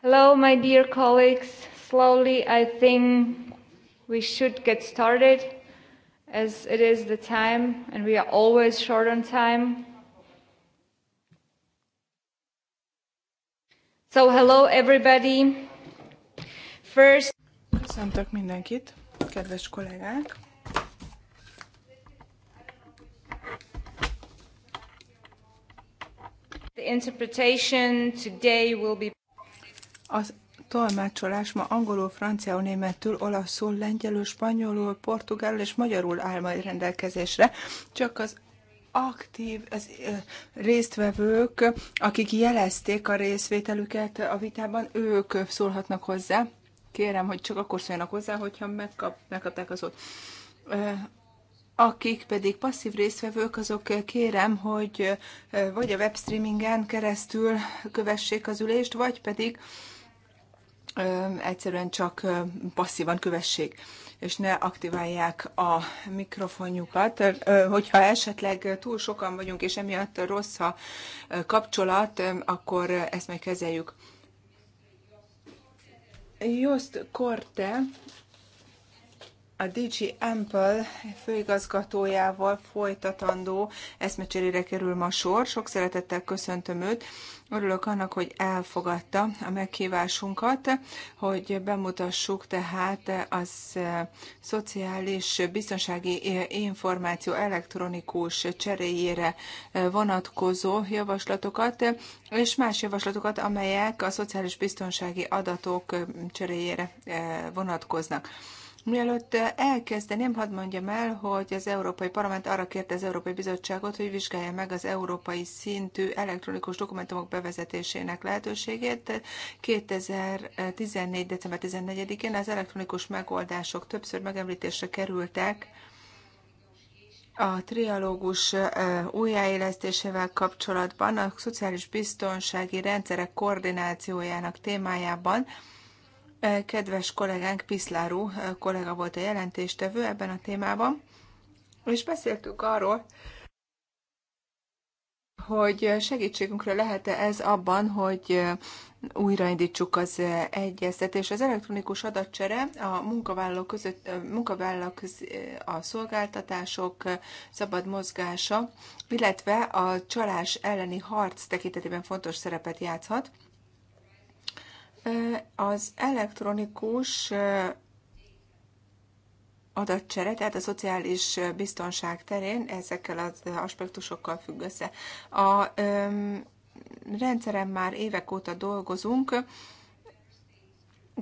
Hello, my dear colleagues. Slowly, I think we should get started as it is the time and we are always short on time. So, hello everybody. First... Köszöntök mindenkit, kedves kollégák. The interpretation today will be az tolmácsolás ma angolul, franciául, németül, olaszul, lengyelül, spanyolul, portugálul és magyarul áll majd rendelkezésre, csak az aktív az, résztvevők, akik jelezték a részvételüket a vitában, ők szólhatnak hozzá. Kérem, hogy csak akkor szóljanak hozzá, hogyha megkap, megkapták az ott. Akik pedig passzív résztvevők, azok kérem, hogy vagy a webstreamingen keresztül kövessék az ülést, vagy pedig egyszerűen csak passzívan kövessék, és ne aktiválják a mikrofonjukat. Hogyha esetleg túl sokan vagyunk, és emiatt rossz a kapcsolat, akkor ezt megkezeljük. Jost Just Korte a DG Ample főigazgatójával folytatandó eszmecserére kerül ma sor. Sok szeretettel köszöntöm őt. Örülök annak, hogy elfogadta a meghívásunkat, hogy bemutassuk tehát az eh, szociális biztonsági eh, információ elektronikus cseréjére eh, vonatkozó javaslatokat, és más javaslatokat, amelyek a szociális biztonsági adatok cseréjére vonatkoznak. Mielőtt elkezdeném, hadd mondjam el, hogy az Európai Parlament arra kérte az Európai Bizottságot, hogy vizsgálja meg az európai szintű elektronikus dokumentumok bevezetésének lehetőségét. 2014. december 14-én az elektronikus megoldások többször megemlítésre kerültek a trialógus újjáélesztésével kapcsolatban, a szociális biztonsági rendszerek koordinációjának témájában, Eh, kedves kollégánk Piszláró eh, kollega volt a jelentéstevő ebben a témában, és beszéltük arról, hogy segítségünkre lehet-e ez abban, hogy eh, újraindítsuk az egyeztetés. Az elektronikus adatcsere a munkavállalók között, munkavállalók a szolgáltatások szabad mozgása, illetve a csalás elleni harc tekintetében fontos szerepet játszhat. Az elektronikus adatcsere, tehát a szociális biztonság terén ezekkel az aspektusokkal függ össze. A rendszeren már évek óta dolgozunk,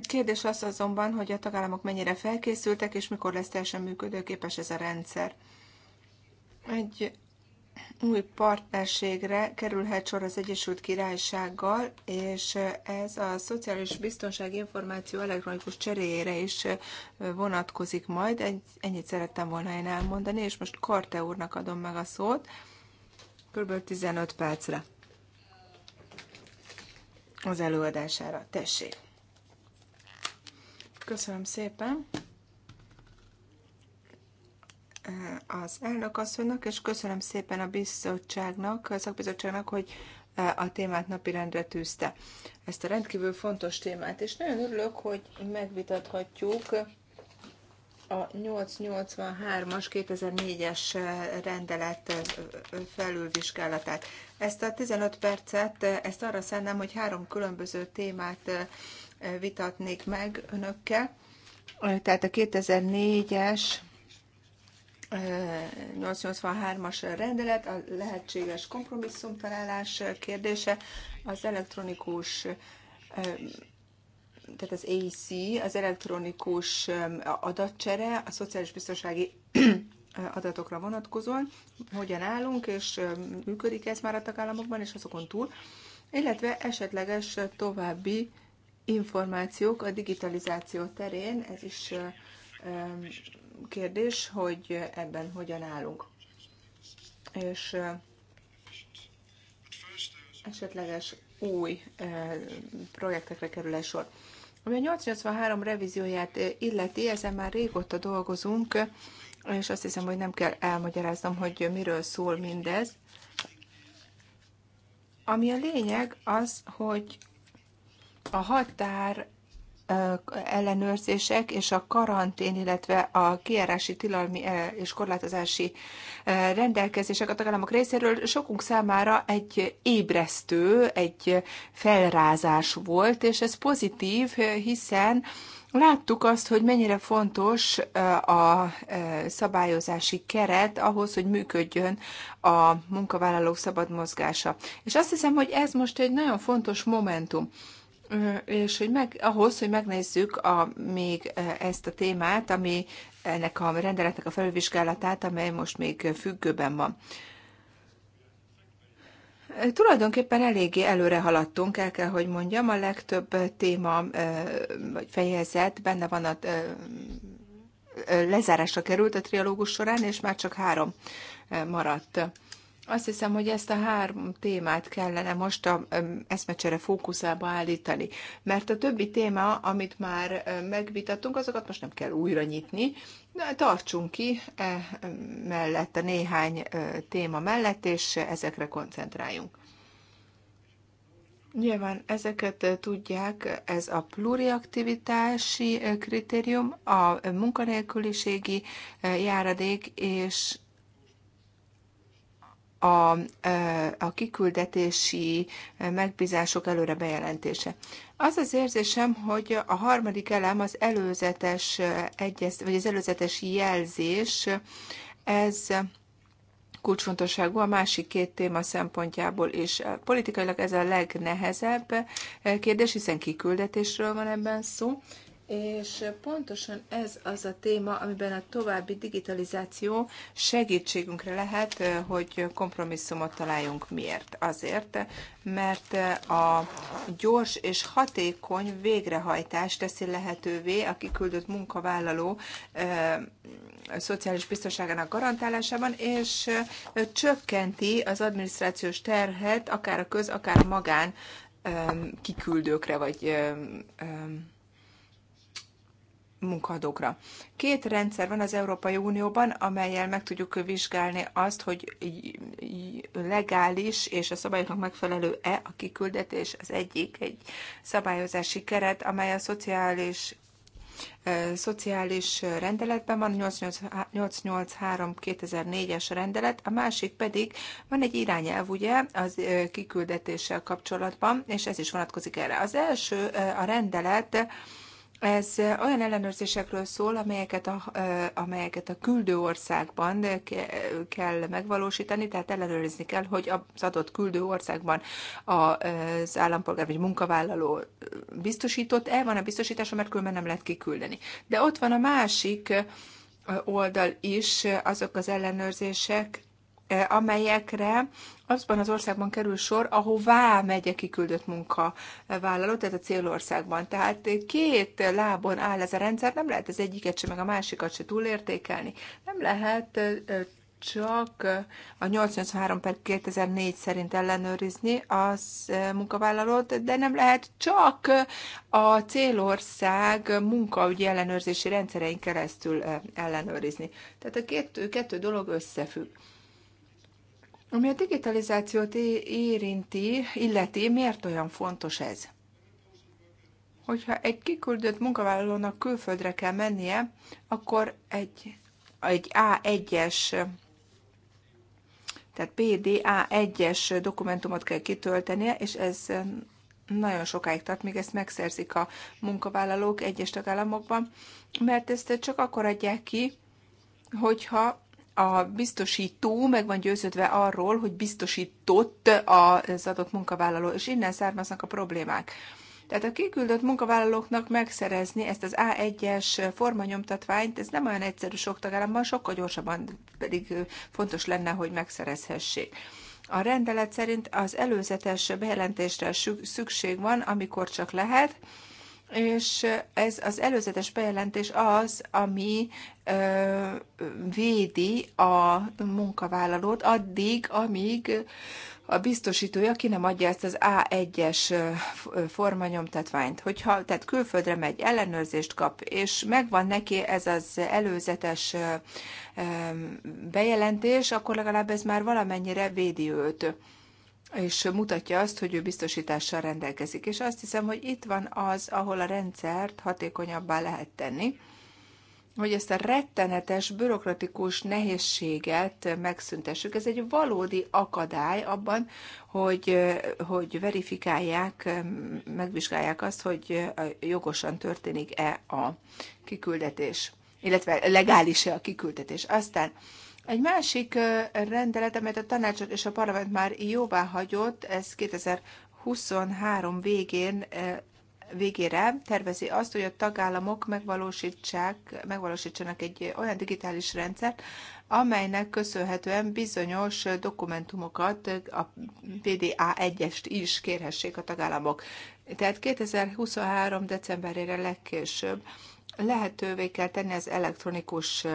Kérdés az azonban, hogy a tagállamok mennyire felkészültek, és mikor lesz teljesen működőképes ez a rendszer. Egy új partnerségre kerülhet sor az Egyesült Királysággal, és ez a szociális biztonság információ elektronikus cseréjére is vonatkozik majd. Ennyit szerettem volna én elmondani, és most Karte úrnak adom meg a szót, kb. 15 percre az előadására. Tessék! Köszönöm szépen! az elnökasszonynak, és köszönöm szépen a bizottságnak, a szakbizottságnak, hogy e, a témát napirendre tűzte. Ezt a rendkívül fontos témát, és nagyon örülök, hogy megvitathatjuk a 883-as 2004-es e, rendelet e, felülvizsgálatát. Ezt a 15 percet, ezt arra szánnám, hogy három különböző témát vitatnék meg önökkel. Tehát a 2004-es 883-as rendelet, a lehetséges kompromisszum találás kérdése, az elektronikus tehát az AC, az elektronikus adatcsere a szociális biztonsági adatokra vonatkozóan, hogyan állunk, és működik ez már a tagállamokban, és azokon túl, illetve esetleges további információk a digitalizáció terén, ez is kérdés, hogy ebben hogyan állunk. És esetleges új projektekre kerül sor. Ami a 883 revízióját illeti, ezen már régóta dolgozunk, és azt hiszem, hogy nem kell elmagyaráznom, hogy miről szól mindez. Ami a lényeg az, hogy a határ ellenőrzések és a karantén, illetve a kiárási tilalmi és korlátozási rendelkezések a tagállamok részéről sokunk számára egy ébresztő, egy felrázás volt, és ez pozitív, hiszen Láttuk azt, hogy mennyire fontos a szabályozási keret ahhoz, hogy működjön a munkavállalók szabad mozgása. És azt hiszem, hogy ez most egy nagyon fontos momentum és hogy meg, ahhoz, hogy megnézzük a, még ezt a témát, ami ennek a rendeletnek a felülvizsgálatát, amely most még függőben van. Tulajdonképpen eléggé előre haladtunk, el kell, hogy mondjam, a legtöbb téma vagy fejezet benne van a lezárásra került a trialógus során, és már csak három maradt. Azt hiszem, hogy ezt a három témát kellene most a eszmecsere fókuszába állítani, mert a többi téma, amit már megvitattunk, azokat most nem kell újra nyitni, de tartsunk ki e, mellett a néhány téma mellett, és ezekre koncentráljunk. Nyilván ezeket tudják, ez a pluriaktivitási kritérium, a munkanélküliségi járadék és a, a kiküldetési megbízások előre bejelentése. Az az érzésem, hogy a harmadik elem az előzetes egyez, vagy az előzetes jelzés, ez kulcsfontosságú a másik két téma szempontjából is. Politikailag ez a legnehezebb kérdés, hiszen kiküldetésről van ebben szó, és pontosan ez az a téma, amiben a további digitalizáció segítségünkre lehet, eh, hogy kompromisszumot találjunk. Miért? Azért, mert eh, a gyors és hatékony végrehajtás teszi lehetővé a kiküldött munkavállaló eh, szociális biztonságának garantálásában, és csökkenti az adminisztrációs terhet akár a köz, akár a magán kiküldőkre, vagy munkadókra. Két rendszer van az Európai Unióban, amelyel meg tudjuk vizsgálni azt, hogy legális és a szabályoknak megfelelő-e a kiküldetés. Az egyik egy szabályozási keret, amely a szociális szociális rendeletben van, 883-2004-es rendelet, a másik pedig van egy irányelv, ugye, az kiküldetéssel kapcsolatban, és ez is vonatkozik erre. Az első, a rendelet ez olyan ellenőrzésekről szól, amelyeket a, amelyeket a küldő országban kell megvalósítani, tehát ellenőrizni kell, hogy az adott küldő országban az állampolgár vagy munkavállaló biztosított, el van a biztosítása, mert különben nem lehet kiküldeni. De ott van a másik oldal is, azok az ellenőrzések, Eh, amelyekre azban az országban kerül sor, ahová megy a kiküldött munkavállaló, tehát a célországban. Tehát két lábon áll ez a rendszer, nem lehet az egyiket sem, meg a másikat se túlértékelni. Nem lehet eh, csak a 83 per 2004 szerint ellenőrizni az eh, munkavállalót, de nem lehet csak a célország munkaügyi ellenőrzési rendszerein keresztül ellenőrizni. Tehát a kettő, kettő dolog összefügg. Ami a digitalizációt érinti, illeti, miért olyan fontos ez? Hogyha egy kiküldött munkavállalónak külföldre kell mennie, akkor egy, egy A1-es, tehát PDA1-es dokumentumot kell kitöltenie, és ez nagyon sokáig tart, míg ezt megszerzik a munkavállalók egyes tagállamokban, mert ezt csak akkor adják ki, hogyha a biztosító meg van győződve arról, hogy biztosított az adott munkavállaló, és innen származnak a problémák. Tehát a kiküldött munkavállalóknak megszerezni ezt az A1-es formanyomtatványt, ez nem olyan egyszerű sok tagállamban, sokkal gyorsabban pedig fontos lenne, hogy megszerezhessék. A rendelet szerint az előzetes bejelentésre szükség van, amikor csak lehet, és ez az előzetes bejelentés az, ami ö, védi a munkavállalót addig, amíg a biztosítója ki nem adja ezt az A1-es formanyomtatványt. Hogyha tehát külföldre megy, ellenőrzést kap, és megvan neki ez az előzetes bejelentés, akkor legalább ez már valamennyire védi őt és mutatja azt, hogy ő biztosítással rendelkezik. És azt hiszem, hogy itt van az, ahol a rendszert hatékonyabbá lehet tenni, hogy ezt a rettenetes, bürokratikus nehézséget megszüntessük. Ez egy valódi akadály abban, hogy, hogy verifikálják, megvizsgálják azt, hogy jogosan történik-e a kiküldetés, illetve legális-e a kiküldetés. Aztán egy másik rendelet, amelyet a tanácsot és a parlament már jóvá hagyott, ez 2023 végén végére tervezi azt, hogy a tagállamok megvalósítsák, megvalósítsanak egy olyan digitális rendszert, amelynek köszönhetően bizonyos dokumentumokat, a PDA 1-est is kérhessék a tagállamok. Tehát 2023. decemberére legkésőbb lehetővé kell tenni az elektronikus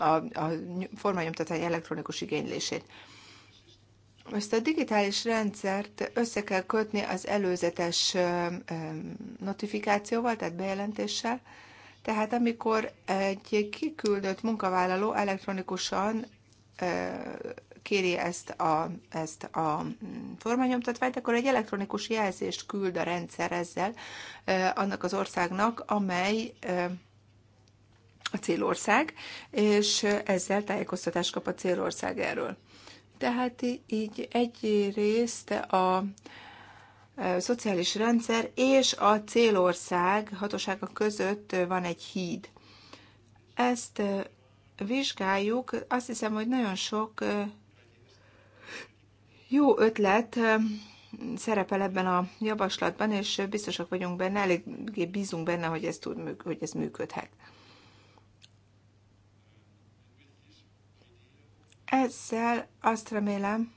a, a formanyomtatvány elektronikus igénylését. Ezt a digitális rendszert össze kell kötni az előzetes notifikációval, tehát bejelentéssel. Tehát amikor egy kiküldött munkavállaló elektronikusan kéri ezt a, ezt a formanyomtatványt, akkor egy elektronikus jelzést küld a rendszer ezzel annak az országnak, amely a célország, és ezzel tájékoztatást kap a célország erről. Tehát így egyrészt a e, szociális rendszer és a célország hatósága között van egy híd. Ezt e, vizsgáljuk, azt hiszem, hogy nagyon sok e, jó ötlet szerepel ebben a javaslatban, és biztosak vagyunk benne, eléggé bízunk benne, hogy ez, tud, hogy ez működhet. Ezzel azt remélem,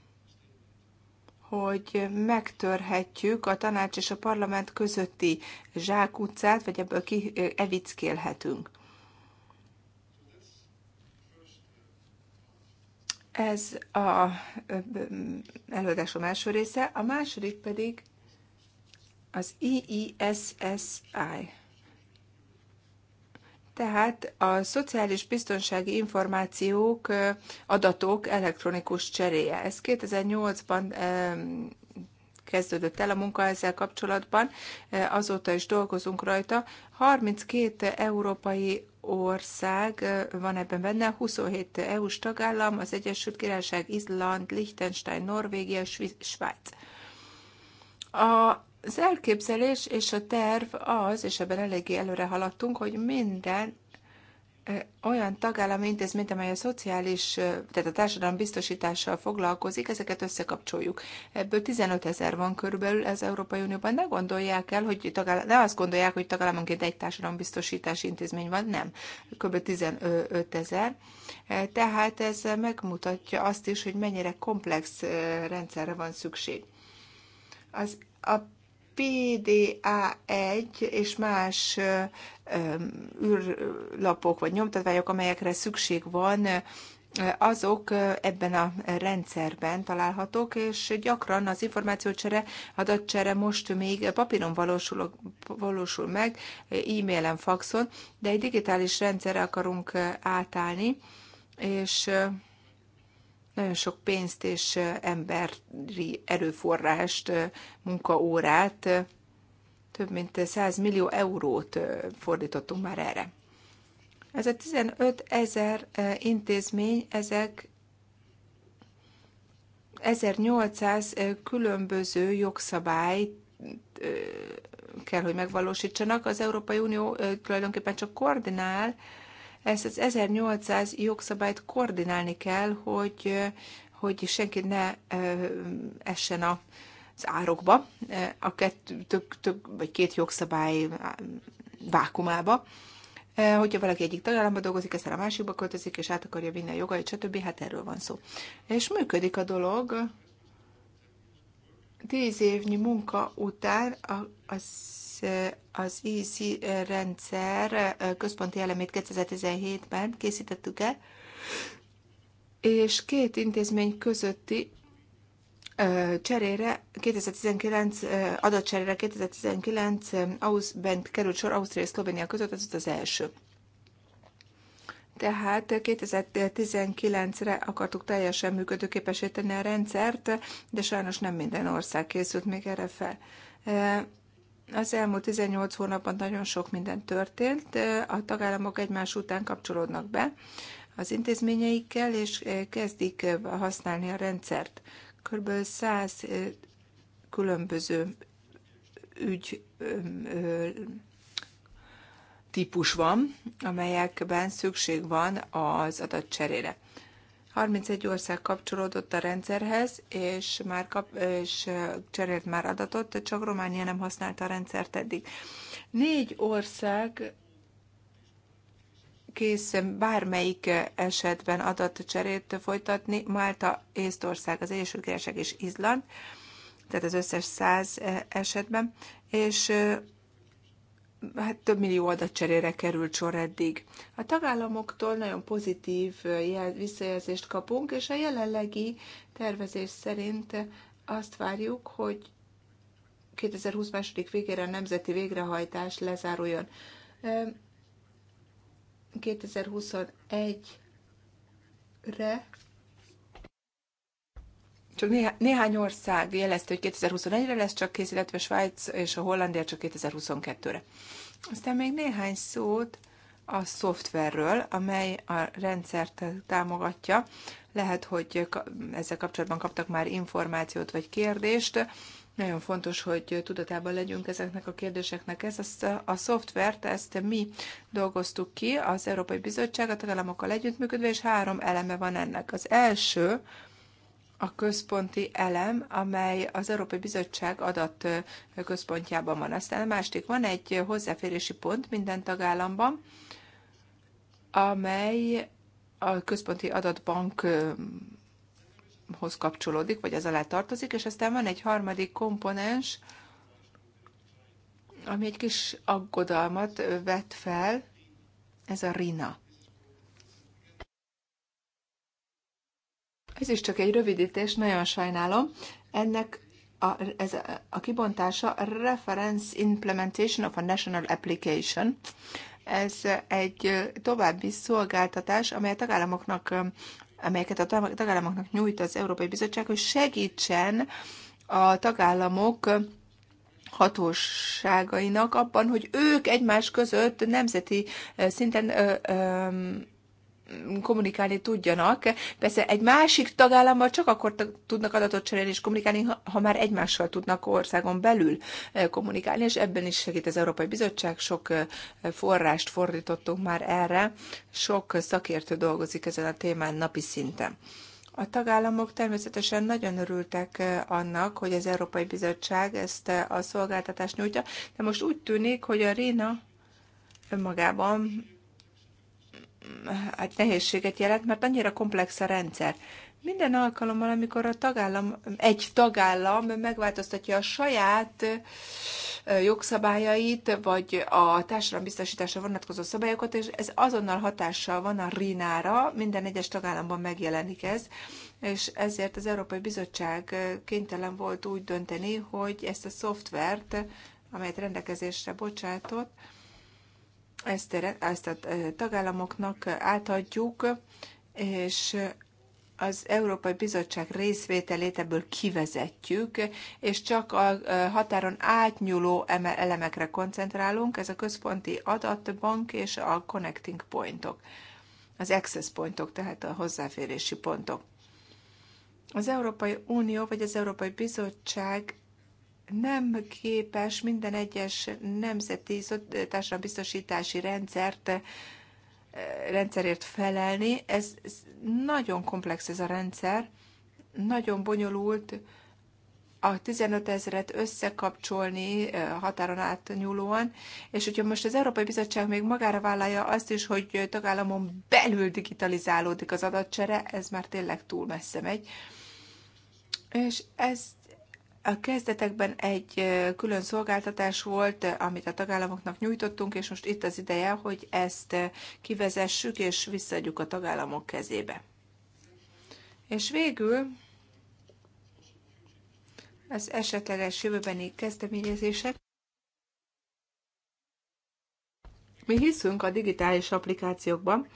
hogy megtörhetjük a tanács és a parlament közötti zsákutcát, vagy ebből ki evickélhetünk. Ez a előadásom első része, a második pedig az EESSI. Tehát a szociális biztonsági információk, adatok elektronikus cseréje. Ez 2008-ban kezdődött el a munka ezzel kapcsolatban, azóta is dolgozunk rajta. 32 európai ország van ebben benne, 27 EU-s tagállam, az Egyesült Királyság, Izland, Liechtenstein, Norvégia, Svájc. A az elképzelés és a terv az, és ebben eléggé előre haladtunk, hogy minden olyan tagállami intézményt, amely a szociális, tehát a társadalom biztosítással foglalkozik, ezeket összekapcsoljuk. Ebből 15 ezer van körülbelül az Európai Unióban. Ne gondolják el, hogy tagállam, ne azt gondolják, hogy tagállamonként egy biztosítási intézmény van, nem. Kb. 15 ezer. E, tehát ez megmutatja azt is, hogy mennyire komplex rendszerre van szükség. Az, a PDA1 és más űrlapok vagy nyomtatványok, amelyekre szükség van, azok ebben a rendszerben találhatók, és gyakran az információcsere, adatcsere most még papíron valósul, valósul meg, e-mailen, faxon, de egy digitális rendszerre akarunk átállni, és nagyon sok pénzt és emberi erőforrást, munkaórát, több mint 100 millió eurót fordítottunk már erre. Ez a 15 ezer intézmény, ezek 1800 különböző jogszabály kell, hogy megvalósítsanak. Az Európai Unió tulajdonképpen csak koordinál, ezt az 1800 jogszabályt koordinálni kell, hogy, hogy senki ne essen a az árokba, a két, tök, tök, vagy két jogszabály vákumába, hogyha valaki egyik tagállamba dolgozik, ezt a másikba költözik, és át akarja vinni a jogait, stb., hát erről van szó. És működik a dolog, tíz évnyi munka után az az IC rendszer központi elemét 2017-ben készítettük el, és két intézmény közötti cserére 2019, adatcserére 2019 Auszbent került sor Ausztria és Szlovénia között, ez az első. Tehát 2019-re akartuk teljesen működőképesíteni a rendszert, de sajnos nem minden ország készült még erre fel. Az elmúlt 18 hónapban nagyon sok minden történt, a tagállamok egymás után kapcsolódnak be az intézményeikkel, és eh, kezdik eh, használni a rendszert. Körülbelül 100 eh, különböző ügy típus van, amelyekben szükség van az adatcserére. 31 ország kapcsolódott a rendszerhez, és már kap, és cserélt már adatot, csak Románia nem használta a rendszert eddig. Négy ország kész bármelyik esetben adatcserét folytatni, Málta, Észtország, az Egyesült Királyság és Izland, tehát az összes száz esetben, és hát több millió adatcserére került sor eddig. A tagállamoktól nagyon pozitív visszajelzést kapunk, és a jelenlegi tervezés szerint azt várjuk, hogy 2020 második végére a nemzeti végrehajtás lezáruljon. 2021-re csak néhá, néhány ország jelezte, hogy 2021-re lesz csak kész, illetve Svájc és a Hollandia csak 2022-re. Aztán még néhány szót a szoftverről, amely a rendszert támogatja. Lehet, hogy ezzel kapcsolatban kaptak már információt vagy kérdést. Nagyon fontos, hogy tudatában legyünk ezeknek a kérdéseknek. Ez a, a szoftvert, ezt mi dolgoztuk ki, az Európai Bizottság a tagállamokkal együttműködve, és három eleme van ennek. Az első, a központi elem, amely az Európai Bizottság adat központjában van. Aztán a másik van egy hozzáférési pont minden tagállamban, amely a központi adatbankhoz kapcsolódik, vagy az alá tartozik, és aztán van egy harmadik komponens, ami egy kis aggodalmat vet fel, ez a RINA. Ez is csak egy rövidítés, nagyon sajnálom. Ennek a, ez a, a kibontása Reference Implementation of a National Application. Ez egy további szolgáltatás, amely a tagállamoknak, amelyeket a tagállamoknak nyújt az Európai Bizottság, hogy segítsen a tagállamok hatóságainak abban, hogy ők egymás között nemzeti szinten ö, ö, kommunikálni tudjanak. Persze egy másik tagállammal csak akkor tudnak adatot cserélni és kommunikálni, ha már egymással tudnak országon belül eh, kommunikálni, és ebben is segít az Európai Bizottság, sok eh, forrást fordítottunk már erre, sok szakértő dolgozik ezen a témán napi szinten. A tagállamok természetesen nagyon örültek eh, annak, hogy az Európai Bizottság ezt a szolgáltatást nyújtja, de most úgy tűnik, hogy a Réna önmagában hát nehézséget jelent, mert annyira komplex a rendszer. Minden alkalommal, amikor a tagállam, egy tagállam megváltoztatja a saját jogszabályait, vagy a biztosításra vonatkozó szabályokat, és ez azonnal hatással van a RINÁra, minden egyes tagállamban megjelenik ez, és ezért az Európai Bizottság kénytelen volt úgy dönteni, hogy ezt a szoftvert, amelyet rendelkezésre bocsátott, ezt, ezt a e, tagállamoknak átadjuk, és az Európai Bizottság részvételét ebből kivezetjük, és csak a e, határon átnyúló elemekre koncentrálunk, ez a központi adatbank és a connecting pointok, az access pointok, tehát a hozzáférési pontok. Az Európai Unió vagy az Európai Bizottság nem képes minden egyes nemzeti társadalombiztosítási rendszert eh, rendszerért felelni. Ez, ez nagyon komplex ez a rendszer, nagyon bonyolult a 15 ezeret összekapcsolni eh, határon átnyúlóan, és hogyha most az Európai Bizottság még magára vállalja azt is, hogy tagállamon belül digitalizálódik az adatcsere, ez már tényleg túl messze megy. És ezt a kezdetekben egy külön szolgáltatás volt, amit a tagállamoknak nyújtottunk, és most itt az ideje, hogy ezt kivezessük és visszaadjuk a tagállamok kezébe. És végül az esetleges jövőbeni kezdeményezések. Mi hiszünk a digitális applikációkban,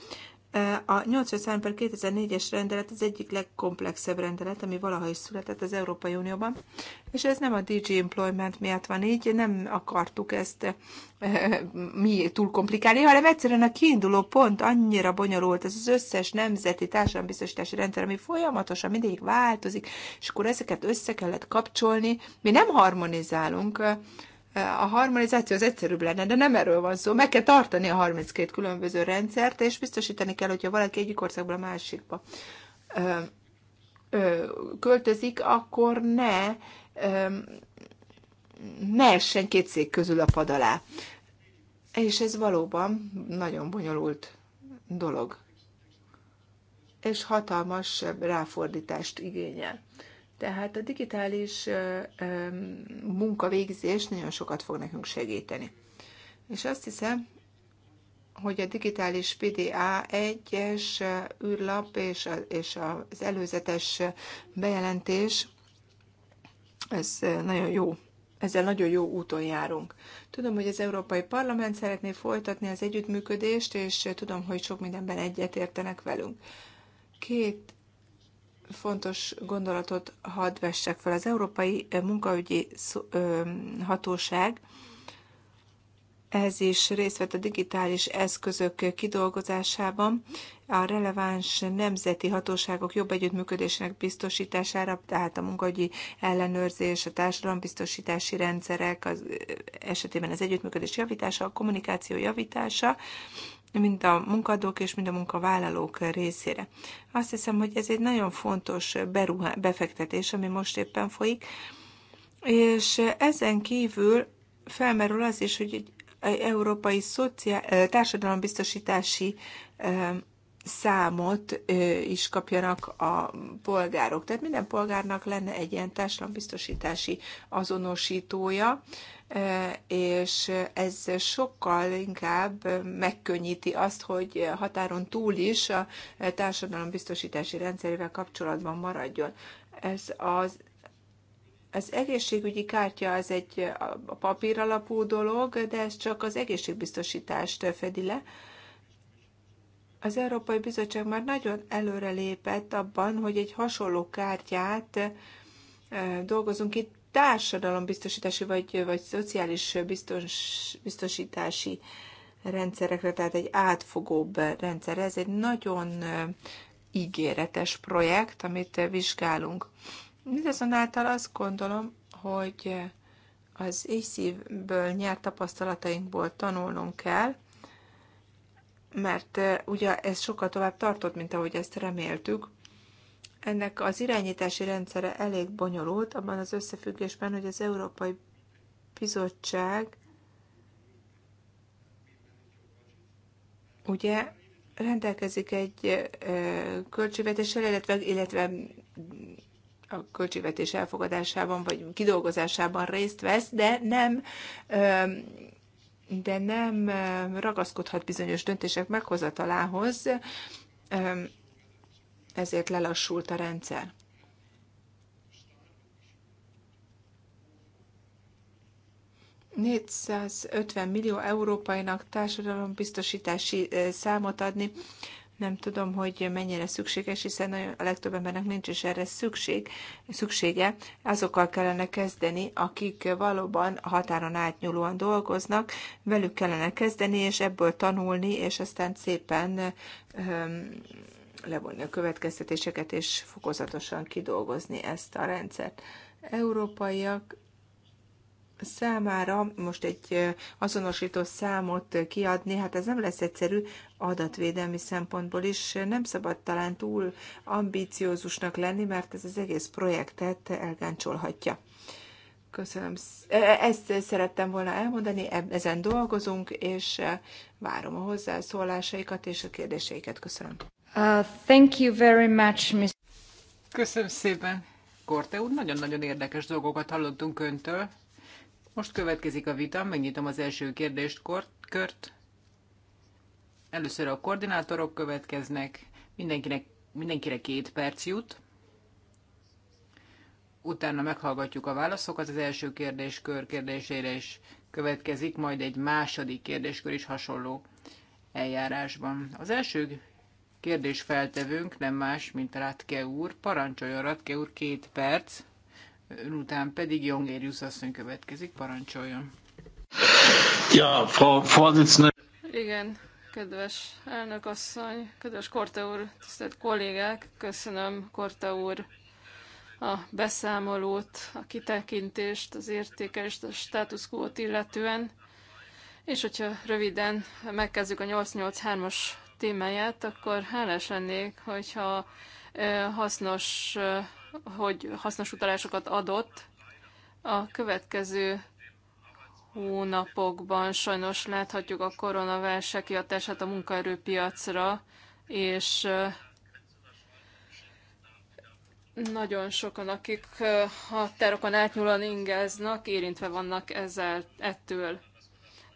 a 83 per 2004-es rendelet az egyik legkomplexebb rendelet, ami valaha is született az Európai Unióban, és ez nem a DG Employment miatt van így, nem akartuk ezt e, mi túl komplikálni, hanem egyszerűen a kiinduló pont annyira bonyolult, ez az összes nemzeti társadalombiztosítási rendszer, ami folyamatosan mindig változik, és akkor ezeket össze kellett kapcsolni. Mi nem harmonizálunk, eh, a harmonizáció az egyszerűbb lenne, de nem erről van szó. Meg kell tartani a 32 különböző rendszert, és biztosítani kell, hogyha valaki egyik országból a másikba ö, ö, költözik, akkor ne, ö, ne essen két szék közül a pad alá. És ez valóban nagyon bonyolult dolog. És hatalmas ráfordítást igényel. Tehát a digitális munkavégzés nagyon sokat fog nekünk segíteni. És azt hiszem, hogy a digitális PDA 1-es űrlap és, és az előzetes bejelentés, ez nagyon jó ezzel nagyon jó úton járunk. Tudom, hogy az Európai Parlament szeretné folytatni az együttműködést, és tudom, hogy sok mindenben egyetértenek velünk. Két fontos gondolatot hadd vessek fel. Az Európai Munkaügyi Hatóság ez is részt vett a digitális eszközök kidolgozásában, a releváns nemzeti hatóságok jobb együttműködésének biztosítására, tehát a munkahogyi ellenőrzés, a társadalombiztosítási rendszerek az esetében az együttműködés javítása, a kommunikáció javítása, mind a munkadók és mind a munkavállalók részére. Azt hiszem, hogy ez egy nagyon fontos beruha, befektetés, ami most éppen folyik, és ezen kívül felmerül az is, hogy egy európai szociál, társadalombiztosítási számot is kapjanak a polgárok. Tehát minden polgárnak lenne egy ilyen társadalombiztosítási azonosítója, és ez sokkal inkább megkönnyíti azt, hogy határon túl is a társadalom biztosítási rendszerével kapcsolatban maradjon. Ez az az egészségügyi kártya az egy papír alapú dolog, de ez csak az egészségbiztosítást fedi le. Az Európai Bizottság már nagyon előrelépett abban, hogy egy hasonló kártyát dolgozunk itt, társadalombiztosítási vagy, vagy szociális biztos, biztosítási rendszerekre, tehát egy átfogóbb rendszer. Ez egy nagyon ígéretes projekt, amit vizsgálunk. Mindazonáltal azt gondolom, hogy az éjszívből nyert tapasztalatainkból tanulnunk kell, mert ugye ez sokkal tovább tartott, mint ahogy ezt reméltük. Ennek az irányítási rendszere elég bonyolult, abban az összefüggésben, hogy az Európai Bizottság ugye rendelkezik egy költségvetéssel, illetve, illetve a költségvetés elfogadásában vagy kidolgozásában részt vesz, de nem de nem ragaszkodhat bizonyos döntések meghozatalához, ezért lelassult a rendszer. ...450 millió európainak társadalombiztosítási számot adni. Nem tudom, hogy mennyire szükséges, hiszen a legtöbb embernek nincs is erre szükség, szüksége. Azokkal kellene kezdeni, akik valóban határon átnyúlóan dolgoznak, velük kellene kezdeni, és ebből tanulni, és aztán szépen öm, levonni a következtetéseket, és fokozatosan kidolgozni ezt a rendszert. Európaiak számára most egy azonosító számot kiadni, hát ez nem lesz egyszerű adatvédelmi szempontból is. Nem szabad talán túl ambíciózusnak lenni, mert ez az egész projektet elgáncsolhatja. Köszönöm. E, e, ezt szerettem volna elmondani, e, ezen dolgozunk, és várom a hozzászólásaikat és a kérdéseiket. Köszönöm. Uh, thank you very much, Köszönöm szépen, Korte úr. Nagyon-nagyon érdekes dolgokat hallottunk öntől. Most következik a vita, megnyitom az első kérdést, kort, kört. Először a koordinátorok következnek, mindenkinek, mindenkire két perc jut. Utána meghallgatjuk a válaszokat, az első kérdéskör kérdésére és következik, majd egy második kérdéskör is hasonló eljárásban. Az első kérdésfeltevőnk nem más, mint Ratke úr. Parancsoljon Ratke úr két perc, után pedig Jongérius asszony következik. Parancsoljon. Ja, Frau Vorsitzende. Igen, kedves elnök asszony, kedves Korte úr, tisztelt kollégák, köszönöm Korte úr a beszámolót, a kitekintést, az értékelést, a status quo-t illetően. És hogyha röviden megkezdjük a 883-as témáját, akkor hálás lennék, hogyha hasznos, hogy hasznos utalásokat adott a következő hónapokban sajnos láthatjuk a koronaválság kiadását a munkaerőpiacra, és nagyon sokan, akik határokon átnyúlóan ingeznak, érintve vannak ezzel ettől.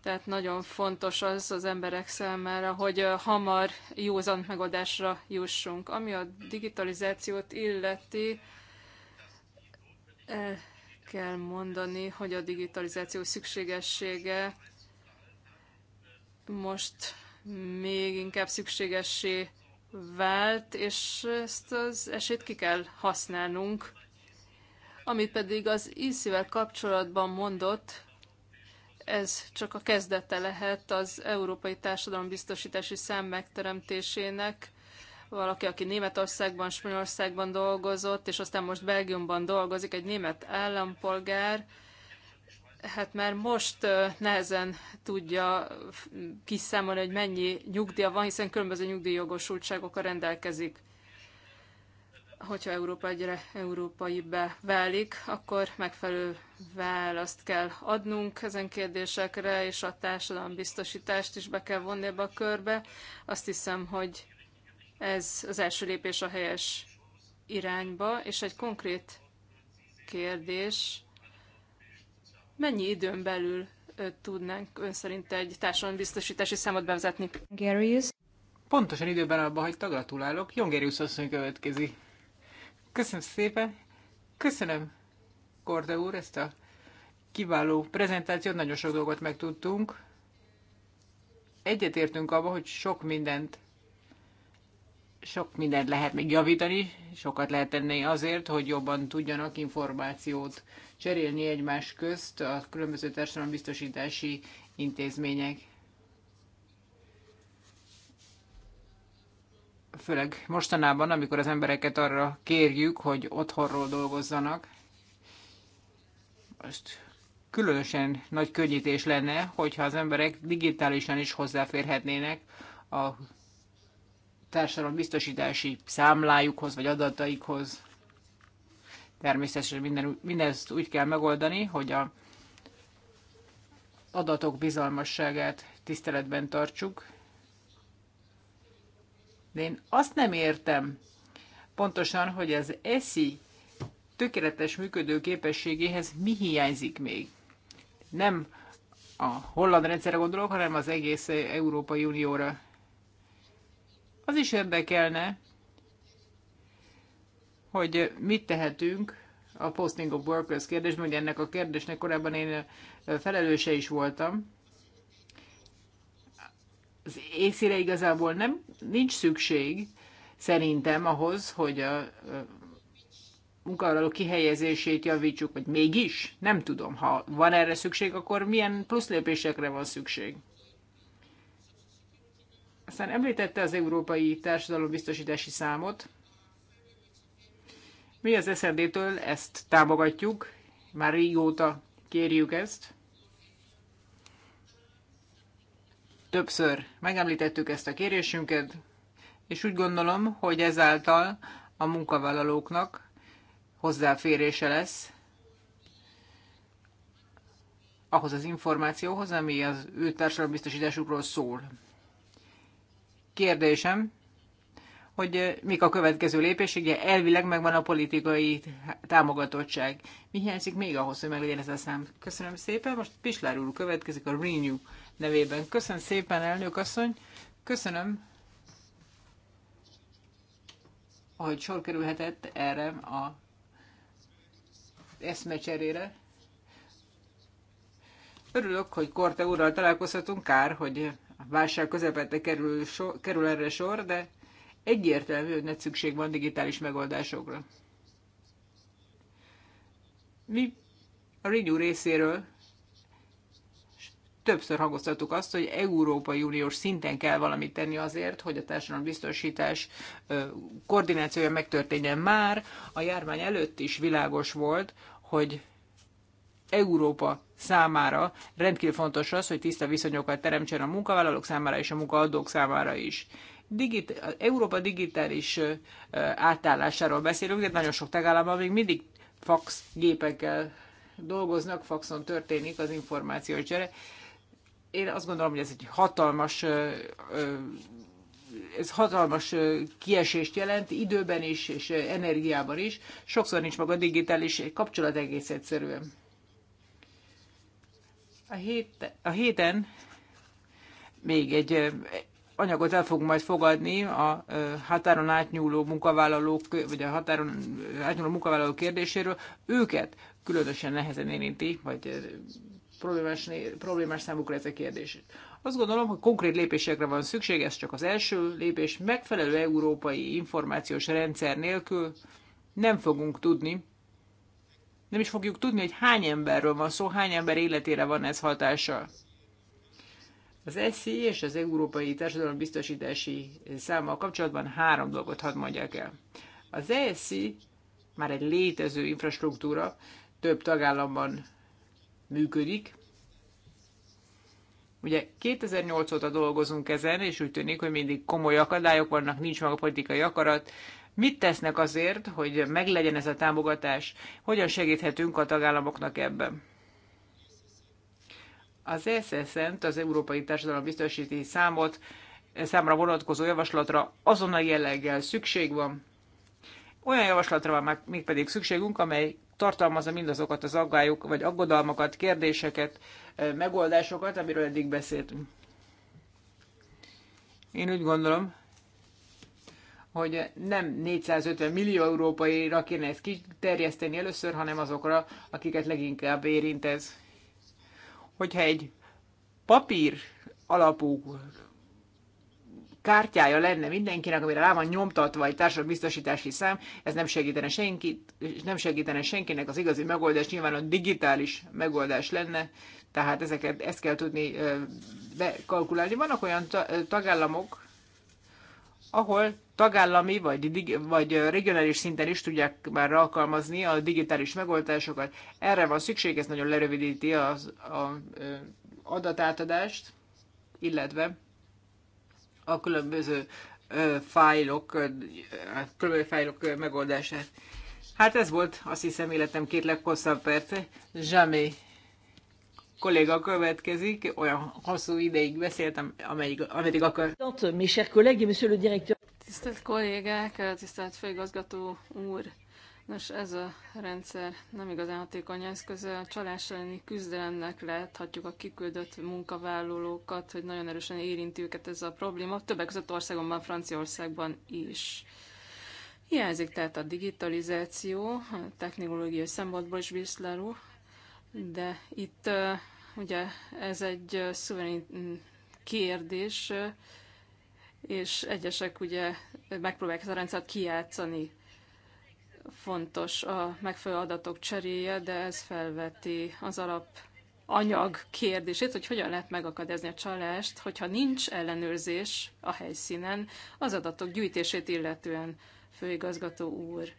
Tehát nagyon fontos az az emberek számára, hogy hamar józan megoldásra jussunk. Ami a digitalizációt illeti, el kell mondani, hogy a digitalizáció szükségessége most még inkább szükségessé vált, és ezt az esélyt ki kell használnunk. Ami pedig az iszivel kapcsolatban mondott, ez csak a kezdete lehet az európai társadalombiztosítási szám megteremtésének. Valaki, aki Németországban, Spanyolországban dolgozott, és aztán most Belgiumban dolgozik, egy német állampolgár, hát már most nehezen tudja kiszámolni, hogy mennyi nyugdíja van, hiszen különböző nyugdíjjogosultságokkal rendelkezik hogyha Európa egyre európaibbá válik, akkor megfelelő választ kell adnunk ezen kérdésekre, és a társadalombiztosítást is be kell vonni ebbe a körbe. Azt hiszem, hogy ez az első lépés a helyes irányba, és egy konkrét kérdés, mennyi időn belül tudnánk ön szerint egy társadalombiztosítási számot bevezetni? Gerius. Pontosan időben abba hogy tagratulálok. Jongerius asszony következik. Köszönöm szépen. Köszönöm, Korda úr, ezt a kiváló prezentációt. Nagyon sok dolgot megtudtunk. Egyetértünk abban, hogy sok mindent sok mindent lehet még javítani, sokat lehet tenni azért, hogy jobban tudjanak információt cserélni egymás közt a különböző társadalombiztosítási intézmények. főleg mostanában, amikor az embereket arra kérjük, hogy otthonról dolgozzanak. Most különösen nagy könnyítés lenne, hogyha az emberek digitálisan is hozzáférhetnének a társadalom biztosítási számlájukhoz vagy adataikhoz. Természetesen minden, mindezt úgy kell megoldani, hogy a adatok bizalmasságát tiszteletben tartsuk, de én azt nem értem pontosan, hogy az eszi tökéletes működő képességéhez mi hiányzik még. Nem a holland rendszerre gondolok, hanem az egész Európai Unióra. Az is érdekelne, hogy mit tehetünk a posting of workers kérdésben, hogy ennek a kérdésnek korábban én felelőse is voltam az észére igazából nem, nincs szükség szerintem ahhoz, hogy a munkavállaló kihelyezését javítsuk, vagy mégis, nem tudom, ha van erre szükség, akkor milyen plusz lépésekre van szükség. Aztán említette az európai társadalombiztosítási számot. Mi az SZND-től ezt támogatjuk, már régóta kérjük ezt. Többször megemlítettük ezt a kérésünket, és úgy gondolom, hogy ezáltal a munkavállalóknak hozzáférése lesz ahhoz az információhoz, ami az ő társadalombiztosításukról szól. Kérdésem, hogy mik a következő lépés, ugye elvileg megvan a politikai támogatottság. Mi hiányzik még ahhoz, hogy meglegyen ez a szám? Köszönöm szépen, most Pislár úr következik a Renew nevében. Köszönöm szépen, elnök asszony. Köszönöm, ahogy sor kerülhetett erre a eszmecserére. Örülök, hogy Korte úrral találkozhatunk, kár, hogy a válság közepette kerül, so, kerül erre sor, de egyértelmű, hogy nagy szükség van digitális megoldásokra. Mi a Renew részéről többször hangoztattuk azt, hogy Európai Uniós szinten kell valamit tenni azért, hogy a társadalombiztosítás koordinációja megtörténjen már. A járvány előtt is világos volt, hogy Európa számára rendkívül fontos az, hogy tiszta viszonyokat teremtsen a munkavállalók számára és a munkaadók számára is. Digit, Európa digitális átállásáról beszélünk, de nagyon sok tagállamban még mindig fax gépekkel dolgoznak, faxon történik az információs csere én azt gondolom, hogy ez egy hatalmas ez hatalmas kiesést jelent időben is, és energiában is. Sokszor nincs maga digitális kapcsolat egész egyszerűen. A, hét, a héten még egy anyagot el fogunk majd fogadni a határon átnyúló munkavállalók, vagy a határon átnyúló munkavállalók kérdéséről. Őket különösen nehezen érinti, vagy problémás, problémás számukra ez a kérdés. Azt gondolom, hogy konkrét lépésekre van szükség, ez csak az első lépés. Megfelelő európai információs rendszer nélkül nem fogunk tudni, nem is fogjuk tudni, hogy hány emberről van szó, hány ember életére van ez hatással. Az SZI és az Európai biztosítási számmal kapcsolatban három dolgot hadd mondjak el. Az ESZI már egy létező infrastruktúra, több tagállamban működik. Ugye 2008 óta dolgozunk ezen, és úgy tűnik, hogy mindig komoly akadályok vannak, nincs meg a politikai akarat. Mit tesznek azért, hogy meglegyen ez a támogatás? Hogyan segíthetünk a tagállamoknak ebben? Az ESSZ-t, az Európai Társadalom Biztosíti Számot, számra vonatkozó javaslatra azonnal jelleggel szükség van. Olyan javaslatra van mégpedig szükségünk, amely tartalmazza mindazokat az aggályok, vagy aggodalmakat, kérdéseket, megoldásokat, amiről eddig beszéltünk. Én úgy gondolom, hogy nem 450 millió európaira kéne ezt kiterjeszteni először, hanem azokra, akiket leginkább érint ez. Hogyha egy papír alapú kártyája lenne mindenkinek, amire rá van nyomtatva egy biztosítási szám, ez nem segítene, senkit, nem segítene senkinek, az igazi megoldás nyilván a digitális megoldás lenne, tehát ezeket, ezt kell tudni bekalkulálni. Vannak olyan tagállamok, ahol tagállami vagy, vagy regionális szinten is tudják már alkalmazni a digitális megoldásokat. Erre van szükség, ez nagyon lerövidíti az a, a adatátadást, illetve a különböző fájlok, a különböző fájlok megoldását. Hát ez volt, azt hiszem, életem két leghosszabb perce. Jamais kolléga következik, olyan hosszú ideig beszéltem, ameddig, ameddig akar. Mes chers collègues et monsieur le directeur. Tisztelt kollégák, tisztelt főigazgató úr! Nos, ez a rendszer nem igazán hatékony eszköz. A csalás elleni küzdelemnek láthatjuk a kiküldött munkavállalókat, hogy nagyon erősen érinti őket ez a probléma, többek között országomban, Franciaországban is. Hiányzik tehát a digitalizáció, a technológiai szempontból is biztlerú, de itt ugye ez egy szuverén kérdés, és egyesek ugye megpróbálják ezt a rendszert kijátszani. Fontos a megfelelő adatok cseréje, de ez felveti az alap anyag kérdését, hogy hogyan lehet megakadezni a csalást, hogyha nincs ellenőrzés a helyszínen az adatok gyűjtését illetően, főigazgató úr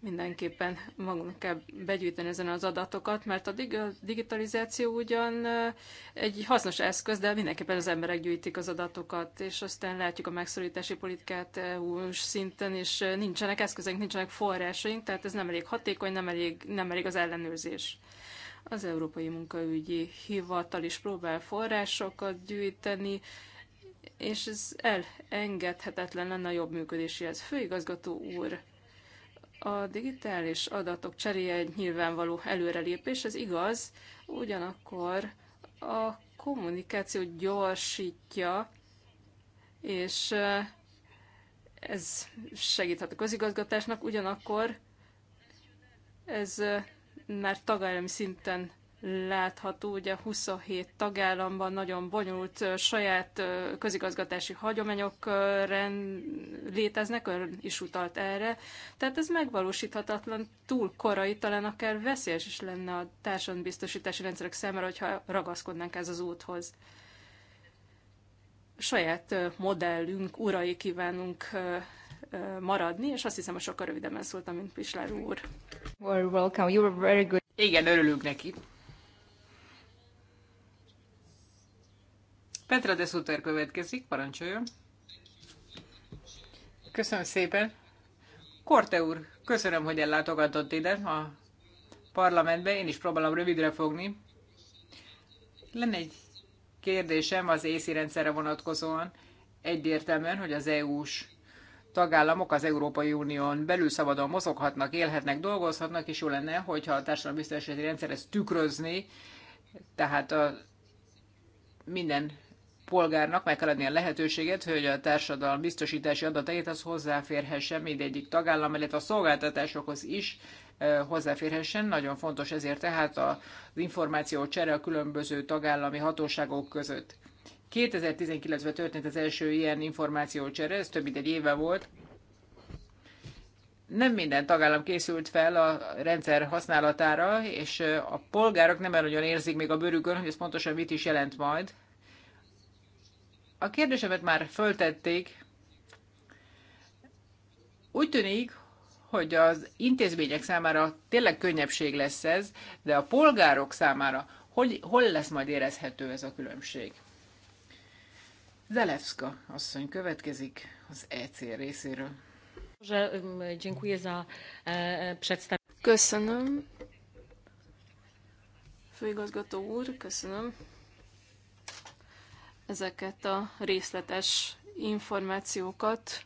mindenképpen magunk kell begyűjteni ezen az adatokat, mert a digitalizáció ugyan egy hasznos eszköz, de mindenképpen az emberek gyűjtik az adatokat, és aztán látjuk a megszorítási politikát eu szinten, és nincsenek eszközeink, nincsenek forrásaink, tehát ez nem elég hatékony, nem elég, nem elég az ellenőrzés. Az Európai Munkaügyi Hivatal is próbál forrásokat gyűjteni, és ez elengedhetetlen lenne a jobb működéséhez. Főigazgató úr, a digitális adatok cseréje egy nyilvánvaló előrelépés, ez igaz, ugyanakkor a kommunikáció gyorsítja, és ez segíthet a közigazgatásnak, ugyanakkor ez már tagállami szinten látható, ugye 27 tagállamban nagyon bonyolult saját közigazgatási hagyományok léteznek, ön is utalt erre. Tehát ez megvalósíthatatlan, túl korai, talán akár veszélyes is lenne a társadalombiztosítási rendszerek számára, hogyha ragaszkodnánk ez az úthoz. Saját modellünk, urai kívánunk maradni, és azt hiszem, hogy sokkal rövidebben szóltam, mint Pislár úr. Well, welcome. You were very good. Igen, örülünk neki. Petra de Suter következik, parancsoljon. Köszönöm szépen. Korte úr, köszönöm, hogy ellátogatott ide a parlamentbe. Én is próbálom rövidre fogni. Lenne egy kérdésem az észi rendszerre vonatkozóan. Egyértelműen, hogy az EU-s tagállamok az Európai Unión belül szabadon mozoghatnak, élhetnek, dolgozhatnak, és jó lenne, hogyha a biztonsági rendszer ezt tükrözni, tehát a minden polgárnak meg kell adni a lehetőséget, hogy a társadalom biztosítási adatait az hozzáférhessen mindegyik tagállam, illetve a szolgáltatásokhoz is hozzáférhessen. Nagyon fontos ezért tehát az információ csere a különböző tagállami hatóságok között. 2019-ben történt az első ilyen csere, ez több mint egy éve volt. Nem minden tagállam készült fel a rendszer használatára, és a polgárok nem nagyon érzik még a bőrükön, hogy ez pontosan mit is jelent majd. A kérdésemet már föltették. Úgy tűnik, hogy az intézmények számára tényleg könnyebbség lesz ez, de a polgárok számára hogy, hol lesz majd érezhető ez a különbség? Zelewska asszony következik az EC részéről. E, e, köszönöm. Főigazgató úr, köszönöm ezeket a részletes információkat.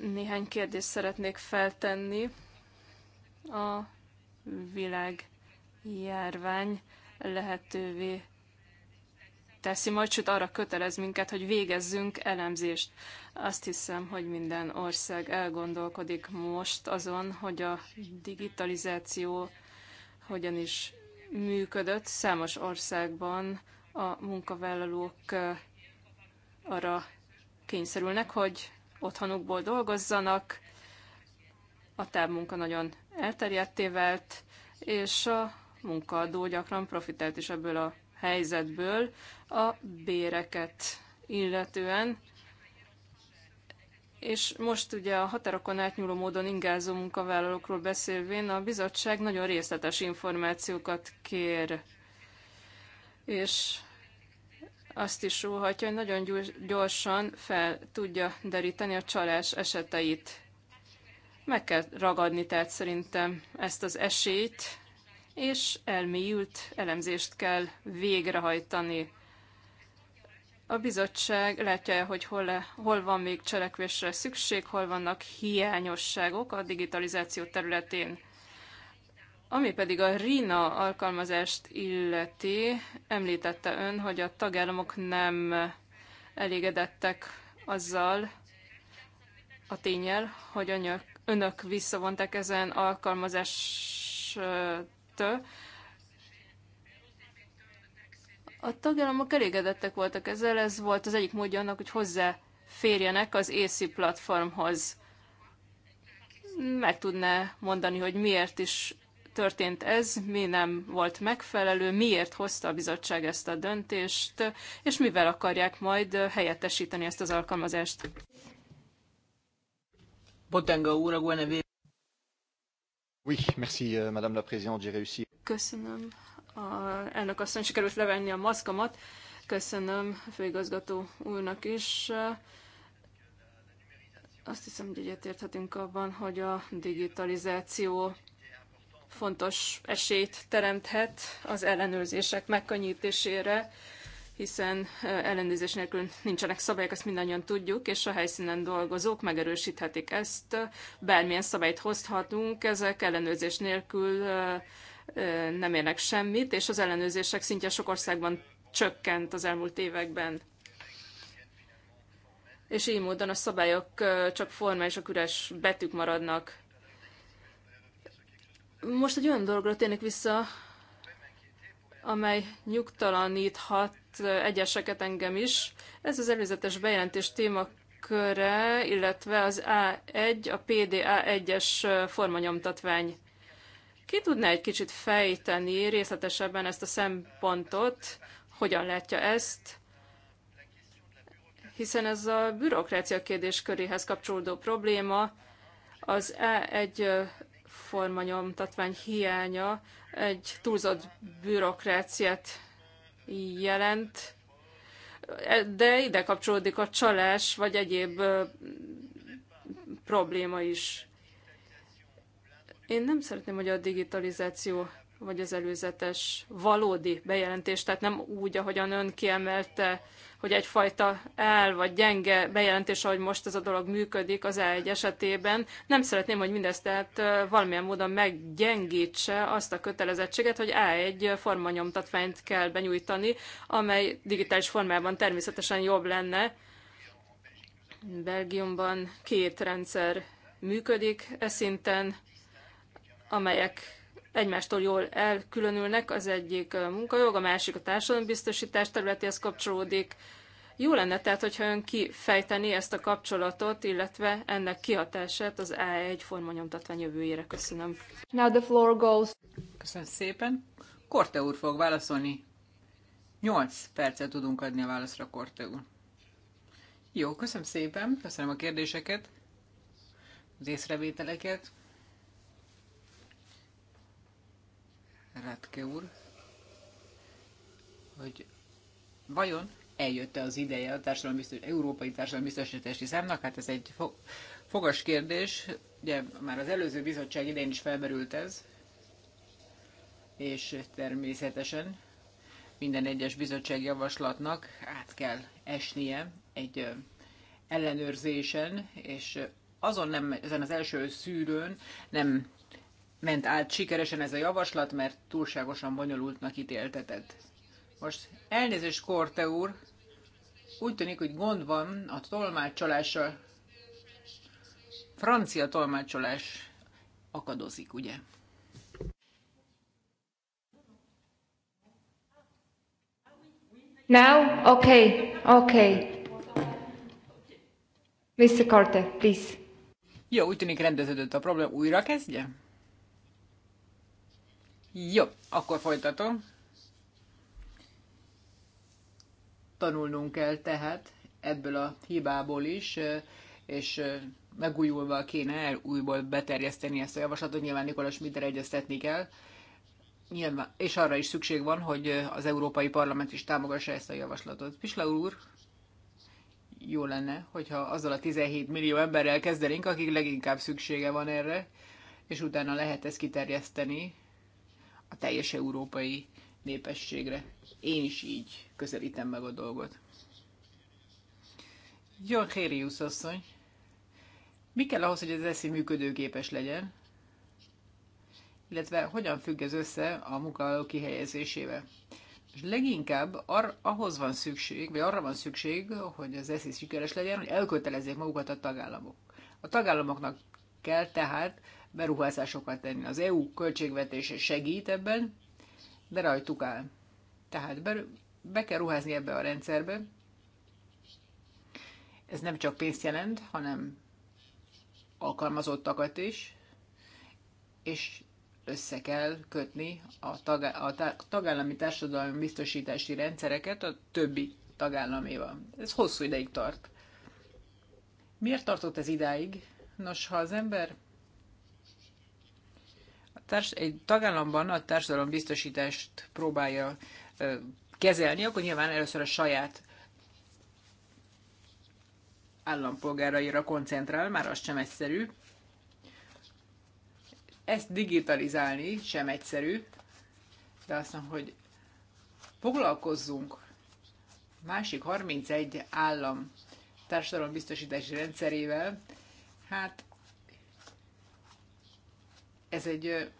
Néhány kérdést szeretnék feltenni. A világjárvány lehetővé teszi, majd sőt arra kötelez minket, hogy végezzünk elemzést. Azt hiszem, hogy minden ország elgondolkodik most azon, hogy a digitalizáció hogyan is működött. Számos országban a munkavállalók arra kényszerülnek, hogy otthonukból dolgozzanak, a távmunka nagyon elterjedté vált, és a munkaadó gyakran profitált is ebből a helyzetből a béreket illetően. És most ugye a határokon átnyúló módon ingázó munkavállalókról beszélvén a bizottság nagyon részletes információkat kér. És azt is róhatja, hogy nagyon gyorsan fel tudja deríteni a csalás eseteit. Meg kell ragadni tehát szerintem ezt az esélyt, és elmélyült elemzést kell végrehajtani. A bizottság látja -e, hogy hol, -e, hol van még cselekvésre szükség, hol vannak hiányosságok a digitalizáció területén. Ami pedig a RINA alkalmazást illeti, említette ön, hogy a tagállamok nem elégedettek azzal a tényel, hogy önök, önök visszavonták ezen alkalmazást. A tagállamok elégedettek voltak ezzel, ez volt az egyik módja annak, hogy hozzáférjenek az ACI platformhoz. Meg tudná mondani, hogy miért is történt ez, mi nem volt megfelelő, miért hozta a bizottság ezt a döntést, és mivel akarják majd helyettesíteni ezt az alkalmazást. Botenga úr, a Oui, merci, euh, madame la présidente, j'ai réussi. Köszönöm. A elnök asszony sikerült levenni a maszkomat. Köszönöm a főigazgató úrnak is. Azt hiszem, hogy egyetérthetünk abban, hogy a digitalizáció fontos esélyt teremthet az ellenőrzések megkönnyítésére, hiszen ellenőrzés nélkül nincsenek szabályok, ezt mindannyian tudjuk, és a helyszínen dolgozók megerősíthetik ezt. Bármilyen szabályt hozhatunk, ezek ellenőrzés nélkül nem érnek semmit, és az ellenőrzések szintje sok országban csökkent az elmúlt években. És így módon a szabályok csak formálisak üres betűk maradnak. Most egy olyan dologra térnék vissza, amely nyugtalaníthat egyeseket engem is. Ez az előzetes bejelentés témaköre, illetve az A1, a PDA1-es formanyomtatvány. Ki tudná egy kicsit fejteni részletesebben ezt a szempontot, hogyan látja ezt, hiszen ez a bürokrácia kérdésköréhez kapcsolódó probléma, az E1 formanyomtatvány hiánya egy túlzott bürokráciát jelent, de ide kapcsolódik a csalás vagy egyéb probléma is. Én nem szeretném, hogy a digitalizáció vagy az előzetes valódi bejelentés, tehát nem úgy, ahogyan ön kiemelte, hogy egyfajta el vagy gyenge bejelentés, ahogy most ez a dolog működik az E1 esetében. Nem szeretném, hogy mindezt tehát valamilyen módon meggyengítse azt a kötelezettséget, hogy E1 formanyomtatványt kell benyújtani, amely digitális formában természetesen jobb lenne. Belgiumban két rendszer működik e szinten, amelyek egymástól jól elkülönülnek, az egyik a munkajog, a másik a társadalombiztosítás területéhez kapcsolódik. Jó lenne tehát, hogyha ön kifejteni ezt a kapcsolatot, illetve ennek kihatását az A1 nyomtatvány jövőjére. Köszönöm. Now the floor goes. Köszönöm szépen. Korte úr fog válaszolni. 8 percet tudunk adni a válaszra, Korte úr. Jó, köszönöm szépen, köszönöm a kérdéseket, az észrevételeket. Rátke úr, hogy vajon eljött-e az ideje a biztos, európai biztosítási számnak? Hát ez egy fogas kérdés. Ugye már az előző bizottság idején is felmerült ez, és természetesen minden egyes bizottság javaslatnak át kell esnie egy ellenőrzésen, és azon nem, ezen az első szűrőn nem ment át sikeresen ez a javaslat, mert túlságosan bonyolultnak ítéltetett. Most elnézést, Korte úr, úgy tűnik, hogy gond van a tolmácsolással. Francia tolmácsolás akadozik, ugye? Now? Okay, okay. Mr. Carter, please. Jó, úgy tűnik rendeződött a probléma. Újra kezdje? Jó, akkor folytatom. Tanulnunk kell tehát ebből a hibából is, és megújulva kéne el újból beterjeszteni ezt a javaslatot, nyilván Nikolas minden egyeztetni kell. Nyilván, és arra is szükség van, hogy az Európai Parlament is támogassa ezt a javaslatot. Pisla úr, jó lenne, hogyha azzal a 17 millió emberrel kezdenénk, akik leginkább szüksége van erre, és utána lehet ezt kiterjeszteni a teljes európai népességre. Én is így közelítem meg a dolgot. Gyorgérius asszony, mi kell ahhoz, hogy az eszi működőképes legyen? Illetve hogyan függ ez össze a munkavállaló kihelyezésével? És leginkább ar- ahhoz van szükség, vagy arra van szükség, hogy az eszi sikeres legyen, hogy elkötelezzék magukat a tagállamok. A tagállamoknak kell tehát beruházásokat tenni. Az EU költségvetése segít ebben, de rajtuk áll. Tehát be, be kell ruházni ebbe a rendszerbe. Ez nem csak pénzt jelent, hanem alkalmazottakat is, és össze kell kötni a, tag, a tagállami társadalmi biztosítási rendszereket a többi tagállaméval. Ez hosszú ideig tart. Miért tartott ez idáig? Nos, ha az ember társ, egy tagállamban a társadalombiztosítást próbálja kezelni, akkor nyilván először a saját állampolgáraira koncentrál, már az sem egyszerű. Ezt digitalizálni sem egyszerű, de azt mondom, hogy foglalkozzunk másik 31 állam társadalombiztosítási rendszerével, hát ez egy,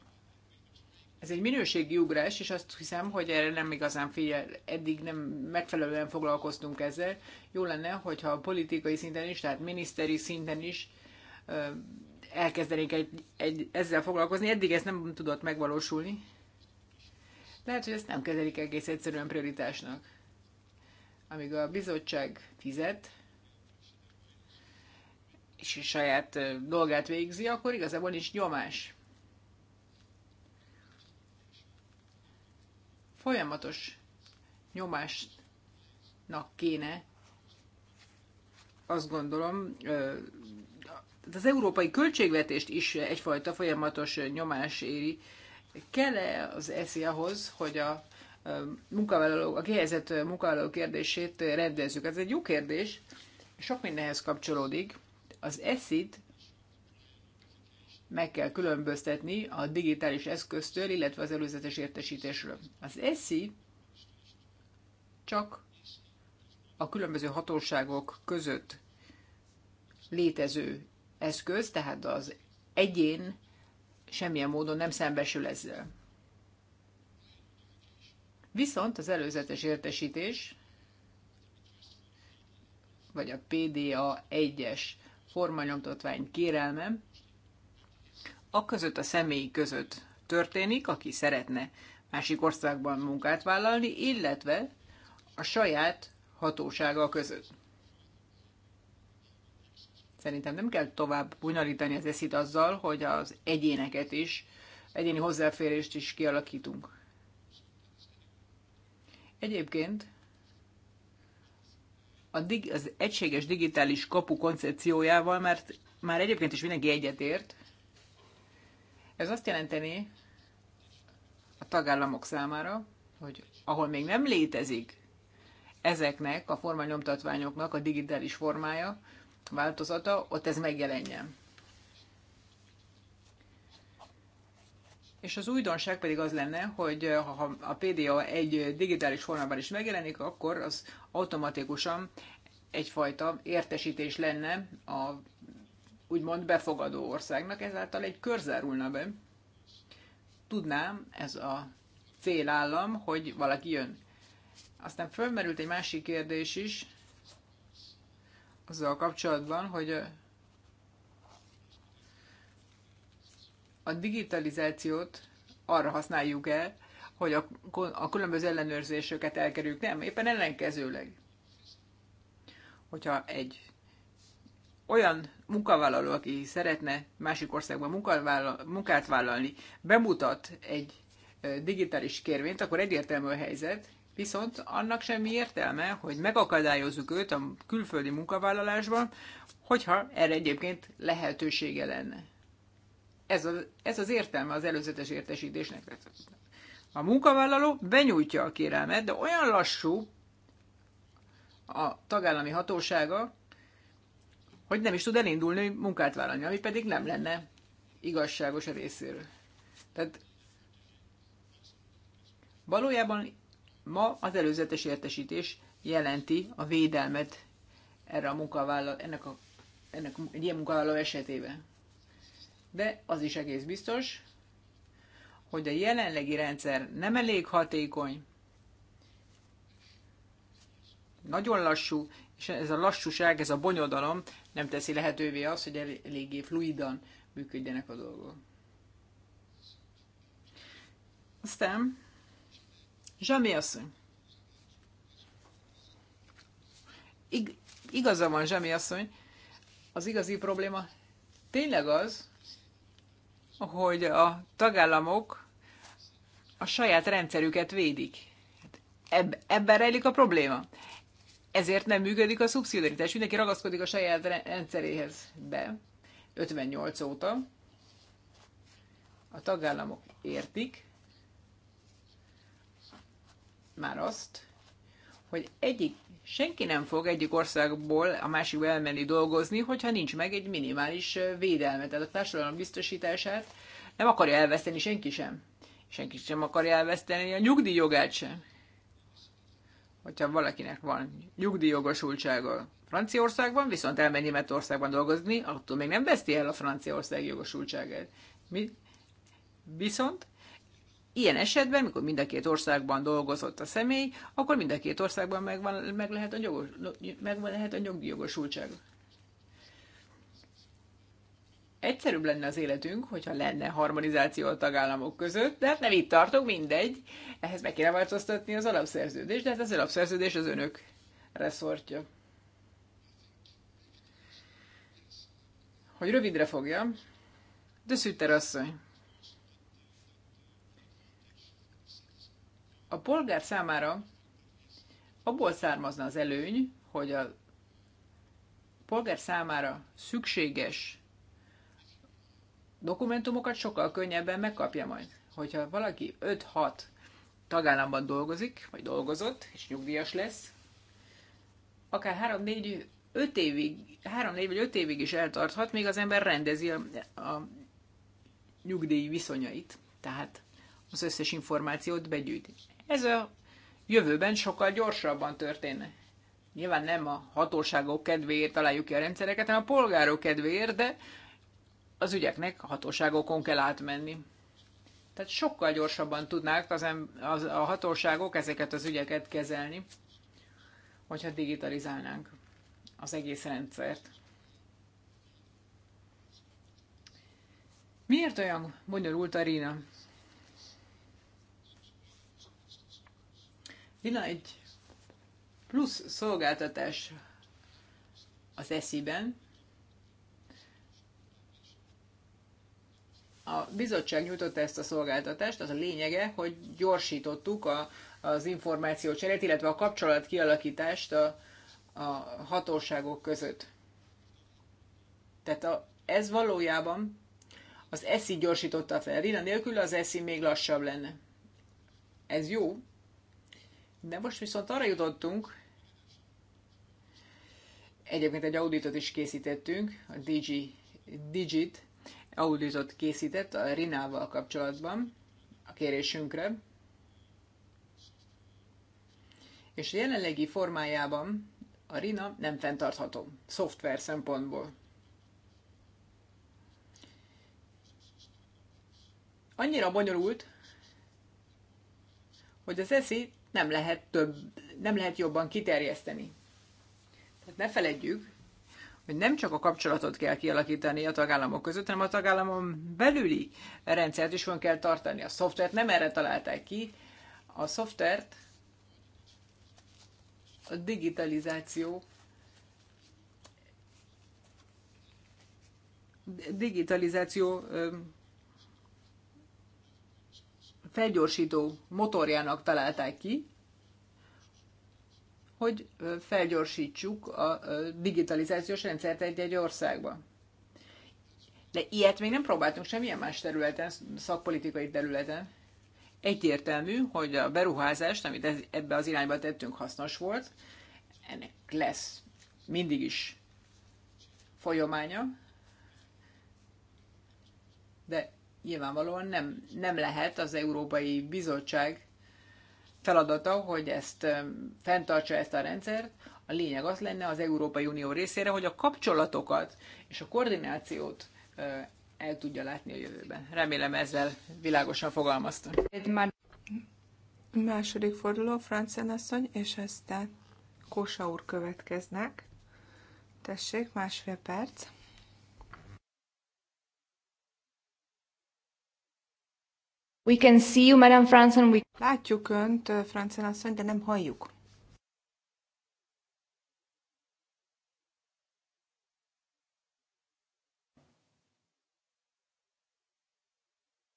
ez egy minőségi ugrás, és azt hiszem, hogy erre nem igazán figyel, eddig nem megfelelően foglalkoztunk ezzel. Jó lenne, hogyha a politikai szinten is, tehát miniszteri szinten is elkezdenénk egy, egy, ezzel foglalkozni. Eddig ez nem tudott megvalósulni. Lehet, hogy ezt nem kezelik egész egyszerűen prioritásnak. Amíg a bizottság fizet, és saját dolgát végzi, akkor igazából nincs nyomás. folyamatos nyomásnak kéne, azt gondolom, az európai költségvetést is egyfajta folyamatos nyomás éri. Kell-e az eszi ahhoz, hogy a munkavállalók, a kihelyezett munkavállalók kérdését rendezzük? Ez egy jó kérdés, sok mindenhez kapcsolódik. Az eszit meg kell különböztetni a digitális eszköztől, illetve az előzetes értesítésről. Az ESZI csak a különböző hatóságok között létező eszköz, tehát az egyén semmilyen módon nem szembesül ezzel. Viszont az előzetes értesítés, vagy a PDA 1-es formanyomtatvány kérelmem a között, a személy között történik, aki szeretne másik országban munkát vállalni, illetve a saját hatósága között. Szerintem nem kell tovább bonyolítani az eszit azzal, hogy az egyéneket is, egyéni hozzáférést is kialakítunk. Egyébként a dig, az egységes digitális kapu koncepciójával mert már egyébként is mindenki egyetért, ez azt jelenteni a tagállamok számára, hogy ahol még nem létezik ezeknek a formanyomtatványoknak a digitális formája, változata, ott ez megjelenjen. És az újdonság pedig az lenne, hogy ha a PDA egy digitális formában is megjelenik, akkor az automatikusan egyfajta értesítés lenne a úgymond befogadó országnak, ezáltal egy körzárulna be. Tudnám, ez a célállam, hogy valaki jön. Aztán fölmerült egy másik kérdés is, azzal kapcsolatban, hogy a digitalizációt arra használjuk el, hogy a, a különböző ellenőrzéseket elkerüljük. Nem, éppen ellenkezőleg. Hogyha egy olyan munkavállaló, aki szeretne másik országban munkát vállalni, bemutat egy digitális kérvényt, akkor egyértelmű a helyzet, viszont annak semmi értelme, hogy megakadályozzuk őt a külföldi munkavállalásban, hogyha erre egyébként lehetősége lenne. Ez az, ez az értelme az előzetes értesítésnek. A munkavállaló benyújtja a kérelmet, de olyan lassú a tagállami hatósága, hogy nem is tud elindulni munkát vállalni, ami pedig nem lenne igazságos a részéről. Tehát valójában ma az előzetes értesítés jelenti a védelmet erre a munkavállal, ennek a, ennek egy ilyen munkavállaló esetében. De az is egész biztos, hogy a jelenlegi rendszer nem elég hatékony, nagyon lassú, és ez a lassúság, ez a bonyodalom nem teszi lehetővé azt, hogy eléggé fluidan működjenek a dolgok. Aztán Zsami asszony. Ig- igaza van Zsami asszony, az igazi probléma tényleg az, hogy a tagállamok a saját rendszerüket védik. Hát eb- ebben rejlik a probléma ezért nem működik a szubszidiaritás. Mindenki ragaszkodik a saját rendszeréhez be. 58 óta a tagállamok értik már azt, hogy egyik, senki nem fog egyik országból a másikba elmenni dolgozni, hogyha nincs meg egy minimális védelme. Tehát a társadalom biztosítását nem akarja elveszteni senki sem. Senki sem akarja elveszteni a nyugdíjjogát sem hogyha valakinek van nyugdíjjogosultsága Franciaországban, viszont elmegy Németországban dolgozni, attól még nem veszti el a Franciaország jogosultságát. Mi? Viszont ilyen esetben, mikor mind a két országban dolgozott a személy, akkor mind a két országban megvan, meg, lehet a nyugos, meg lehet a nyugdíjjogosultsága egyszerűbb lenne az életünk, hogyha lenne harmonizáció a tagállamok között, de hát nem itt tartok, mindegy. Ehhez meg kéne változtatni az alapszerződést, de hát az alapszerződés az önök reszortja. Hogy rövidre fogjam, de szűter asszony. A polgár számára abból származna az előny, hogy a polgár számára szükséges dokumentumokat sokkal könnyebben megkapja majd. Hogyha valaki 5-6 tagállamban dolgozik, vagy dolgozott, és nyugdíjas lesz, akár 3-4 5 évig, 3 4 vagy 5 évig is eltarthat, még az ember rendezi a, a nyugdíj viszonyait. Tehát az összes információt begyűjti. Ez a jövőben sokkal gyorsabban történne. Nyilván nem a hatóságok kedvéért találjuk ki a rendszereket, hanem a polgárok kedvéért, de az ügyeknek a hatóságokon kell átmenni. Tehát sokkal gyorsabban tudnák az, az, a hatóságok ezeket az ügyeket kezelni, hogyha digitalizálnánk az egész rendszert. Miért olyan bonyolult a Rina? Rina egy plusz szolgáltatás az esziben, A bizottság nyújtotta ezt a szolgáltatást, az a lényege, hogy gyorsítottuk a, az cserét, illetve a kapcsolat kialakítást a, a hatóságok között. Tehát a, ez valójában az eszi gyorsította fel. Rina nélkül az eszi még lassabb lenne. Ez jó, de most viszont arra jutottunk, egyébként egy auditot is készítettünk, a Digi, Digit Audiozot készített a Rinával kapcsolatban a kérésünkre, és jelenlegi formájában a Rina nem fenntartható, szoftver szempontból. Annyira bonyolult, hogy az eszi nem lehet több, nem lehet jobban kiterjeszteni. Tehát ne feledjük, hogy nem csak a kapcsolatot kell kialakítani a tagállamok között, hanem a tagállamon belüli rendszert is van kell tartani. A szoftvert nem erre találták ki, a szoftvert a digitalizáció digitalizáció felgyorsító motorjának találták ki, hogy felgyorsítsuk a digitalizációs rendszert egy-egy országban. De ilyet még nem próbáltunk semmilyen más területen, szakpolitikai területen. Egyértelmű, hogy a beruházást, amit ebbe az irányba tettünk, hasznos volt. Ennek lesz mindig is folyamánya, de nyilvánvalóan nem, nem lehet az Európai Bizottság feladata, hogy ezt fenntartsa ezt a rendszert. A lényeg az lenne az Európai Unió részére, hogy a kapcsolatokat és a koordinációt el tudja látni a jövőben. Remélem ezzel világosan fogalmaztam. Már második forduló, Francia Nasszony, és aztán Kósa úr következnek. Tessék, másfél perc. We can see you, Madame Franzen. We... Látjuk Önt, eh, Franzen asszony, de nem halljuk.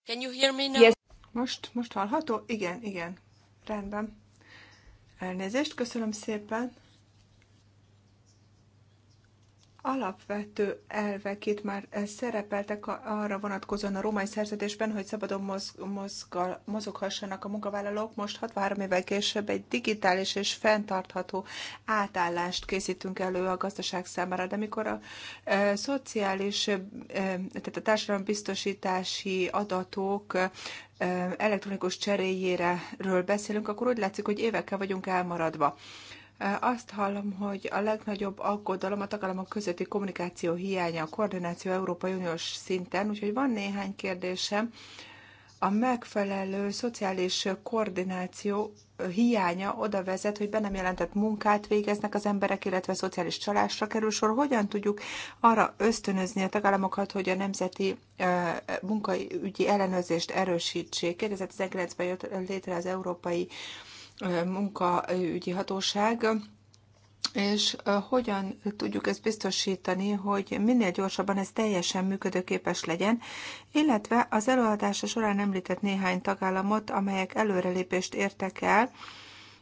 Can you hear me now? Yes. Most, most hallható? Igen, igen. Rendben. Elnézést, köszönöm szépen alapvető elvek itt már eh, szerepeltek arra vonatkozóan a római szerződésben, hogy szabadon mozg, mozgal, mozoghassanak a munkavállalók. Most 63 évvel később egy digitális és fenntartható átállást készítünk elő a gazdaság számára. De mikor a e, szociális, e, tehát a társadalombiztosítási adatok e, elektronikus cseréjéről beszélünk, akkor úgy látszik, hogy évekkel vagyunk elmaradva. E, azt hallom, hogy a legnagyobb aggodalom a tagállamok közötti kommunikáció hiánya, a koordináció Európai Uniós szinten, úgyhogy van néhány kérdésem. A megfelelő szociális koordináció hiánya oda vezet, hogy be nem jelentett munkát végeznek az emberek, illetve szociális csalásra kerül sor. Hogyan tudjuk arra ösztönözni a tagállamokat, hogy a nemzeti munkaügyi ellenőrzést erősítsék? 2019-ben jött létre az Európai munkaügyi hatóság, és hogyan tudjuk ezt biztosítani, hogy minél gyorsabban ez teljesen működőképes legyen, illetve az előadása során említett néhány tagállamot, amelyek előrelépést értek el,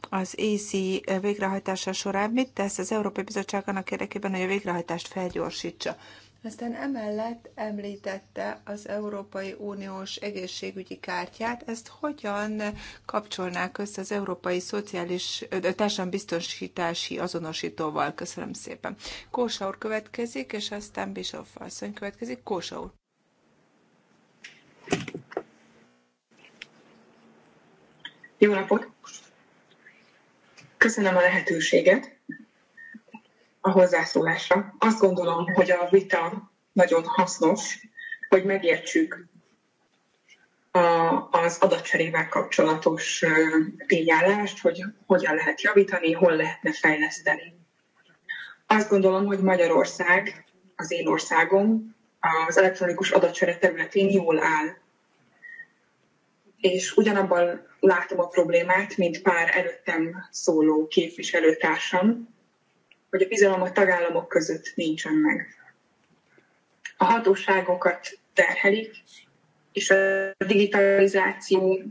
az AC e végrehajtása során mit tesz az Európai Bizottság annak érdekében, hogy a végrehajtást felgyorsítsa? Aztán emellett említette az Európai Uniós egészségügyi kártyát, ezt hogyan kapcsolnák össze az Európai Szociális Társadalombiztosítási Azonosítóval? Köszönöm szépen. Kósa úr következik, és aztán Bisoff asszony következik. Kósa úr. Jó napot! Köszönöm a lehetőséget a hozzászólásra. Azt gondolom, hogy a vita nagyon hasznos, hogy megértsük a, az adatcserével kapcsolatos tényállást, hogy hogyan lehet javítani, hol lehetne fejleszteni. Azt gondolom, hogy Magyarország, az én országom, az elektronikus adatcsere területén jól áll. És ugyanabban látom a problémát, mint pár előttem szóló képviselőtársam, hogy a bizalom a tagállamok között nincsen meg. A hatóságokat terhelik, és a digitalizációban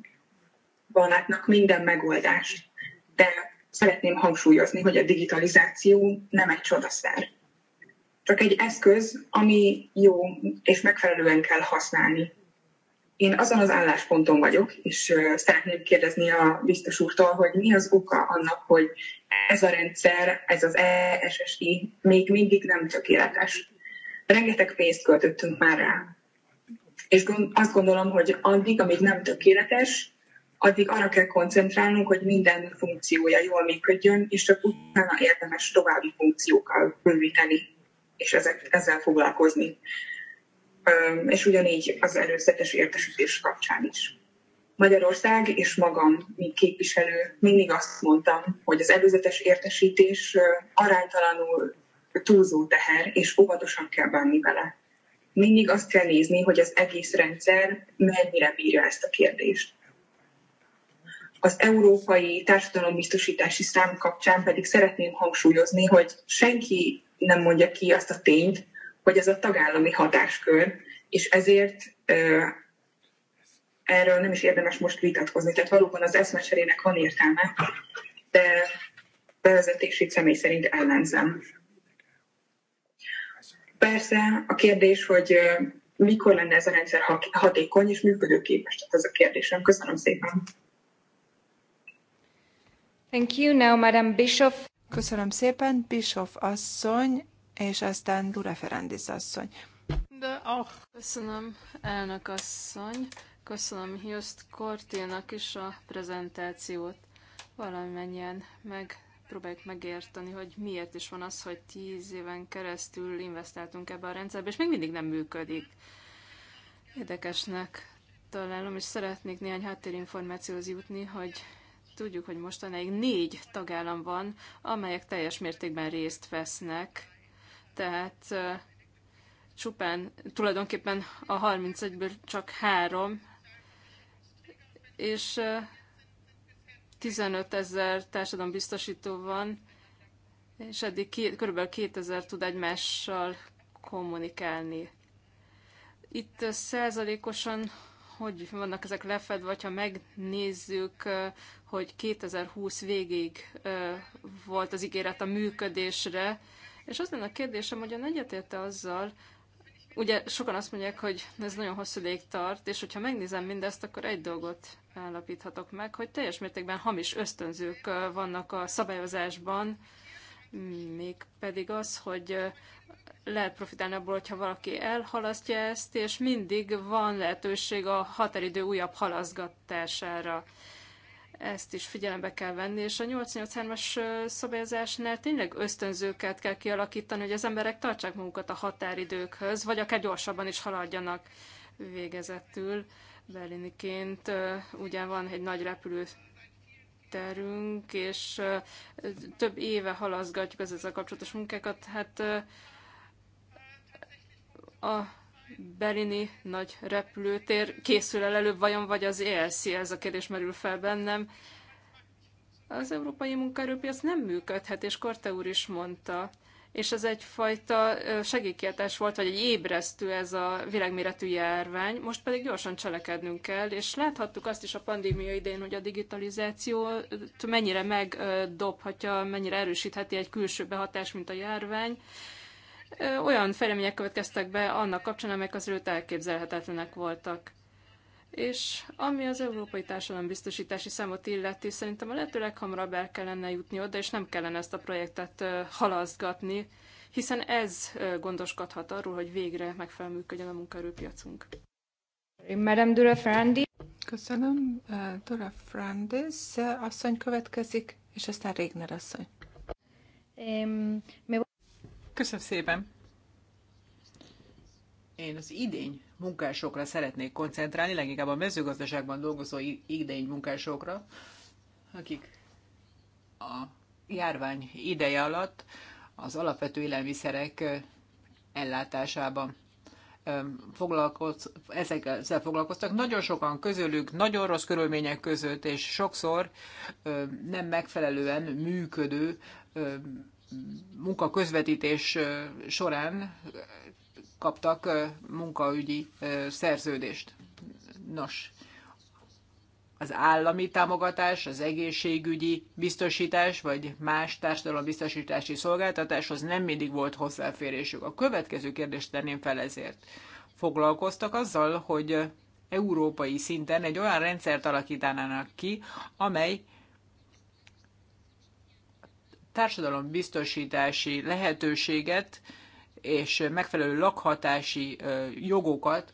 látnak minden megoldást. De szeretném hangsúlyozni, hogy a digitalizáció nem egy csodaszer. Csak egy eszköz, ami jó és megfelelően kell használni. Én azon az állásponton vagyok, és szeretném kérdezni a biztos úrtól, hogy mi az oka annak, hogy ez a rendszer, ez az ESSI még mindig nem tökéletes. Rengeteg pénzt költöttünk már rá. És azt gondolom, hogy addig, amíg nem tökéletes, addig arra kell koncentrálnunk, hogy minden funkciója jól működjön, és csak utána érdemes további funkciókkal bővíteni, és ezzel foglalkozni és ugyanígy az előzetes értesítés kapcsán is. Magyarország és magam, mint képviselő, mindig azt mondtam, hogy az előzetes értesítés aránytalanul túlzó teher, és óvatosan kell bánni vele. Mindig azt kell nézni, hogy az egész rendszer mennyire bírja ezt a kérdést. Az európai társadalombiztosítási szám kapcsán pedig szeretném hangsúlyozni, hogy senki nem mondja ki azt a tényt, hogy ez a tagállami hatáskör, és ezért erről nem is érdemes most vitatkozni. Tehát valóban az eszmecserének van értelme, de bevezetését személy szerint ellenzem. Persze a kérdés, hogy mikor lenne ez a rendszer hatékony és működőképes, tehát ez a kérdésem. Köszönöm szépen. Thank you. Now, Madam Bishop. Köszönöm szépen, Bishop asszony és aztán Dura Ferrandis asszony. De oh. Köszönöm, elnök asszony. Köszönöm Just Korténak is a prezentációt. Valamennyien meg próbáljuk megérteni, hogy miért is van az, hogy tíz éven keresztül investáltunk ebbe a rendszerbe, és még mindig nem működik. Érdekesnek találom, és szeretnék néhány háttérinformációhoz jutni, hogy tudjuk, hogy mostanáig négy tagállam van, amelyek teljes mértékben részt vesznek tehát csupán tulajdonképpen a 31-ből csak három, és 15 ezer társadalombiztosító van, és eddig két, kb. 2000 tud egymással kommunikálni. Itt százalékosan hogy vannak ezek lefedve, vagy ha megnézzük, hogy 2020 végig volt az ígéret a működésre, és az lenne a kérdésem, hogy ön egyetérte azzal, ugye sokan azt mondják, hogy ez nagyon hosszú ideig tart, és hogyha megnézem mindezt, akkor egy dolgot állapíthatok meg, hogy teljes mértékben hamis ösztönzők vannak a szabályozásban, még pedig az, hogy lehet profitálni abból, hogyha valaki elhalasztja ezt, és mindig van lehetőség a határidő újabb halaszgatására ezt is figyelembe kell venni, és a 883-as szabályozásnál tényleg ösztönzőket kell kialakítani, hogy az emberek tartsák magukat a határidőkhöz, vagy akár gyorsabban is haladjanak végezetül. Berliniként ugyan van egy nagy repülő terünk, és több éve halaszgatjuk az ezzel kapcsolatos munkákat. Hát a Berini nagy repülőtér készül el előbb vajon, vagy az ELC? Ez a kérdés merül fel bennem. Az európai munkaerőpiac nem működhet, és Korte úr is mondta, és ez egyfajta segélykiáltás volt, vagy egy ébresztő ez a világméretű járvány, most pedig gyorsan cselekednünk kell, és láthattuk azt is a pandémia idején, hogy a digitalizációt mennyire megdobhatja, mennyire erősítheti egy külső behatás, mint a járvány, olyan fejlemények következtek be annak kapcsán, amelyek azelőtt elképzelhetetlenek voltak. És ami az európai biztosítási számot illeti, szerintem a lehető leghamarabb el kellene jutni oda, és nem kellene ezt a projektet halaszgatni, hiszen ez gondoskodhat arról, hogy végre megfelelően működjön a munkaerőpiacunk. Madame Dura Frandi. Köszönöm. Dura Frandis asszony következik, és aztán Régner asszony. Um, Köszönöm szépen! Én az idény munkásokra szeretnék koncentrálni, leginkább a mezőgazdaságban dolgozó idény munkásokra, akik a járvány ideje alatt az alapvető élelmiszerek ellátásában ezzel foglalkoztak. Nagyon sokan közülük nagyon rossz körülmények között, és sokszor nem megfelelően működő munka közvetítés során kaptak munkaügyi szerződést. Nos, az állami támogatás, az egészségügyi biztosítás, vagy más társadalombiztosítási szolgáltatáshoz nem mindig volt hozzáférésük. A következő kérdést tenném fel ezért. Foglalkoztak azzal, hogy európai szinten egy olyan rendszert alakítanának ki, amely társadalombiztosítási lehetőséget és megfelelő lakhatási jogokat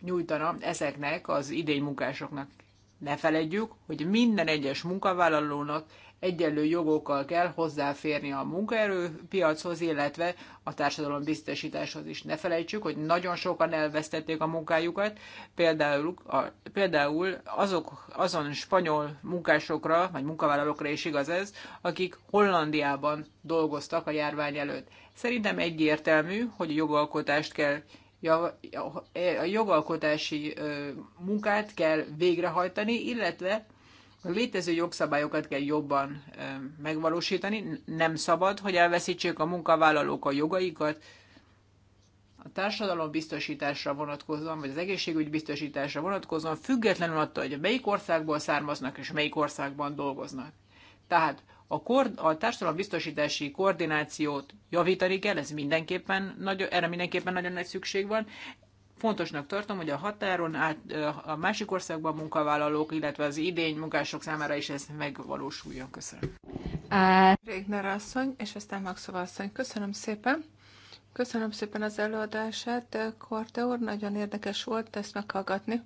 nyújtana ezeknek az idénymunkásoknak. Ne feledjük, hogy minden egyes munkavállalónak egyenlő jogokkal kell hozzáférni a munkaerőpiachoz, illetve a társadalom biztosításhoz is. Ne felejtsük, hogy nagyon sokan elvesztették a munkájukat, például, a, például azok, azon spanyol munkásokra, vagy munkavállalókra is igaz ez, akik Hollandiában dolgoztak a járvány előtt. Szerintem egyértelmű, hogy jogalkotást kell a jogalkotási munkát kell végrehajtani, illetve a létező jogszabályokat kell jobban megvalósítani, nem szabad, hogy elveszítsék a munkavállalók a jogaikat, a társadalom biztosításra vonatkozóan, vagy az egészségügy biztosításra vonatkozóan, függetlenül attól, hogy melyik országból származnak és melyik országban dolgoznak. Tehát a, kor, a biztosítási koordinációt javítani kell, ez mindenképpen nagy, erre mindenképpen nagyon nagy szükség van. Fontosnak tartom, hogy a határon át a másik országban munkavállalók, illetve az idény munkások számára is ez megvalósuljon. Köszönöm. Régner asszony, és aztán Maxova asszony. Köszönöm szépen. Köszönöm szépen az előadását, Korte úr, nagyon érdekes volt ezt meghallgatni.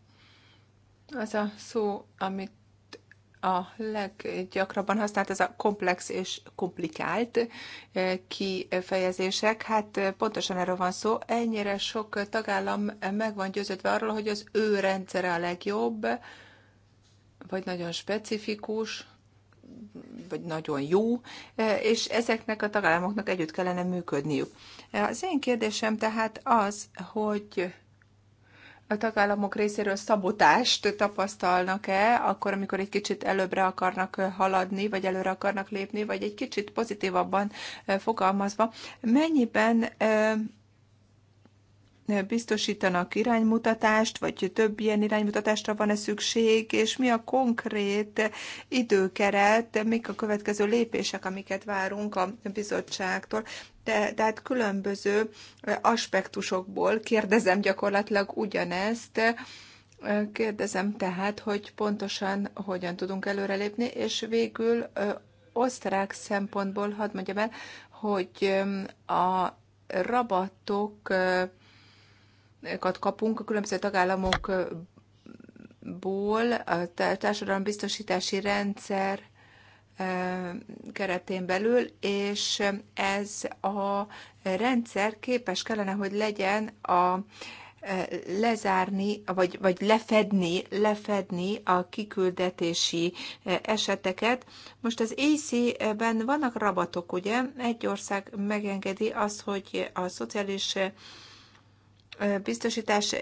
Az a szó, amit a leggyakrabban használt ez a komplex és komplikált eh, kifejezések. Hát eh, pontosan erről van szó. Ennyire sok tagállam meg van győződve arról, hogy az ő rendszere a legjobb, vagy nagyon specifikus, vagy nagyon jó, eh, és ezeknek a tagállamoknak együtt kellene működniük. Az én kérdésem tehát az, hogy a tagállamok részéről szabotást tapasztalnak-e, akkor, amikor egy kicsit előbbre akarnak haladni, vagy előre akarnak lépni, vagy egy kicsit pozitívabban fogalmazva, mennyiben biztosítanak iránymutatást, vagy több ilyen iránymutatásra van-e szükség, és mi a konkrét időkeret, mik a következő lépések, amiket várunk a bizottságtól, de, tehát különböző aspektusokból kérdezem gyakorlatilag ugyanezt, kérdezem tehát, hogy pontosan hogyan tudunk előrelépni, és végül osztrák szempontból hadd mondjam el, hogy a rabatokat kapunk a különböző tagállamokból, a társadalombiztosítási rendszer keretén belül, és ez a rendszer képes kellene, hogy legyen a lezárni, vagy, vagy lefedni, lefedni a kiküldetési eseteket. Most az AC-ben vannak rabatok, ugye? Egy ország megengedi azt, hogy a szociális biztosítás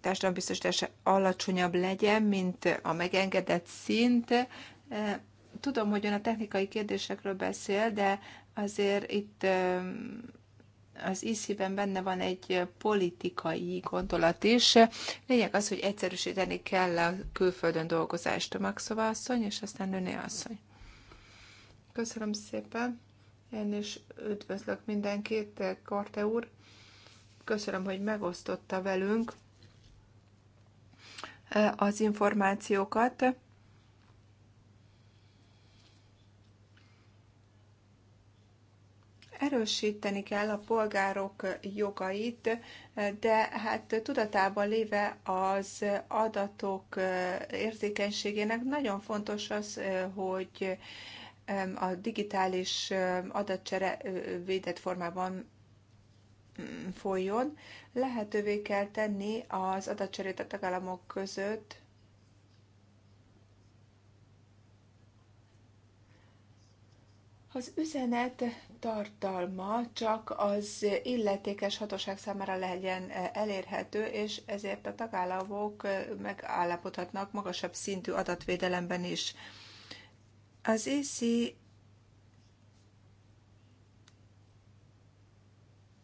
társadalombiztosítása alacsonyabb legyen, mint a megengedett szint, Tudom, hogy ön a technikai kérdésekről beszél, de azért itt az ISZI-ben benne van egy politikai gondolat is. Lényeg az, hogy egyszerűsíteni kell a külföldön dolgozást a Maxova asszony, és aztán Nőné asszony. Köszönöm szépen. Én is üdvözlök mindenkit, Korte úr. Köszönöm, hogy megosztotta velünk az információkat. Erősíteni kell a polgárok jogait, de hát tudatában léve az adatok érzékenységének nagyon fontos az, hogy a digitális adatcsere védett formában mm, folyjon. Lehetővé kell tenni az adatcserét a tagállamok között, Az üzenet tartalma csak az illetékes hatóság számára legyen e, elérhető, és ezért a tagállamok e, megállapodhatnak magasabb szintű adatvédelemben is. Az ISZI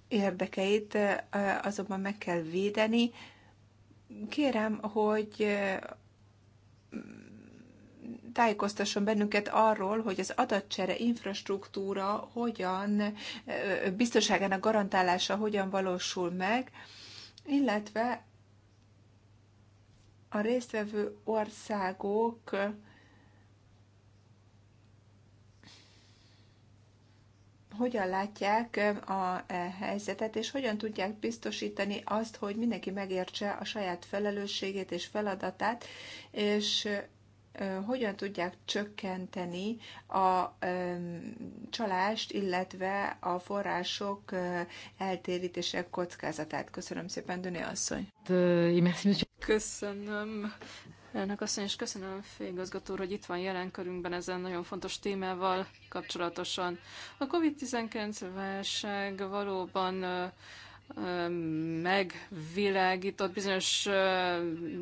érdekeit e, azonban meg kell védeni. Kérem, hogy tájékoztasson bennünket arról, hogy az adatcsere infrastruktúra hogyan, biztonságának garantálása hogyan valósul meg, illetve a résztvevő országok hogyan látják a e, helyzetet, és hogyan tudják biztosítani azt, hogy mindenki megértse a saját felelősségét és feladatát, és hogyan tudják csökkenteni a csalást, illetve a források eltérítések kockázatát. Köszönöm szépen, Döné asszony. Köszönöm. Elnök asszony, és köszönöm főigazgató hogy itt van jelen körünkben ezen nagyon fontos témával kapcsolatosan. A COVID-19 válság valóban megvilágított bizonyos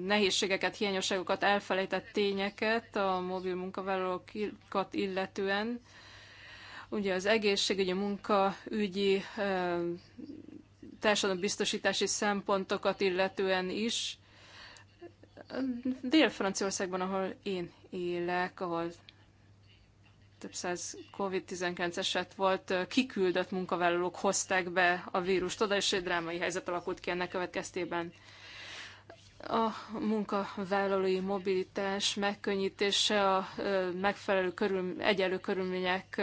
nehézségeket, hiányosságokat, elfelejtett tényeket a mobil munkavállalókat illetően. Ugye az egészségügyi munkaügyi társadalombiztosítási szempontokat illetően is. Dél-Franciaországban, ahol én élek, ahol több száz COVID-19 eset volt, kiküldött munkavállalók hozták be a vírust oda, és egy drámai helyzet alakult ki ennek következtében a munkavállalói mobilitás megkönnyítése, a megfelelő körül, egyenlő körülmények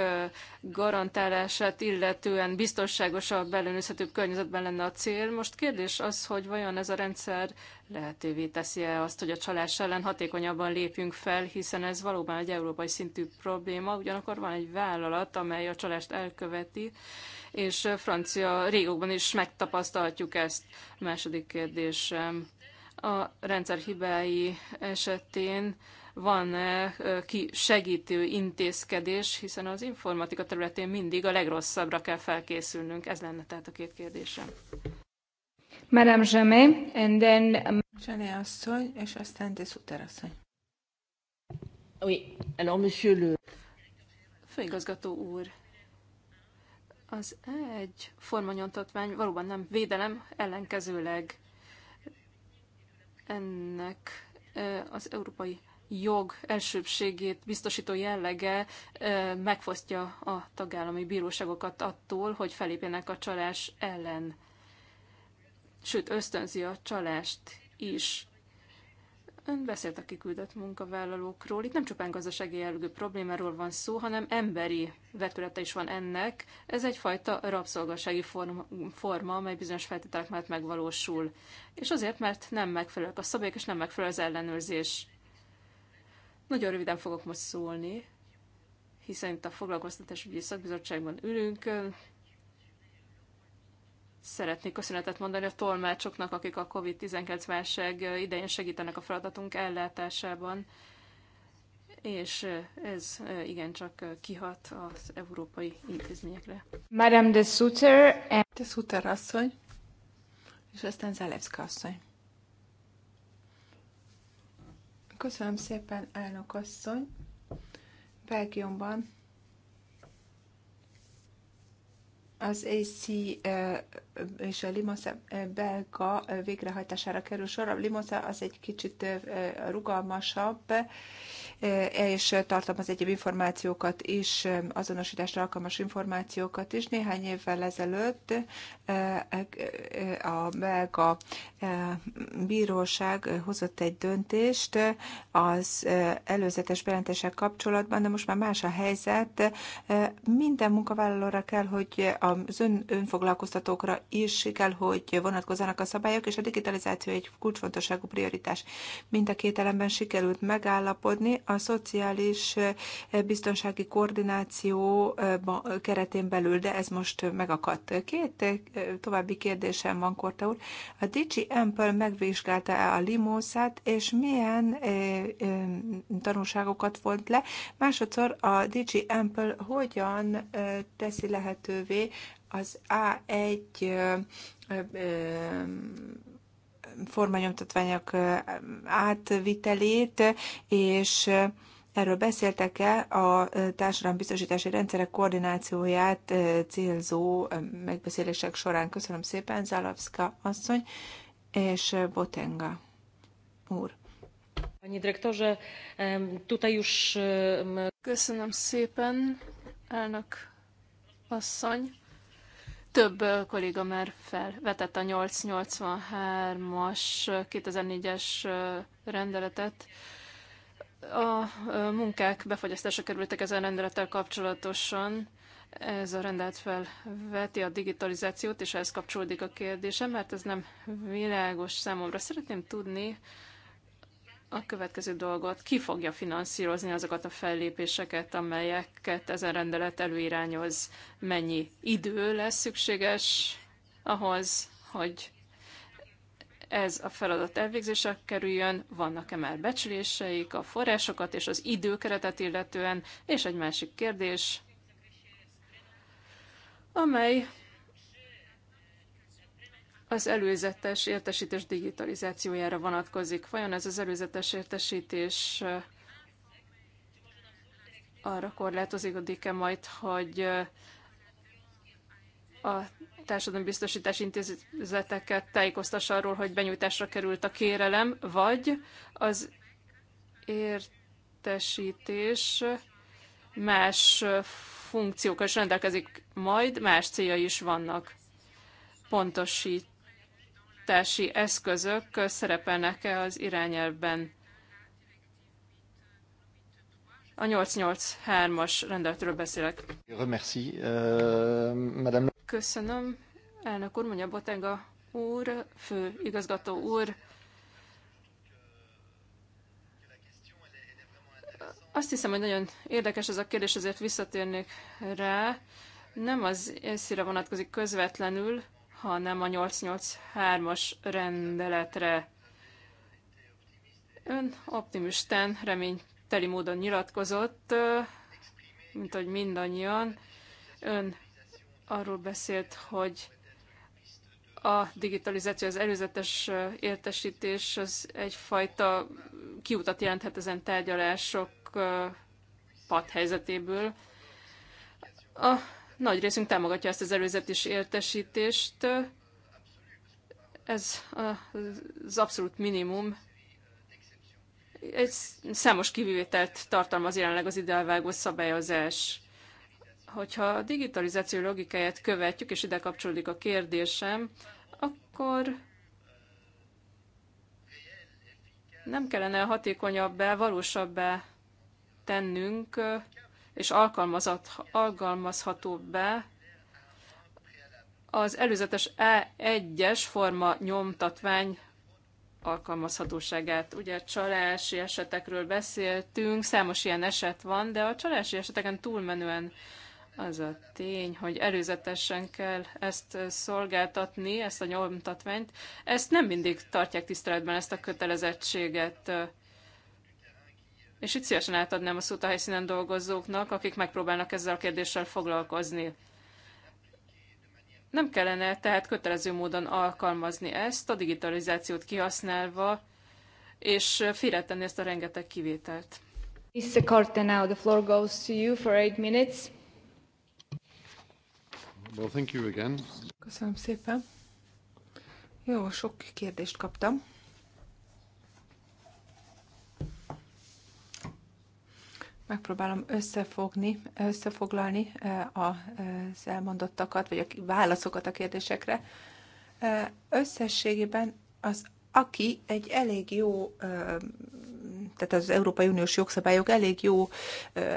garantálását, illetően biztonságosabb, ellenőrizhetőbb környezetben lenne a cél. Most kérdés az, hogy vajon ez a rendszer lehetővé teszi-e azt, hogy a csalás ellen hatékonyabban lépjünk fel, hiszen ez valóban egy európai szintű probléma, ugyanakkor van egy vállalat, amely a csalást elköveti, és francia régokban is megtapasztalhatjuk ezt. A második kérdésem a rendszer hibái esetén van-e ki segítő intézkedés, hiszen az informatika területén mindig a legrosszabbra kell felkészülnünk. Ez lenne tehát a két kérdésem. Madame Jamé, and then... Um, Jamé asszony, és aztán Suter asszony. Oui, alors monsieur le... Főigazgató úr, az egy formanyomtatvány valóban nem védelem, ellenkezőleg ennek az európai jog elsőbségét biztosító jellege megfosztja a tagállami bíróságokat attól, hogy felépjenek a csalás ellen. Sőt, ösztönzi a csalást is. Ön beszélt a kiküldött munkavállalókról. Itt nem csupán gazdasági jellegű problémáról van szó, hanem emberi vetülete is van ennek. Ez egyfajta rabszolgasági forma, forma amely bizonyos feltételek mellett megvalósul. És azért, mert nem megfelelők a szabályok, és nem megfelelő az ellenőrzés. Nagyon röviden fogok most szólni, hiszen itt a foglalkoztatásügyi szakbizottságban ülünk, Szeretnék köszönetet mondani a tolmácsoknak, akik a COVID-19 válság idején segítenek a feladatunk ellátásában, és ez igencsak kihat az európai intézményekre. Madame de Suter, and... de Suter asszony, és aztán Zalewska asszony. Köszönöm szépen, elnök asszony. Belgiumban az AC és a Limosa belga végrehajtására kerül sor. A Limosa az egy kicsit rugalmasabb és tartalmaz egyéb információkat is, azonosításra alkalmas információkat is. Néhány évvel ezelőtt e, e, e, a belga bíróság hozott egy döntést az előzetes bejelentések kapcsolatban, de most már más a helyzet. Minden munkavállalóra kell, hogy az ön, önfoglalkoztatókra is kell, hogy vonatkozzanak a szabályok, és a digitalizáció egy kulcsfontosságú prioritás. Mind a két elemben sikerült megállapodni, a szociális eh, biztonsági koordináció eh, keretén belül, de ez most eh, megakadt. Két további kérdésem van, Korta úr. A Digi Ample megvizsgálta-e a limószát, és milyen tanulságokat vont le? Másodszor a Digi Ample hogyan teszi lehetővé az A1 formanyomtatványok átvitelét, és erről beszéltek el a társadalombiztosítási rendszerek koordinációját célzó megbeszélések során. Köszönöm szépen, Zalavska asszony és Botenga úr. Panie dyrektorze, tutaj już... Köszönöm szépen, elnök asszony. Több kolléga már felvetett a 883-as 2004-es rendeletet. A munkák befogyasztása kerültek ezen rendelettel kapcsolatosan. Ez a rendelet felveti a digitalizációt, és ehhez kapcsolódik a kérdésem, mert ez nem világos számomra. Szeretném tudni, a következő dolgot, ki fogja finanszírozni azokat a fellépéseket, amelyeket ezen rendelet előirányoz, mennyi idő lesz szükséges ahhoz, hogy ez a feladat elvégzésre kerüljön, vannak-e már becsléseik, a forrásokat és az időkeretet illetően, és egy másik kérdés, amely az előzetes értesítés digitalizációjára vonatkozik. Vajon ez az előzetes értesítés eh, arra korlátozódik-e majd, hogy eh, a társadalombiztosítási intézeteket tájékoztassa arról, hogy benyújtásra került a kérelem, vagy az értesítés más funkciókkal is rendelkezik majd, más célja is vannak. Pontosít oktatási eszközök szerepelnek-e az irányelvben? A 883-as rendeletről beszélek. Euh, Köszönöm, elnök úr, mondja Botenga úr, fő igazgató úr. Azt hiszem, hogy nagyon érdekes ez a kérdés, ezért visszatérnék rá. Nem az észre vonatkozik közvetlenül, hanem a 883-as rendeletre. Ön optimisten, reményteli módon nyilatkozott, mint hogy mindannyian. Ön arról beszélt, hogy a digitalizáció, az előzetes értesítés az egyfajta kiutat jelenthet ezen tárgyalások padhelyzetéből. A nagy részünk támogatja ezt az előzetes értesítést. Ez az abszolút minimum. Egy számos kivételt tartalmaz jelenleg az idevágó szabályozás. Hogyha a digitalizáció logikáját követjük, és ide kapcsolódik a kérdésem, akkor nem kellene hatékonyabbá, valósabbá tennünk és alkalmazható be az előzetes E1-es forma nyomtatvány alkalmazhatóságát. Ugye csalási esetekről beszéltünk, számos ilyen eset van, de a csalási eseteken túlmenően az a tény, hogy előzetesen kell ezt szolgáltatni, ezt a nyomtatványt. Ezt nem mindig tartják tiszteletben, ezt a kötelezettséget és itt szívesen átadnám a szót a helyszínen dolgozóknak, akik megpróbálnak ezzel a kérdéssel foglalkozni. Nem kellene tehát kötelező módon alkalmazni ezt, a digitalizációt kihasználva, és félretenni ezt a rengeteg kivételt. now the floor goes to you for eight minutes. Well, thank you again. Köszönöm szépen. Jó, sok kérdést kaptam. megpróbálom összefogni, összefoglalni az elmondottakat, vagy a válaszokat a kérdésekre. Összességében az aki egy elég jó, tehát az Európai Uniós jogszabályok elég jó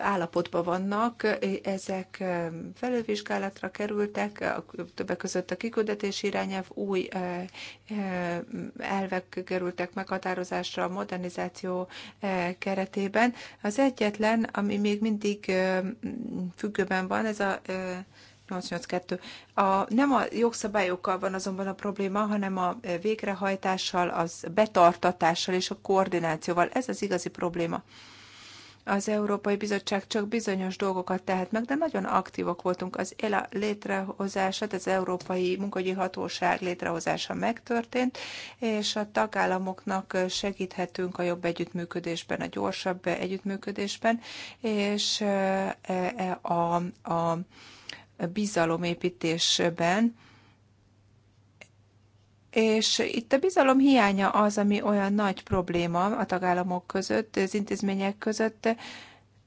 állapotban vannak, ezek felővizsgálatra kerültek, többek között a kiküldetési irányelv, új elvek kerültek meghatározásra a modernizáció keretében. Az egyetlen, ami még mindig függőben van, ez a 882. A, nem a jogszabályokkal van azonban a probléma, hanem a végrehajtással, az betartatással és a koordinációval. Ez az igazi probléma. Az Európai Bizottság csak bizonyos dolgokat tehet meg, de nagyon aktívak voltunk. Az ELA létrehozása, az Európai Munkagyi Hatóság létrehozása megtörtént, és a tagállamoknak segíthetünk a jobb együttműködésben, a gyorsabb együttműködésben, és e, e, a, a, a bizalomépítésben, és itt a bizalom hiánya az, ami olyan nagy probléma a tagállamok között, az intézmények között.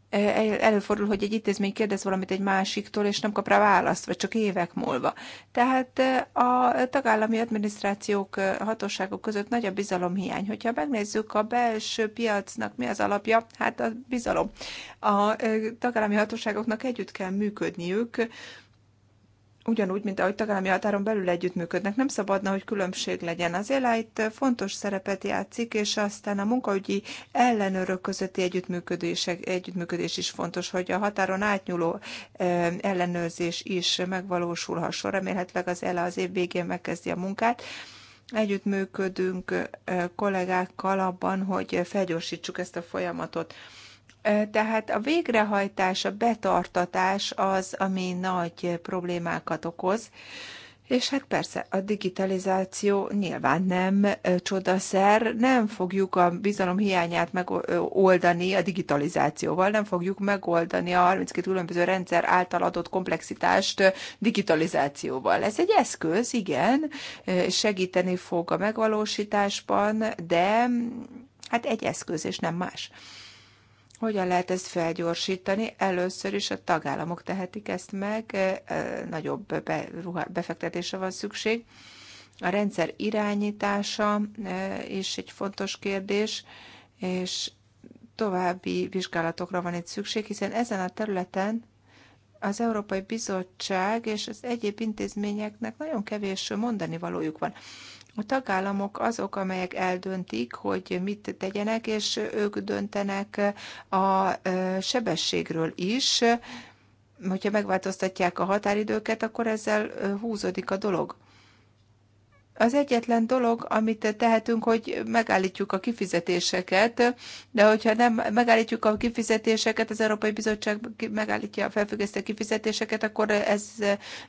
Előfordul, hogy egy intézmény kérdez valamit egy másiktól, és nem kap rá választ, vagy csak évek múlva. Tehát a tagállami adminisztrációk, hatóságok között nagy a bizalomhiány. Hogyha megnézzük a belső piacnak mi az alapja, hát a bizalom. A tagállami hatóságoknak együtt kell működniük, ugyanúgy, mint ahogy tagállami határon belül együttműködnek. Nem szabadna, hogy különbség legyen. Az ELA fontos szerepet játszik, és aztán a munkaügyi ellenőrök közötti együttműködés, együttműködés is fontos, hogy a határon átnyúló ellenőrzés is megvalósulhasson. Remélhetőleg az ELA az év végén megkezdi a munkát. Együttműködünk kollégákkal abban, hogy felgyorsítsuk ezt a folyamatot. Tehát a végrehajtás, a betartatás az, ami nagy problémákat okoz. És hát persze, a digitalizáció nyilván nem csodaszer, nem fogjuk a bizalom hiányát megoldani a digitalizációval, nem fogjuk megoldani a 32 különböző rendszer által adott komplexitást digitalizációval. Ez egy eszköz, igen, segíteni fog a megvalósításban, de mm, hát egy eszköz, és nem más. Hogyan lehet ezt felgyorsítani? Először is a tagállamok tehetik ezt meg, nagyobb befektetésre van szükség. A rendszer irányítása is egy fontos kérdés, és további vizsgálatokra van itt szükség, hiszen ezen a területen az Európai Bizottság és az egyéb intézményeknek nagyon kevés mondani valójuk van. A tagállamok azok, amelyek eldöntik, hogy mit tegyenek, és ők döntenek a sebességről is. Hogyha megváltoztatják a határidőket, akkor ezzel húzódik a dolog. Az egyetlen dolog, amit tehetünk, hogy megállítjuk a kifizetéseket, de hogyha nem megállítjuk a kifizetéseket, az Európai Bizottság megállítja a felfüggesztő kifizetéseket, akkor ez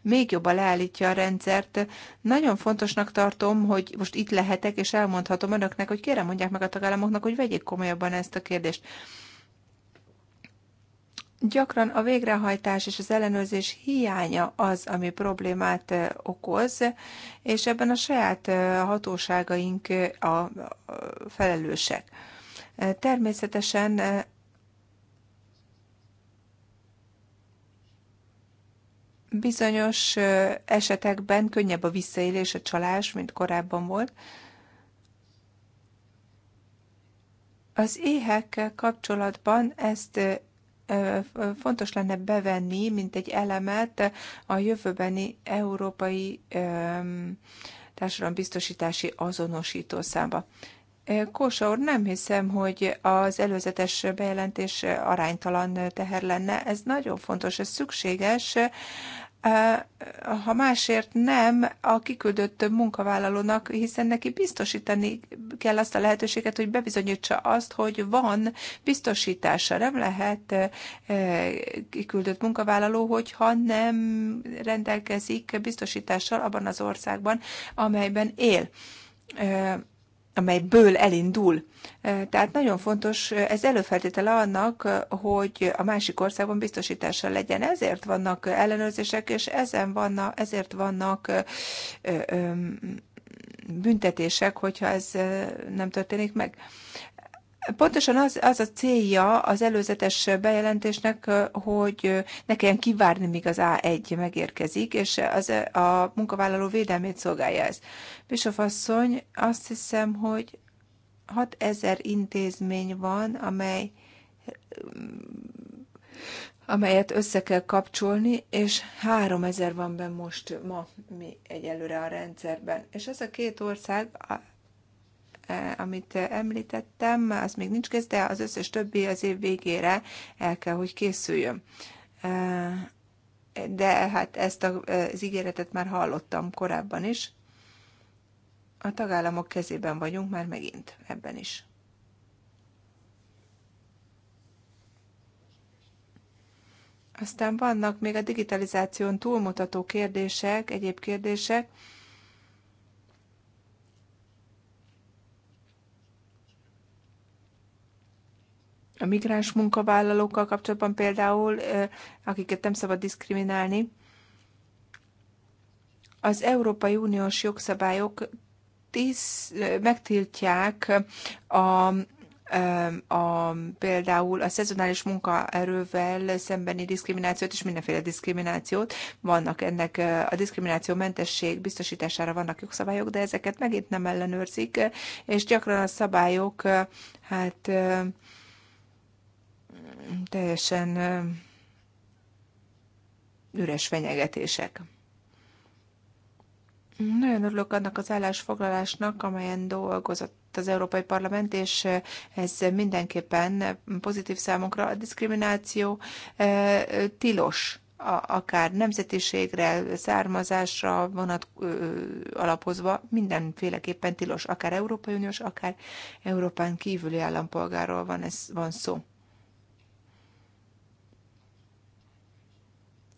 még jobban leállítja a rendszert. Nagyon fontosnak tartom, hogy most itt lehetek, és elmondhatom önöknek, hogy kérem mondják meg a tagállamoknak, hogy vegyék komolyabban ezt a kérdést gyakran a végrehajtás és az ellenőrzés hiánya az, ami problémát okoz, és ebben a saját hatóságaink a felelősek. Természetesen bizonyos esetekben könnyebb a visszaélés, a csalás, mint korábban volt. Az éhekkel kapcsolatban ezt fontos lenne bevenni, mint egy elemet a jövőbeni európai társadalombiztosítási azonosító számba. Kósa úr, nem hiszem, hogy az előzetes bejelentés aránytalan teher lenne. Ez nagyon fontos, ez szükséges ha másért nem, a kiküldött munkavállalónak, hiszen neki biztosítani kell azt a lehetőséget, hogy bebizonyítsa azt, hogy van biztosítása. Nem lehet kiküldött munkavállaló, hogyha nem rendelkezik biztosítással abban az országban, amelyben él amelyből elindul. Tehát nagyon fontos, ez előfeltétele annak, hogy a másik országban biztosítása legyen. Ezért vannak ellenőrzések, és ezen vannak, ezért vannak büntetések, hogyha ez nem történik meg. Pontosan az, az a célja az előzetes bejelentésnek, hogy ne kelljen kivárni, míg az A1 megérkezik, és az a munkavállaló védelmét szolgálja ez. Bisof asszony, azt hiszem, hogy 6000 intézmény van, amely amelyet össze kell kapcsolni, és 3000 van benne most ma mi egyelőre a rendszerben. És ez a két ország E, amit említettem, az még nincs kész, de az összes többi az év végére el kell, hogy készüljön. E, de hát ezt az ígéretet már hallottam korábban is. A tagállamok kezében vagyunk már megint ebben is. Aztán vannak még a digitalizáción túlmutató kérdések, egyéb kérdések, a migráns munkavállalókkal kapcsolatban például, akiket nem szabad diszkriminálni. Az Európai Uniós jogszabályok tíz, megtiltják a, a, például a szezonális munkaerővel szembeni diszkriminációt és mindenféle diszkriminációt. Vannak ennek a diszkrimináció mentesség biztosítására vannak jogszabályok, de ezeket megint nem ellenőrzik, és gyakran a szabályok hát teljesen üres fenyegetések. Nagyon örülök annak az állásfoglalásnak, amelyen dolgozott az Európai Parlament, és ez mindenképpen pozitív számunkra. A diszkrimináció tilos akár nemzetiségre, származásra vonat alapozva, mindenféleképpen tilos, akár Európai Uniós, akár Európán kívüli állampolgáról van, ez, van szó.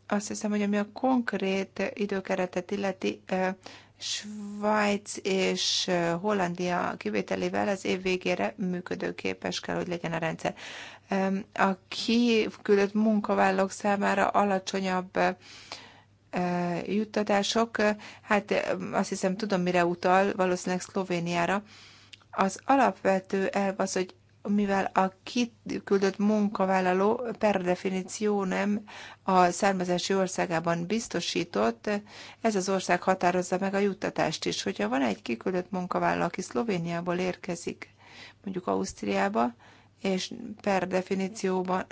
Azt hiszem, hogy ami a konkrét időkeretet illeti, Svájc és Hollandia kivételével az év végére működőképes kell, hogy legyen a rendszer. A kiküldött munkavállalók számára alacsonyabb juttatások, hát azt hiszem tudom, mire utal, valószínűleg Szlovéniára. Az alapvető elv az, hogy mivel a kiküldött munkavállaló per definíció nem a származási országában biztosított, ez az ország határozza meg a juttatást is. Hogyha van egy kiküldött munkavállaló, aki Szlovéniából érkezik, mondjuk Ausztriába, és per definícióban,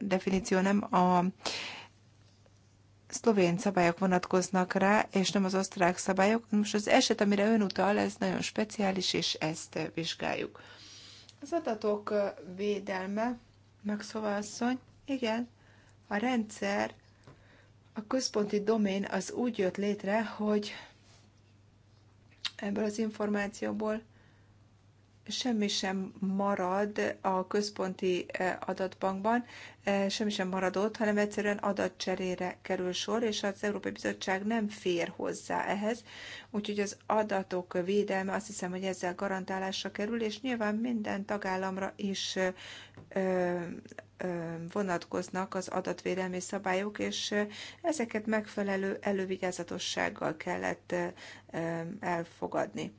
definíció nem a szlovén szabályok vonatkoznak rá, és nem az osztrák szabályok. Most az eset, amire ön utal, ez nagyon speciális, és ezt vizsgáljuk. Az adatok védelme, szóval asszony, igen, a rendszer, a központi domén az úgy jött létre, hogy ebből az információból semmi sem marad a központi eh, adatbankban, eh, semmi sem marad ott, hanem egyszerűen adatcserére kerül sor, és az Európai Bizottság nem fér hozzá ehhez, úgyhogy az adatok védelme azt hiszem, hogy ezzel garantálásra kerül, és nyilván minden tagállamra is eh, vonatkoznak az adatvédelmi szabályok, és ezeket megfelelő elővigyázatossággal kellett elfogadni.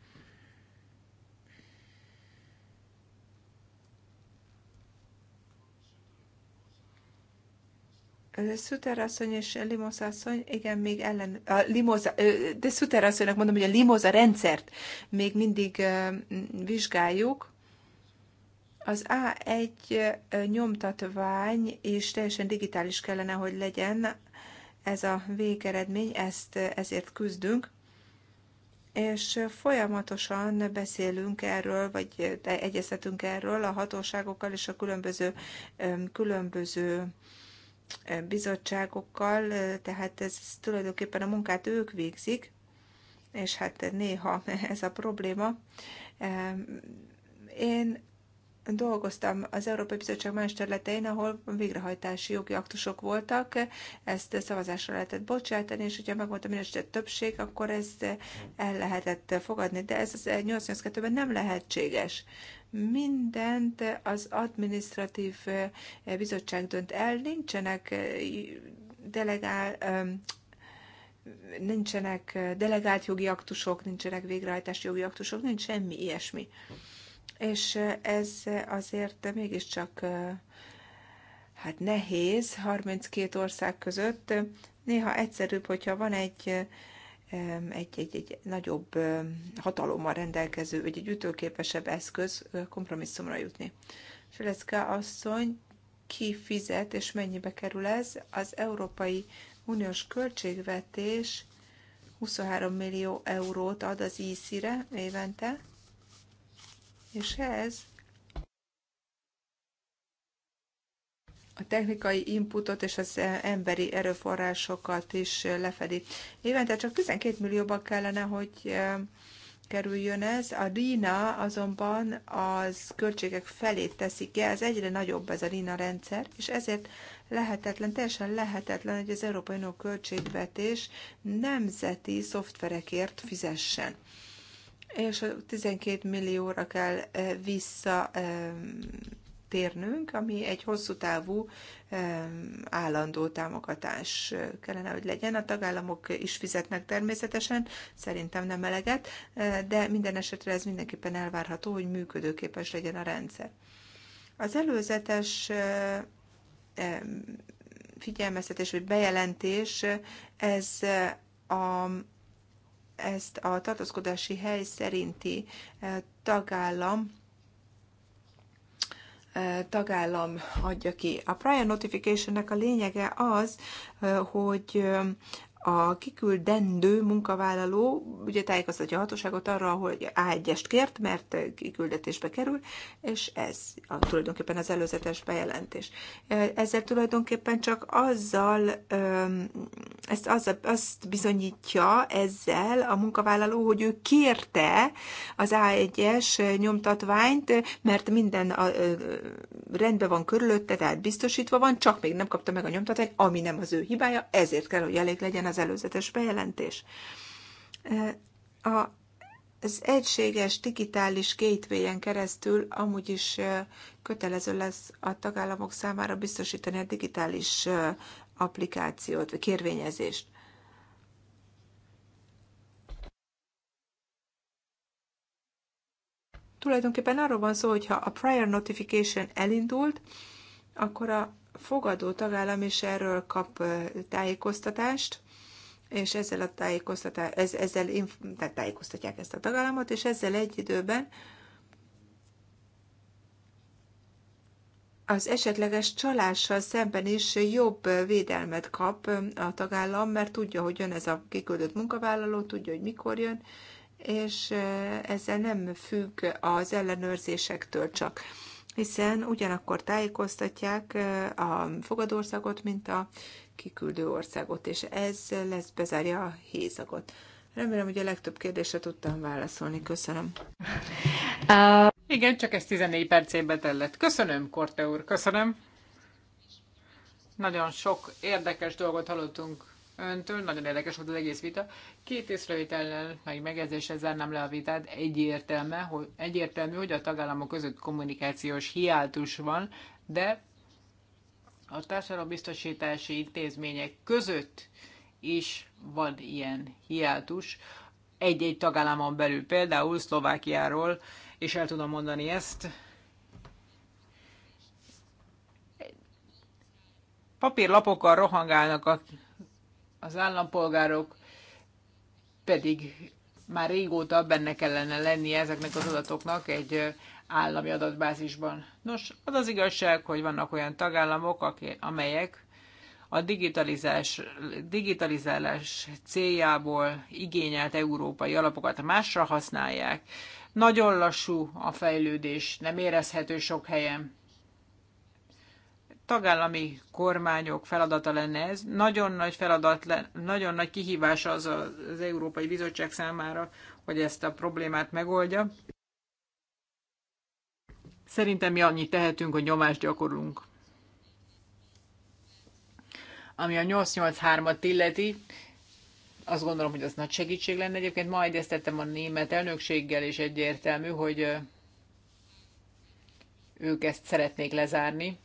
Szuter asszony és Limosz asszony, igen, még ellen, a Limoza, de Szuter asszonynak mondom, hogy a Limoza rendszert még mindig vizsgáljuk. Az A1 nyomtatvány és teljesen digitális kellene, hogy legyen ez a végeredmény, ezt, ezért küzdünk. És folyamatosan beszélünk erről, vagy egyeztetünk erről a hatóságokkal és a különböző, különböző bizottságokkal, tehát ez tulajdonképpen a munkát ők végzik, és hát néha ez a probléma. Én dolgoztam az Európai Bizottság más területein, ahol végrehajtási jogi aktusok voltak, ezt szavazásra lehetett bocsátani, és hogyha megvolt a minősített többség, akkor ezt el lehetett fogadni. De ez az 82-ben nem lehetséges. Mindent az adminisztratív bizottság dönt el, nincsenek eh, delegál, nincsenek delegált jogi aktusok, nincsenek végrehajtási jogi aktusok, nincs semmi ilyesmi és ez azért mégiscsak hát nehéz 32 ország között. Néha egyszerűbb, hogyha van egy egy, egy, egy nagyobb hatalommal rendelkező, vagy egy ütőképesebb eszköz kompromisszumra jutni. Filecka asszony, ki fizet és mennyibe kerül ez? Az Európai Uniós költségvetés 23 millió eurót ad az ISZ-re évente, és ez a technikai inputot és az emberi erőforrásokat is lefedi. Évente csak 12 millióba kellene, hogy eh, kerüljön ez. A RINA azonban az költségek felét teszik ki, ez egyre nagyobb ez a RINA rendszer, és ezért lehetetlen, teljesen lehetetlen, hogy az Európai Unió költségvetés nemzeti szoftverekért fizessen és 12 millióra kell térnünk, ami egy hosszú távú állandó támogatás kellene, hogy legyen. A tagállamok is fizetnek természetesen, szerintem nem eleget, de minden esetre ez mindenképpen elvárható, hogy működőképes legyen a rendszer. Az előzetes figyelmeztetés vagy bejelentés, ez a ezt a tartózkodási hely szerinti e, tagállam e, tagállam adja ki. A prior notification-nek a lényege az, e, hogy a kiküldendő munkavállaló ugye tájékoztatja a hatóságot arra, hogy A1-est kért, mert kiküldetésbe kerül, és ez a, tulajdonképpen az előzetes bejelentés. Ezzel tulajdonképpen csak azzal, ezt, azzal, azt bizonyítja ezzel a munkavállaló, hogy ő kérte az A1-es nyomtatványt, mert minden a, a, rendben van körülötte, tehát biztosítva van, csak még nem kapta meg a nyomtatványt, ami nem az ő hibája, ezért kell, hogy elég legyen az az előzetes bejelentés. az egységes digitális gateway keresztül amúgy is kötelező lesz a tagállamok számára biztosítani a digitális applikációt, vagy kérvényezést. Tulajdonképpen arról van szó, hogy ha a prior notification elindult, akkor a fogadó tagállam is erről kap tájékoztatást, és ezzel, a ez, ezzel tehát tájékoztatják ezt a tagállamot, és ezzel egy időben az esetleges csalással szemben is jobb védelmet kap a tagállam, mert tudja, hogy jön ez a kiküldött munkavállaló, tudja, hogy mikor jön, és ezzel nem függ az ellenőrzésektől csak, hiszen ugyanakkor tájékoztatják a fogadországot, mint a kiküldő országot, és ez lesz bezárja a hézagot. Remélem, hogy a legtöbb kérdésre tudtam válaszolni. Köszönöm. Uh... Igen, csak ez 14 percébe tellett. Köszönöm, Korte úr, köszönöm. Nagyon sok érdekes dolgot hallottunk öntől, nagyon érdekes volt az egész vita. Két észrevétellel, meg megjegyzéssel zárnám le a vitát. Egyértelmű, hogy, egyértelmű, hogy a tagállamok között kommunikációs hiátus van, de a társadalombiztosítási intézmények között is van ilyen hiátus. Egy-egy tagállamon belül, például Szlovákiáról, és el tudom mondani ezt, papírlapokkal rohangálnak a, az állampolgárok, pedig már régóta benne kellene lenni ezeknek az adatoknak egy állami adatbázisban. Nos, az az igazság, hogy vannak olyan tagállamok, amelyek a digitalizás, digitalizálás céljából igényelt európai alapokat másra használják. Nagyon lassú a fejlődés, nem érezhető sok helyen. Tagállami kormányok feladata lenne ez. Nagyon nagy feladat, nagyon nagy kihívás az az Európai Bizottság számára, hogy ezt a problémát megoldja. Szerintem mi annyit tehetünk, hogy nyomást gyakorlunk. Ami a 883-at illeti, azt gondolom, hogy az nagy segítség lenne. Egyébként ma egyeztettem a német elnökséggel, és egyértelmű, hogy ők ezt szeretnék lezárni.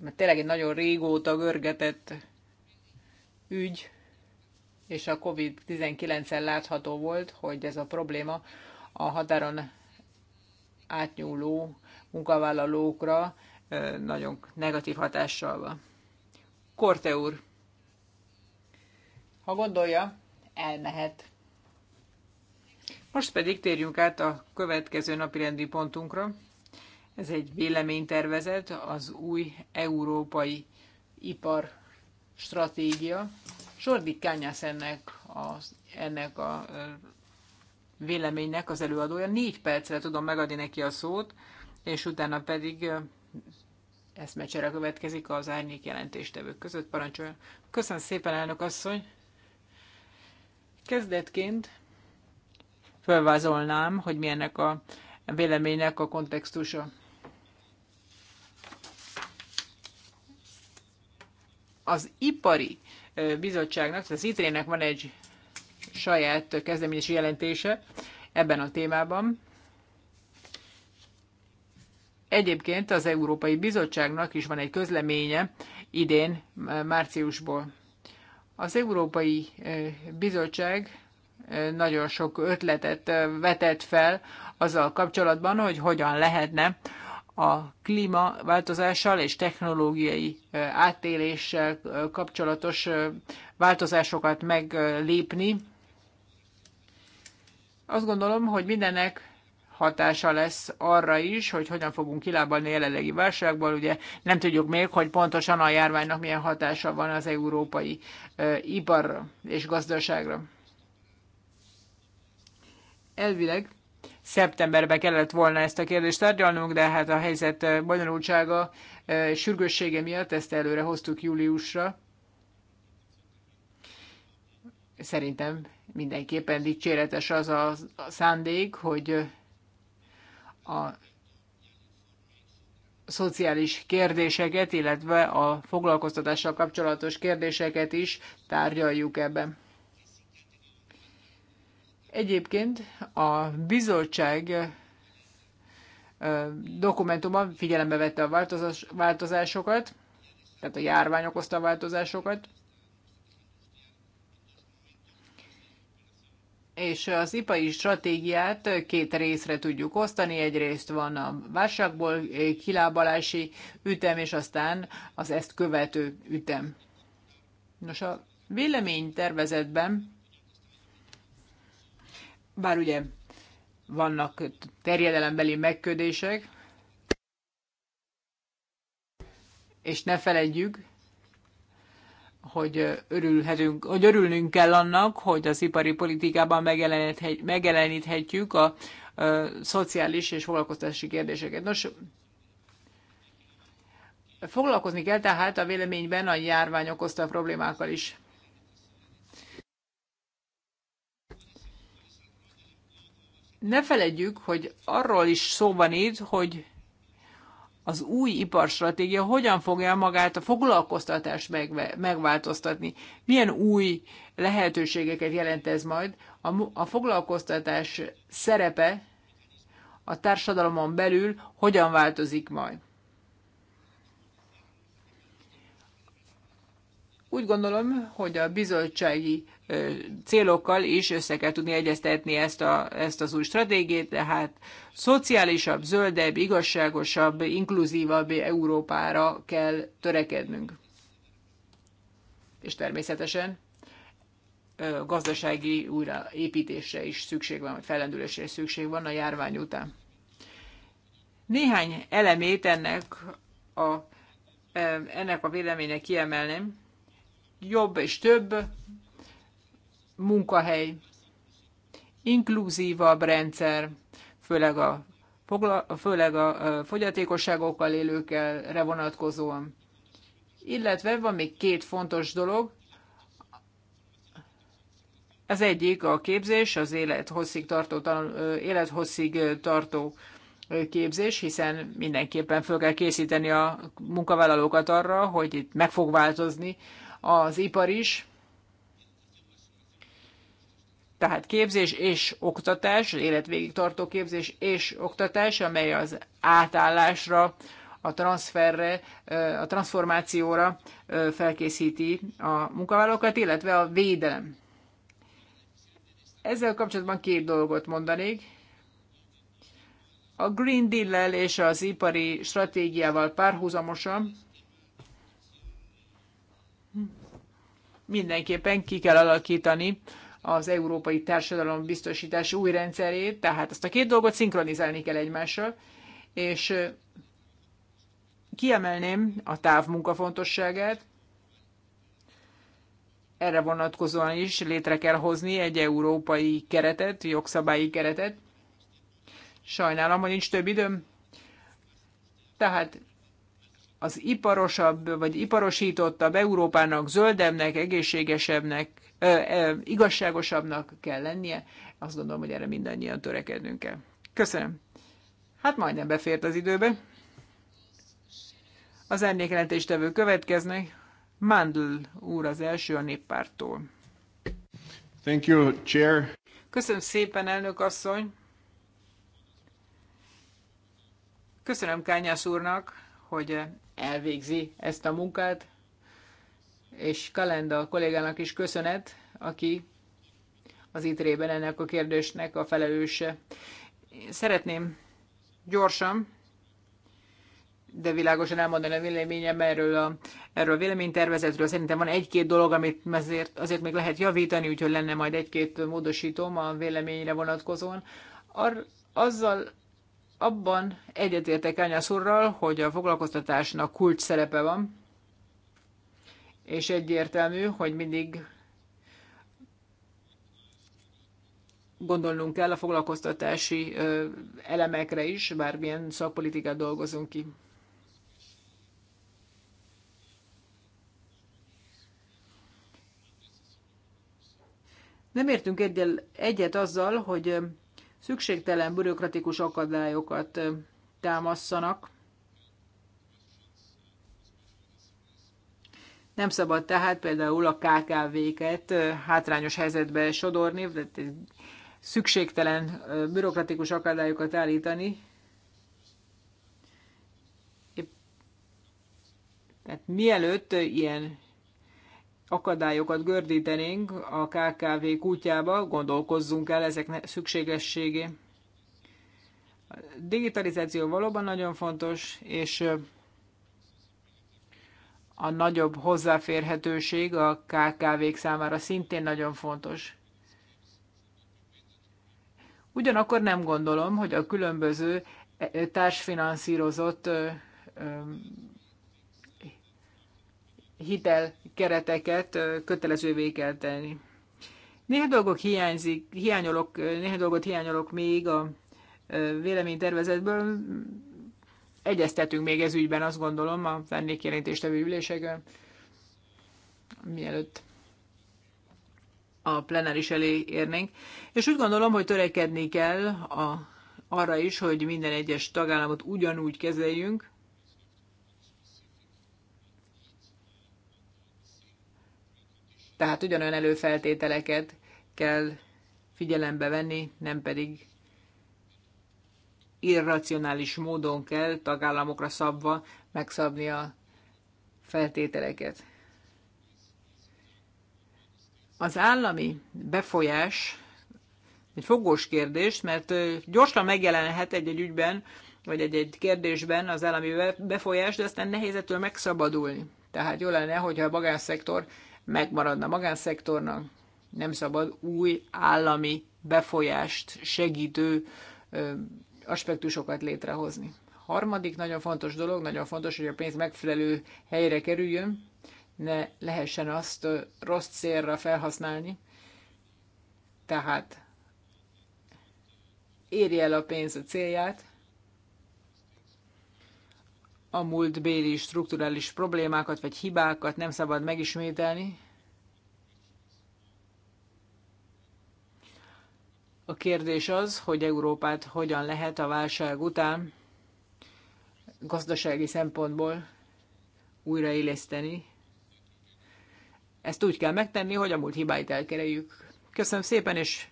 Mert tényleg egy nagyon régóta görgetett ügy, és a COVID-19-en látható volt, hogy ez a probléma a határon átnyúló munkavállalókra nagyon negatív hatással van. Korte úr, ha gondolja, elmehet. Most pedig térjünk át a következő napirendi pontunkra. Ez egy véleménytervezet, az új európai ipar stratégia. Sordi Kányász ennek, az, ennek a véleménynek az előadója. Négy percre tudom megadni neki a szót, és utána pedig meccsere következik az árnyék jelentéstevők között. Parancsoljon. Köszönöm szépen, elnök asszony! Kezdetként felvázolnám, hogy milyennek a véleménynek a kontextusa. Az ipari bizottságnak, az ITRE-nek van egy saját kezdeményezési jelentése ebben a témában. Egyébként az Európai Bizottságnak is van egy közleménye idén, márciusból. Az Európai e, Bizottság e, nagyon sok ötletet e, vetett fel azzal kapcsolatban, hogy hogyan lehetne a klímaváltozással és technológiai áttéléssel kapcsolatos változásokat meglépni azt gondolom, hogy mindennek hatása lesz arra is, hogy hogyan fogunk kilábalni a jelenlegi válságból. Ugye nem tudjuk még, hogy pontosan a járványnak milyen hatása van az európai e, iparra és gazdaságra. Elvileg szeptemberben kellett volna ezt a kérdést tárgyalnunk, de hát a helyzet bonyolultsága, sürgőssége miatt ezt előre hoztuk júliusra. Szerintem mindenképpen dicséretes az a szándék, hogy a szociális kérdéseket, illetve a foglalkoztatással kapcsolatos kérdéseket is tárgyaljuk ebben. Egyébként a bizottság dokumentuma figyelembe vette a változásokat, tehát a járvány okozta a változásokat, és az ipai stratégiát két részre tudjuk osztani. Egyrészt van a válságból eh, kilábalási ütem, és aztán az ezt követő ütem. Nos, a véleménytervezetben, bár ugye vannak terjedelembeli megködések, és ne feledjük, hogy örülhetünk, hogy örülnünk kell annak, hogy az ipari politikában megjeleníthetjük a, a, a szociális és foglalkoztatási kérdéseket. Nos, foglalkozni kell tehát a véleményben a járvány okozta problémákkal is. Ne feledjük, hogy arról is szó van itt, hogy az új iparstratégia hogyan fogja magát a foglalkoztatást megváltoztatni? Milyen új lehetőségeket jelent ez majd? A, a foglalkoztatás szerepe a társadalomon belül hogyan változik majd? Úgy gondolom, hogy a bizottsági célokkal is össze kell tudni egyeztetni ezt, a, ezt az új stratégiát, tehát szociálisabb, zöldebb, igazságosabb, inkluzívabb Európára kell törekednünk. És természetesen gazdasági újraépítésre is szükség van, vagy fellendülésre is szükség van a járvány után. Néhány elemét ennek a, ennek a véleménynek kiemelném. Jobb és több munkahely, inkluzívabb rendszer, főleg a, főleg a fogyatékosságokkal élőkre vonatkozóan. Illetve van még két fontos dolog. Az egyik a képzés, az élethosszig tartó, élethosszig tartó képzés, hiszen mindenképpen fel kell készíteni a munkavállalókat arra, hogy itt meg fog változni az ipar is, tehát képzés és oktatás, életvégig tartó képzés és oktatás, amely az átállásra, a transferre, a transformációra felkészíti a munkavállalókat, illetve a védelem. Ezzel kapcsolatban két dolgot mondanék. A Green Deal-lel és az ipari stratégiával párhuzamosan mindenképpen ki kell alakítani az európai társadalom biztosítás új rendszerét, tehát ezt a két dolgot szinkronizálni kell egymással, és kiemelném a távmunka fontosságát, erre vonatkozóan is létre kell hozni egy európai keretet, jogszabályi keretet. Sajnálom, hogy nincs több időm. Tehát az iparosabb, vagy iparosítottabb Európának, zöldemnek, egészségesebbnek igazságosabbnak kell lennie. Azt gondolom, hogy erre mindannyian törekednünk kell. Köszönöm. Hát majdnem befért az időbe. Az árnyékjelentéstevő következnek. Mandl úr az első a néppártól. Thank you, Chair. Köszönöm szépen, elnök asszony. Köszönöm Kányász úrnak, hogy elvégzi ezt a munkát és Kalenda kollégának is köszönet, aki az ITRE-ben ennek a kérdésnek a felelőse. Szeretném gyorsan, de világosan elmondani a véleményem erről a, erről a véleménytervezetről. Szerintem van egy-két dolog, amit azért, azért még lehet javítani, úgyhogy lenne majd egy-két módosítom a véleményre vonatkozóan. Ar, azzal abban egyetértek Ányászurral, hogy a foglalkoztatásnak kulcs szerepe van, és egyértelmű, hogy mindig gondolnunk kell a foglalkoztatási elemekre is, bármilyen szakpolitikát dolgozunk ki. Nem értünk egyet azzal, hogy szükségtelen bürokratikus akadályokat támasszanak Nem szabad tehát például a KKV-ket hátrányos helyzetbe sodorni, szükségtelen bürokratikus akadályokat állítani. tehát mielőtt ilyen akadályokat gördítenénk a KKV kútjába, gondolkozzunk el ezek szükségességé. A digitalizáció valóban nagyon fontos, és a nagyobb hozzáférhetőség a KKV-k számára szintén nagyon fontos. Ugyanakkor nem gondolom, hogy a különböző e, e, társfinanszírozott hitel kereteket kötelezővé kell tenni. Néhány dolgok hiányzik, hiányolok, néhány dolgot hiányolok még a véleménytervezetből, egyeztetünk még ez ügyben, azt gondolom, a vendégjelentéstevő üléseken, mielőtt a plenáris elé érnénk. És úgy gondolom, hogy törekedni kell a, arra is, hogy minden egyes tagállamot ugyanúgy kezeljünk, tehát ugyanolyan előfeltételeket kell figyelembe venni, nem pedig irracionális módon kell tagállamokra szabva megszabni a feltételeket. Az állami befolyás egy fogós kérdés, mert gyorsan megjelenhet egy-egy ügyben, vagy egy-egy kérdésben az állami befolyás, de aztán nehéz ettől megszabadulni. Tehát jó lenne, hogyha a magánszektor megmaradna magánszektornak, nem szabad új állami befolyást segítő aspektusokat létrehozni. Harmadik nagyon fontos dolog, nagyon fontos, hogy a pénz megfelelő helyre kerüljön, ne lehessen azt rossz célra felhasználni. Tehát érje el a pénz a célját, a múltbéli strukturális problémákat vagy hibákat nem szabad megismételni, A kérdés az, hogy Európát hogyan lehet a válság után gazdasági szempontból újraéleszteni. Ezt úgy kell megtenni, hogy a múlt hibáit elkereljük. Köszönöm szépen, és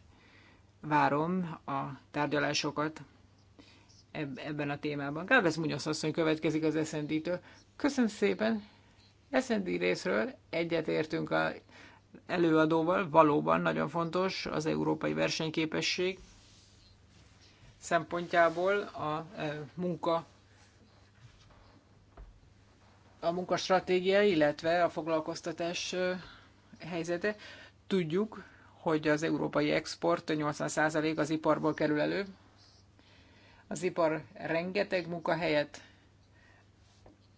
várom a tárgyalásokat ebben a témában. Gálvez Munyosz asszony következik az eszendítő. Köszönöm szépen! Eszendi részről egyetértünk a előadóval. Valóban nagyon fontos az európai versenyképesség szempontjából a e, munka a munkastratégia, illetve a foglalkoztatás e, helyzete. Tudjuk, hogy az európai export 80% az iparból kerül elő. Az ipar rengeteg munkahelyet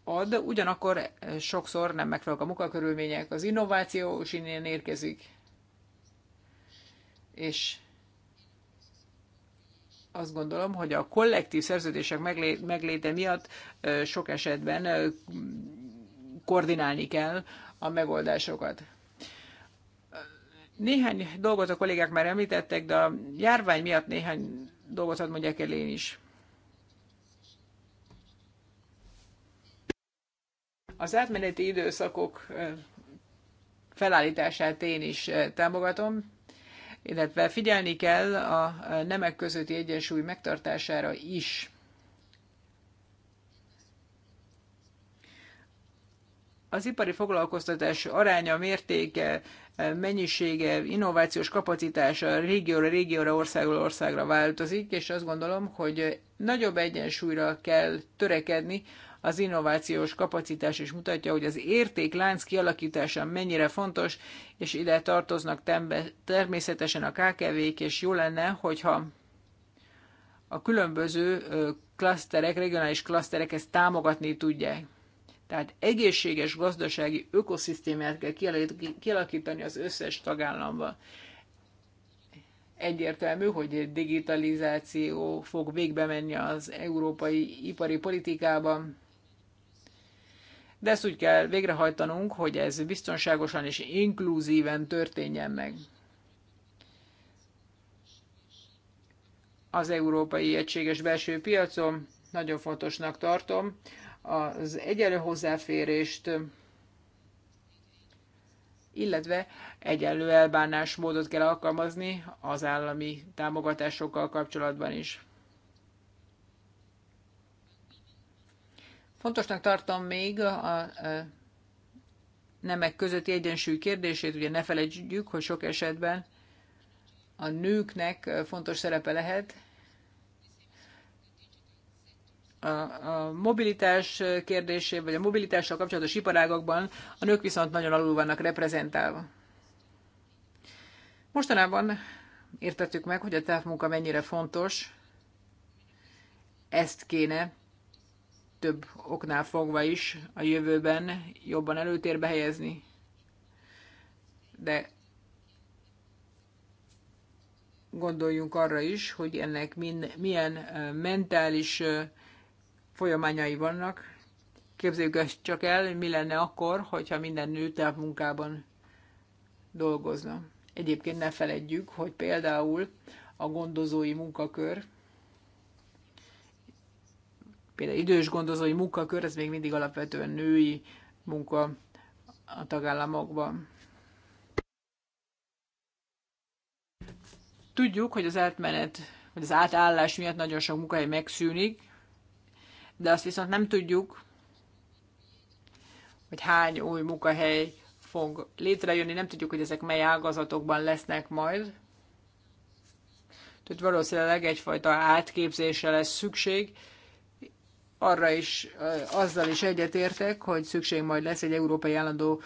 ad, ugyanakkor eh, sokszor nem megfelelők a munkakörülmények, az innováció is innen érkezik, és azt gondolom, hogy a kollektív szerződések megléte miatt eh, sok esetben eh, koordinálni kell a megoldásokat. Néhány dolgot a kollégák már említettek, de a járvány miatt néhány dolgot mondják el én is. Az átmeneti időszakok felállítását én is támogatom, illetve figyelni kell a nemek közötti egyensúly megtartására is. Az ipari foglalkoztatás aránya, mértéke, mennyisége, innovációs kapacitása régióra, régióra, országról országra változik, és azt gondolom, hogy nagyobb egyensúlyra kell törekedni az innovációs kapacitás is mutatja, hogy az értéklánc kialakítása mennyire fontos, és ide tartoznak tembe, természetesen a KKV-k, és jó lenne, hogyha a különböző klaszterek, regionális klaszterek ezt támogatni tudják. Tehát egészséges gazdasági ökoszisztémát kell kialakítani az összes tagállamban. Egyértelmű, hogy digitalizáció fog végbe menni az európai ipari politikában, de ezt úgy kell végrehajtanunk, hogy ez biztonságosan és inkluzíven történjen meg. Az európai egységes belső piacon nagyon fontosnak tartom az egyenlő hozzáférést, illetve egyenlő elbánásmódot kell alkalmazni az állami támogatásokkal kapcsolatban is. Fontosnak tartom még a, nemek közötti egyensúly kérdését, ugye ne felejtjük, hogy sok esetben a nőknek fontos szerepe lehet. A, a mobilitás kérdésé, vagy a mobilitással kapcsolatos iparágakban a nők viszont nagyon alul vannak reprezentálva. Mostanában értettük meg, hogy a távmunka mennyire fontos, ezt kéne több oknál fogva is a jövőben jobban előtérbe helyezni. De gondoljunk arra is, hogy ennek min, milyen mentális folyamányai vannak. Képzeljük ezt csak el, mi lenne akkor, hogyha minden nő távmunkában dolgozna. Egyébként ne feledjük, hogy például a gondozói munkakör Például idős gondozói munkakör, ez még mindig alapvetően női munka a tagállamokban. Tudjuk, hogy az átmenet, vagy az átállás miatt nagyon sok munkahely megszűnik, de azt viszont nem tudjuk, hogy hány új munkahely fog létrejönni, nem tudjuk, hogy ezek mely ágazatokban lesznek majd. Tehát valószínűleg egyfajta átképzésre lesz szükség, arra is, azzal is egyetértek, hogy szükség majd lesz egy európai állandó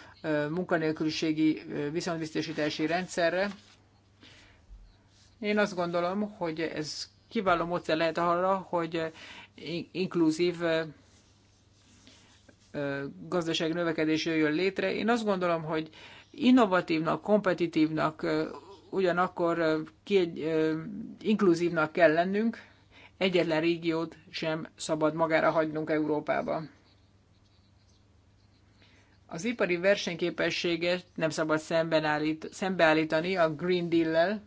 munkanélküliségi viszontbiztosítási rendszerre. Én azt gondolom, hogy ez kiváló módszer lehet arra, hogy inkluzív gazdaság növekedés jöjjön létre. Én azt gondolom, hogy innovatívnak, kompetitívnak, ugyanakkor inkluzívnak kell lennünk, egyetlen régiót sem szabad magára hagynunk Európába. Az ipari versenyképességet nem szabad szembenállít, szembeállítani a Green Deal-lel,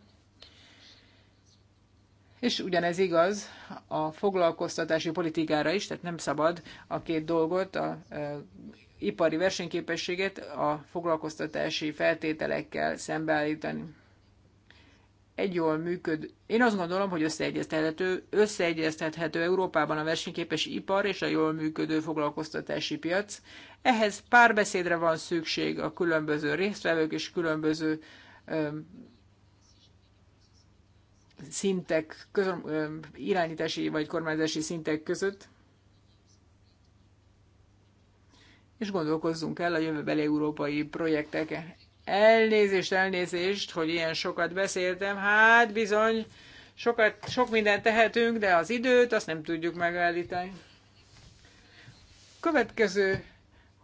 és ugyanez igaz a foglalkoztatási politikára is, tehát nem szabad a két dolgot, a, a ipari versenyképességet a foglalkoztatási feltételekkel szembeállítani egy jól működ. Én azt gondolom, hogy összeegyeztethető, összeegyeztethető Európában a versenyképes ipar és a jól működő foglalkoztatási piac. Ehhez párbeszédre van szükség a különböző résztvevők és különböző öm, szintek, közöm, öm, irányítási vagy kormányzási szintek között. És gondolkozzunk el a jövőbeli európai projektek Elnézést, elnézést, hogy ilyen sokat beszéltem. Hát bizony, sokat, sok mindent tehetünk, de az időt azt nem tudjuk megállítani. Következő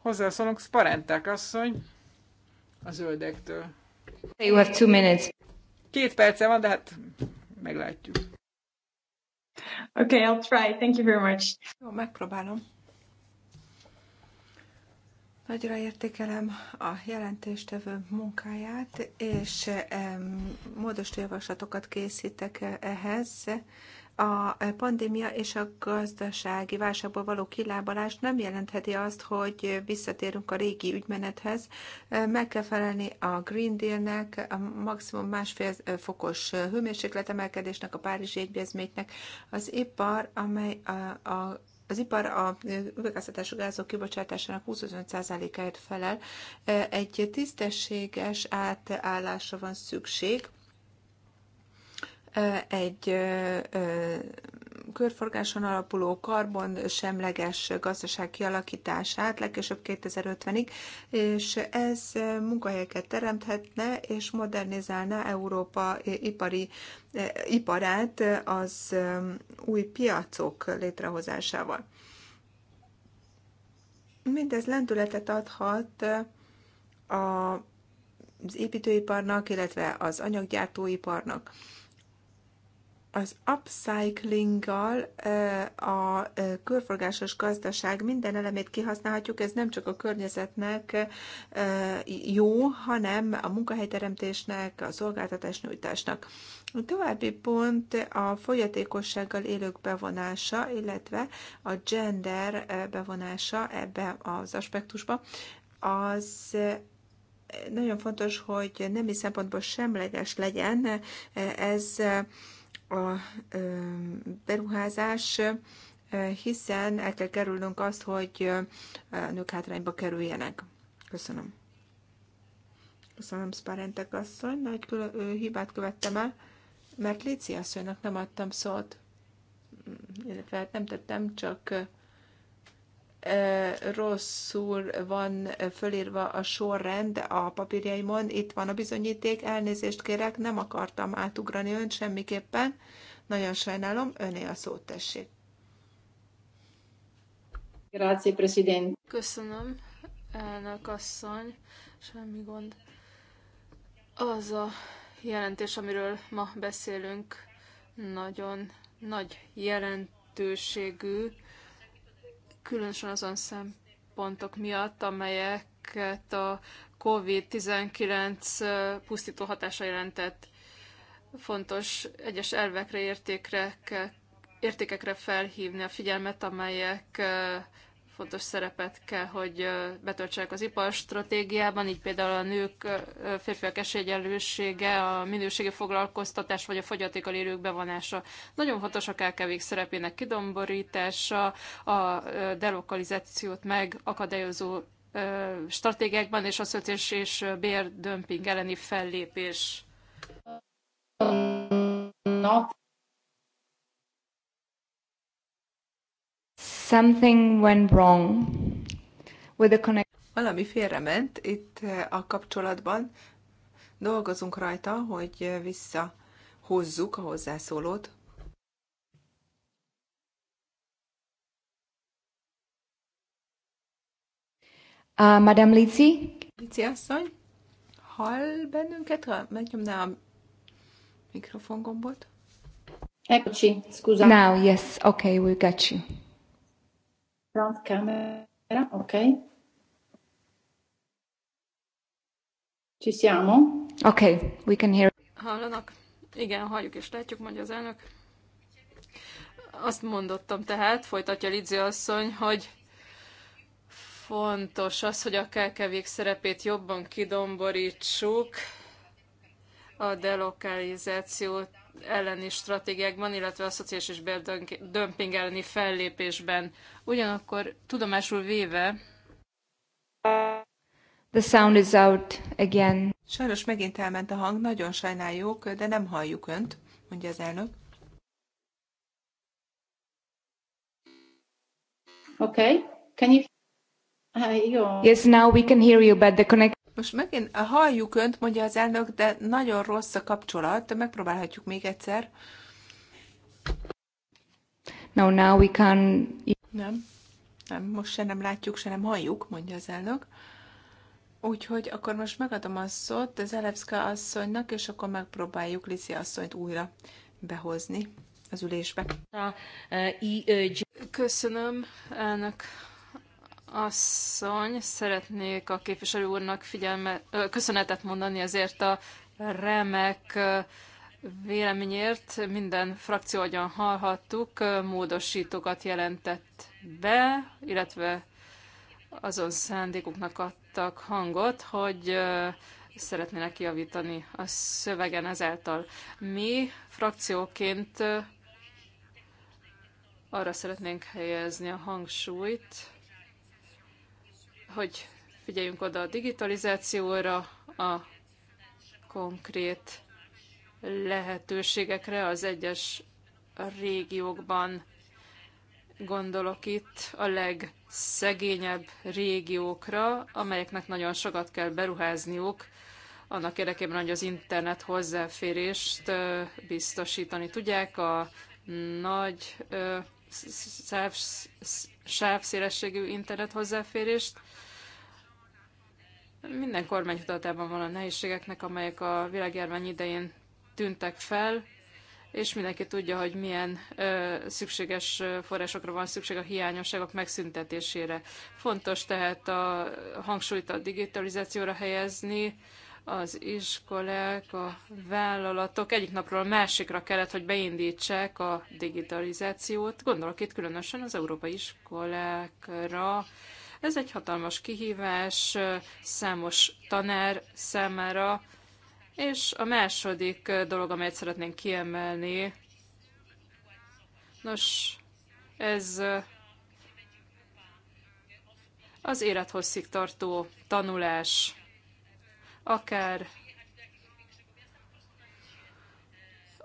hozzászólunk Sparenták asszony a zöldektől. You have two minutes. Két perce van, de hát meglátjuk. Okay, I'll try. Thank you very much. Jó, megpróbálom. Nagyra értékelem a jelentéstevő munkáját, és módosító javaslatokat készítek ehhez. A pandémia és a gazdasági válságból való kilábalás nem jelentheti azt, hogy visszatérünk a régi ügymenethez. Meg kell felelni a Green Dealnek, a maximum másfél fokos hőmérsékletemelkedésnek, a Párizsi Egyezménynek. Az ipar, amely a, a az ipar a üvegházhatású gázok kibocsátásának 25%-áért felel. Egy tisztességes átállásra van szükség egy körforgáson alapuló karbon semleges gazdaság kialakítását legkésőbb 2050-ig, és ez munkahelyeket teremthetne és modernizálná Európa ipari iparát az új piacok létrehozásával. Mindez lendületet adhat az építőiparnak, illetve az anyaggyártóiparnak az upcyclinggal a körforgásos gazdaság minden elemét kihasználhatjuk, ez nem csak a környezetnek jó, hanem a munkahelyteremtésnek, a szolgáltatás nyújtásnak. A további pont a fogyatékossággal élők bevonása, illetve a gender bevonása ebbe az aspektusba. Az nagyon fontos, hogy nemi szempontból semleges legyen ez a beruházás, hiszen el kell kerülnünk azt, hogy nők hátrányba kerüljenek. Köszönöm. Köszönöm, Sparentek asszony. Nagy hibát követtem el, mert Lici asszonynak nem adtam szót, illetve hát nem tettem, csak rosszul van fölírva a sorrend a papírjaimon. Itt van a bizonyíték, elnézést kérek, nem akartam átugrani önt semmiképpen. Nagyon sajnálom, öné a szót tessék. Grazie, President. Köszönöm, elnök asszony, semmi gond. Az a jelentés, amiről ma beszélünk, nagyon nagy jelentőségű, különösen azon szempontok miatt, amelyeket a COVID-19 pusztító hatása jelentett fontos egyes elvekre, értékre, értékekre felhívni a figyelmet, amelyek fontos szerepet kell, hogy betöltsenek az stratégiában, így például a nők, férfiak esélyegyenlősége, a minőségi foglalkoztatás vagy a fogyatékkal élők bevonása. Nagyon fontos a kkv szerepének kidomborítása, a delokalizációt megakadályozó stratégiákban és a szociális és bérdömping elleni fellépés. Something went wrong with the connection. Valami félrement itt eh, a kapcsolatban. Dolgozunk rajta, hogy eh, visszahozzuk a hozzászólót. Uh, Madame Lici? Lici asszony, hall bennünket, ha megnyomná a mikrofongombot? Eccoci, scusa. Now, yes, okay, we got you. Front camera, ok. Ci siamo? Ok, we can hear. Hallanak? Igen, halljuk és látjuk, mondja az elnök. Azt mondottam tehát, folytatja Lidzi asszony, hogy fontos az, hogy a kkv szerepét jobban kidomborítsuk, a delokalizáció elleni stratégiákban, illetve a szociális és dömping elleni fellépésben. Ugyanakkor tudomásul véve... The sound is out again. Sajnos megint elment a hang, nagyon sajnáljuk, de nem halljuk önt, mondja az elnök. Okay, can you... Uh, jó. Yes, now we can hear you, but the connection most megint eh, halljuk önt, mondja az elnök, de nagyon rossz a kapcsolat, megpróbálhatjuk még egyszer. No, now we can... Nem, nem, most se nem látjuk, se nem halljuk, mondja az elnök. Úgyhogy akkor most megadom a szót az Elevszka asszonynak, és akkor megpróbáljuk Liszi asszonyt újra behozni az ülésbe. Eh, eh, Köszönöm, elnök asszony, szeretnék a képviselő úrnak figyelme, köszönetet mondani azért a remek véleményért. Minden frakció, ahogyan hallhattuk, módosítókat jelentett be, illetve azon szándékuknak adtak hangot, hogy szeretnének javítani a szövegen ezáltal. Mi frakcióként arra szeretnénk helyezni a hangsúlyt, hogy figyeljünk oda a digitalizációra, a konkrét lehetőségekre az egyes régiókban gondolok itt a legszegényebb régiókra, amelyeknek nagyon sokat kell beruházniuk, annak érdekében, hogy az internet hozzáférést biztosítani tudják a nagy sávszélességű internet hozzáférést. Minden kormány tudatában van a nehézségeknek, amelyek a világjárvány idején tűntek fel, és mindenki tudja, hogy milyen ö, szükséges forrásokra van szükség a hiányosságok megszüntetésére. Fontos tehát a hangsúlyt a digitalizációra helyezni, az iskolák, a vállalatok egyik napról a másikra kellett, hogy beindítsák a digitalizációt. Gondolok itt különösen az európai iskolákra, ez egy hatalmas kihívás számos tanár számára, és a második dolog, amelyet szeretnénk kiemelni, nos, ez az élethosszig tartó tanulás, akár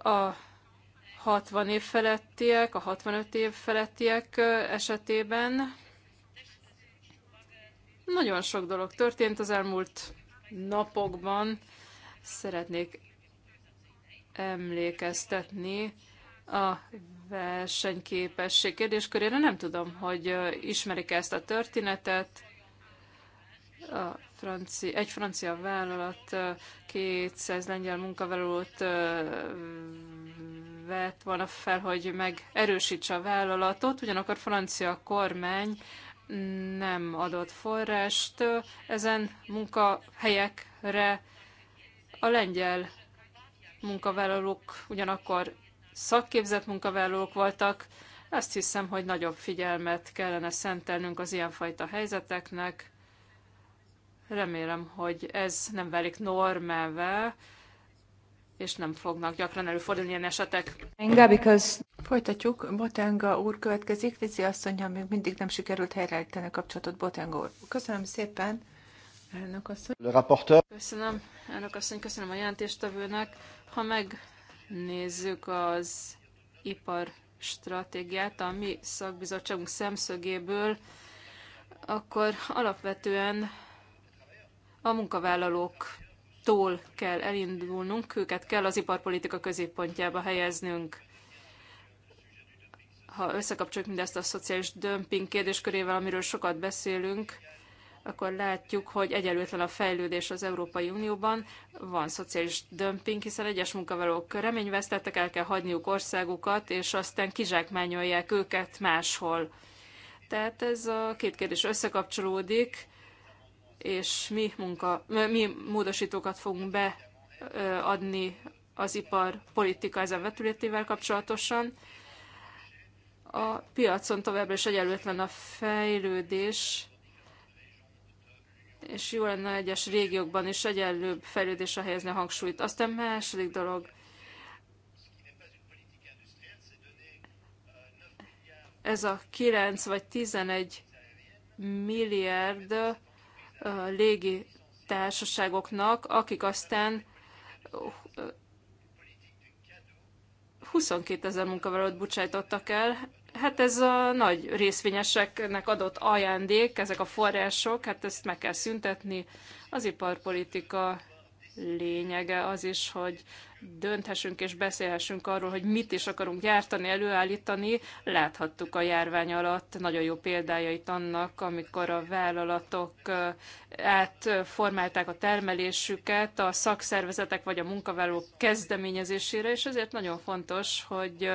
a 60 év felettiek, a 65 év felettiek esetében, nagyon sok dolog történt az elmúlt napokban. Szeretnék emlékeztetni a versenyképesség kérdéskörére. Nem tudom, hogy ismerik ezt a történetet. A franci, egy francia vállalat 200 lengyel munkavállalót vett volna fel, hogy megerősítse a vállalatot, ugyanakkor francia kormány nem adott forrást ezen munkahelyekre. A lengyel munkavállalók ugyanakkor szakképzett munkavállalók voltak. Azt hiszem, hogy nagyobb figyelmet kellene szentelnünk az ilyenfajta helyzeteknek. Remélem, hogy ez nem válik normává, és nem fognak gyakran előfordulni ilyen esetek. Inga, because... Folytatjuk. Botenga úr következik. Lizi asszonya még mindig nem sikerült helyreállítani a kapcsolatot. Botenga úr. Köszönöm szépen. Elnök asszony. Le rapporteur. Köszönöm, elnök asszony, köszönöm a jelentéstevőnek. Ha megnézzük az ipar stratégiát a mi szakbizottságunk szemszögéből, akkor alapvetően a munkavállalók tól kell elindulnunk, őket kell az iparpolitika középpontjába helyeznünk. Ha összekapcsoljuk mindezt a szociális dömping kérdéskörével, amiről sokat beszélünk, akkor látjuk, hogy egyelőtlen a fejlődés az Európai Unióban, van szociális dömping, hiszen egyes munkavállalók reményvesztettek, el kell hagyniuk országukat, és aztán kizsákmányolják őket máshol. Tehát ez a két kérdés összekapcsolódik, és mi, munka, mi módosítókat fogunk beadni az ipar politika ezen vetületével kapcsolatosan. A piacon továbbra is egyelőtlen a fejlődés, és jó lenne egyes régiókban is egyenlőbb fejlődésre helyezni a hangsúlyt. Aztán második dolog, ez a 9 vagy 11 milliárd légi társaságoknak, akik aztán 22 ezer munkavállalót bocsájtottak el. Hát ez a nagy részvényeseknek adott ajándék, ezek a források, hát ezt meg kell szüntetni. Az iparpolitika lényege az is, hogy dönthessünk és beszélhessünk arról, hogy mit is akarunk gyártani, előállítani. Láthattuk a járvány alatt nagyon jó példájait annak, amikor a vállalatok átformálták a termelésüket a szakszervezetek vagy a munkavállalók kezdeményezésére, és ezért nagyon fontos, hogy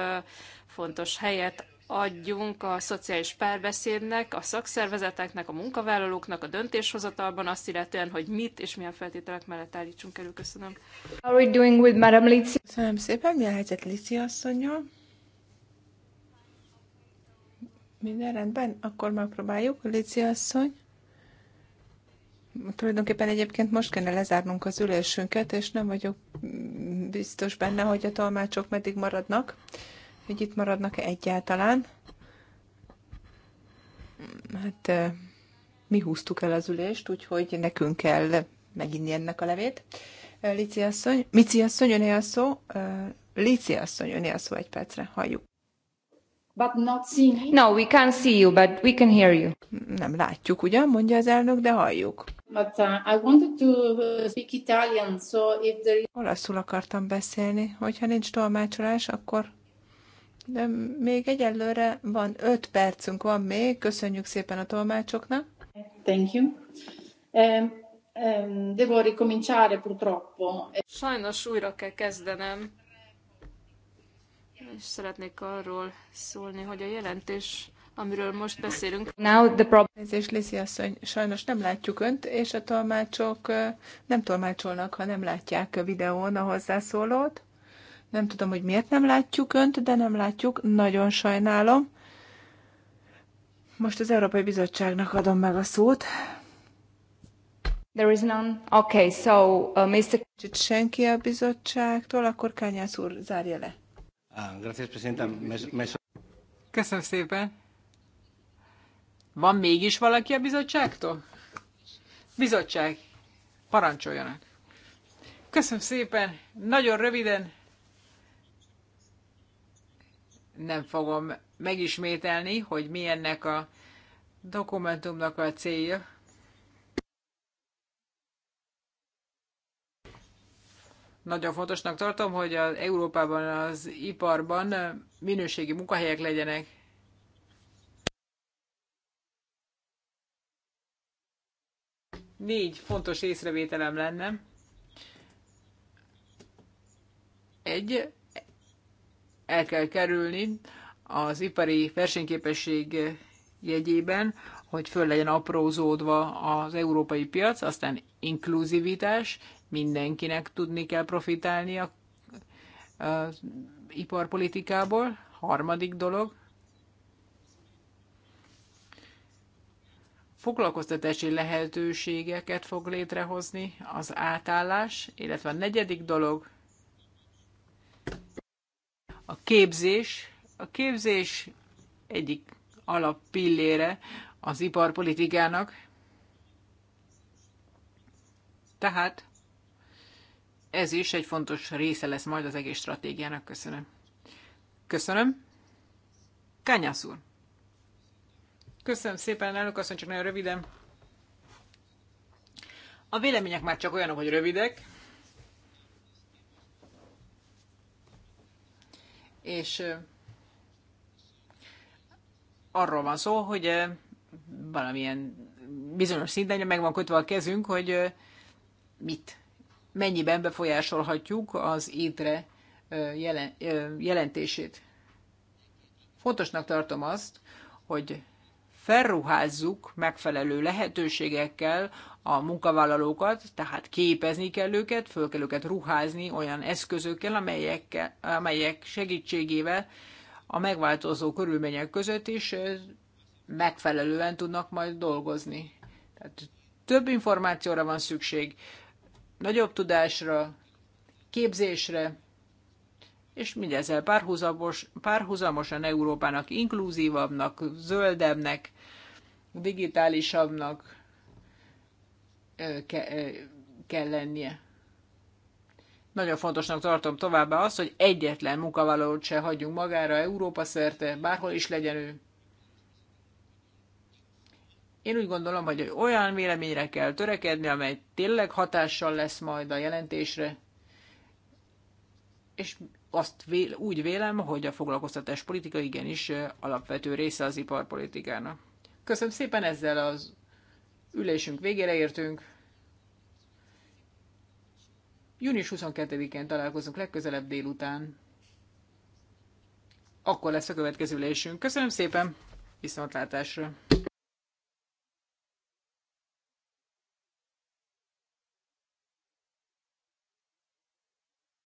fontos helyet adjunk a szociális párbeszédnek, a szakszervezeteknek, a munkavállalóknak, a döntéshozatalban azt illetően, hogy mit és milyen feltételek mellett állítsunk elő. Köszönöm. How are we doing with Madam Lici? Köszönöm szépen. Mi a helyzet Lici asszonya? Minden rendben? Akkor megpróbáljuk. Lici asszony? Tulajdonképpen egyébként most kéne lezárnunk az ülésünket, és nem vagyok biztos benne, hogy a tolmácsok meddig maradnak hogy itt maradnak-e egyáltalán. Hát mi húztuk el az ülést, úgyhogy nekünk kell meginni ennek a levét. Lici asszony, Mici asszony, öné a szó. Lici asszony, öné a szó egy percre, halljuk. But not seeing. No, we can't see you, but we can hear you. Nem látjuk, ugyan, mondja az elnök, de halljuk. But uh, I wanted to uh, speak Italian, so if there... Olaszul akartam beszélni. Hogyha nincs tolmácsolás, akkor de még egyelőre van 5 percünk van még, köszönjük szépen a tolmácsoknak. Thank you. Um, um, devo ricominciare purtroppo. Sajnos újra kell kezdenem. És szeretnék arról szólni, hogy a jelentés amiről most beszélünk. Now the problem... Nézést, Lizzie asszony, sajnos nem látjuk önt, és a tolmácsok nem tolmácsolnak, ha nem látják a videón a hozzászólót. Nem tudom, hogy miért nem látjuk önt, de nem látjuk. Nagyon sajnálom. Most az Európai Bizottságnak adom meg a szót. There is none. Okay, so uh, Mr. Itt senki a bizottságtól, akkor Kányász úr zárja le. Ah, Köszönöm szépen. Van mégis valaki a bizottságtól? Bizottság, parancsoljanak. Köszönöm szépen, nagyon röviden nem fogom megismételni, hogy mi ennek a dokumentumnak a célja. Nagyon fontosnak tartom, hogy az Európában, az iparban minőségi munkahelyek legyenek. Négy fontos észrevételem lenne. Egy, el kell kerülni az ipari versenyképesség jegyében, hogy föl legyen aprózódva az európai piac, aztán inkluzivitás, mindenkinek tudni kell profitálni a, a iparpolitikából. Harmadik dolog, foglalkoztatási lehetőségeket fog létrehozni az átállás, illetve a negyedik dolog, a képzés, a képzés egyik alap pillére az iparpolitikának, tehát ez is egy fontos része lesz majd az egész stratégiának. Köszönöm. Köszönöm. Kányász úr. Köszönöm szépen, elnök asszony, csak nagyon röviden. A vélemények már csak olyanok, hogy rövidek. és arról van szó, hogy valamilyen bizonyos szinten meg van kötve a kezünk, hogy mit, mennyiben befolyásolhatjuk az étre jelentését. Fontosnak tartom azt, hogy felruházzuk megfelelő lehetőségekkel a munkavállalókat, tehát képezni kell őket, föl kell őket ruházni olyan eszközökkel, amelyek, amelyek segítségével a megváltozó körülmények között is megfelelően tudnak majd dolgozni. Tehát több információra van szükség, nagyobb tudásra, képzésre, és mindezzel párhuzamos, párhuzamosan Európának inkluzívabbnak, zöldebbnek, digitálisabbnak kell lennie. Nagyon fontosnak tartom továbbá azt, hogy egyetlen munkavállalót se hagyjunk magára Európa szerte, bárhol is legyen ő. Én úgy gondolom, hogy olyan véleményre kell törekedni, amely tényleg hatással lesz majd a jelentésre, és azt úgy vélem, hogy a foglalkoztatás politika igenis alapvető része az iparpolitikának. Köszönöm szépen, ezzel az ülésünk végére értünk. Június 22-én találkozunk legközelebb délután. Akkor lesz a következő ülésünk. Köszönöm szépen, viszontlátásra!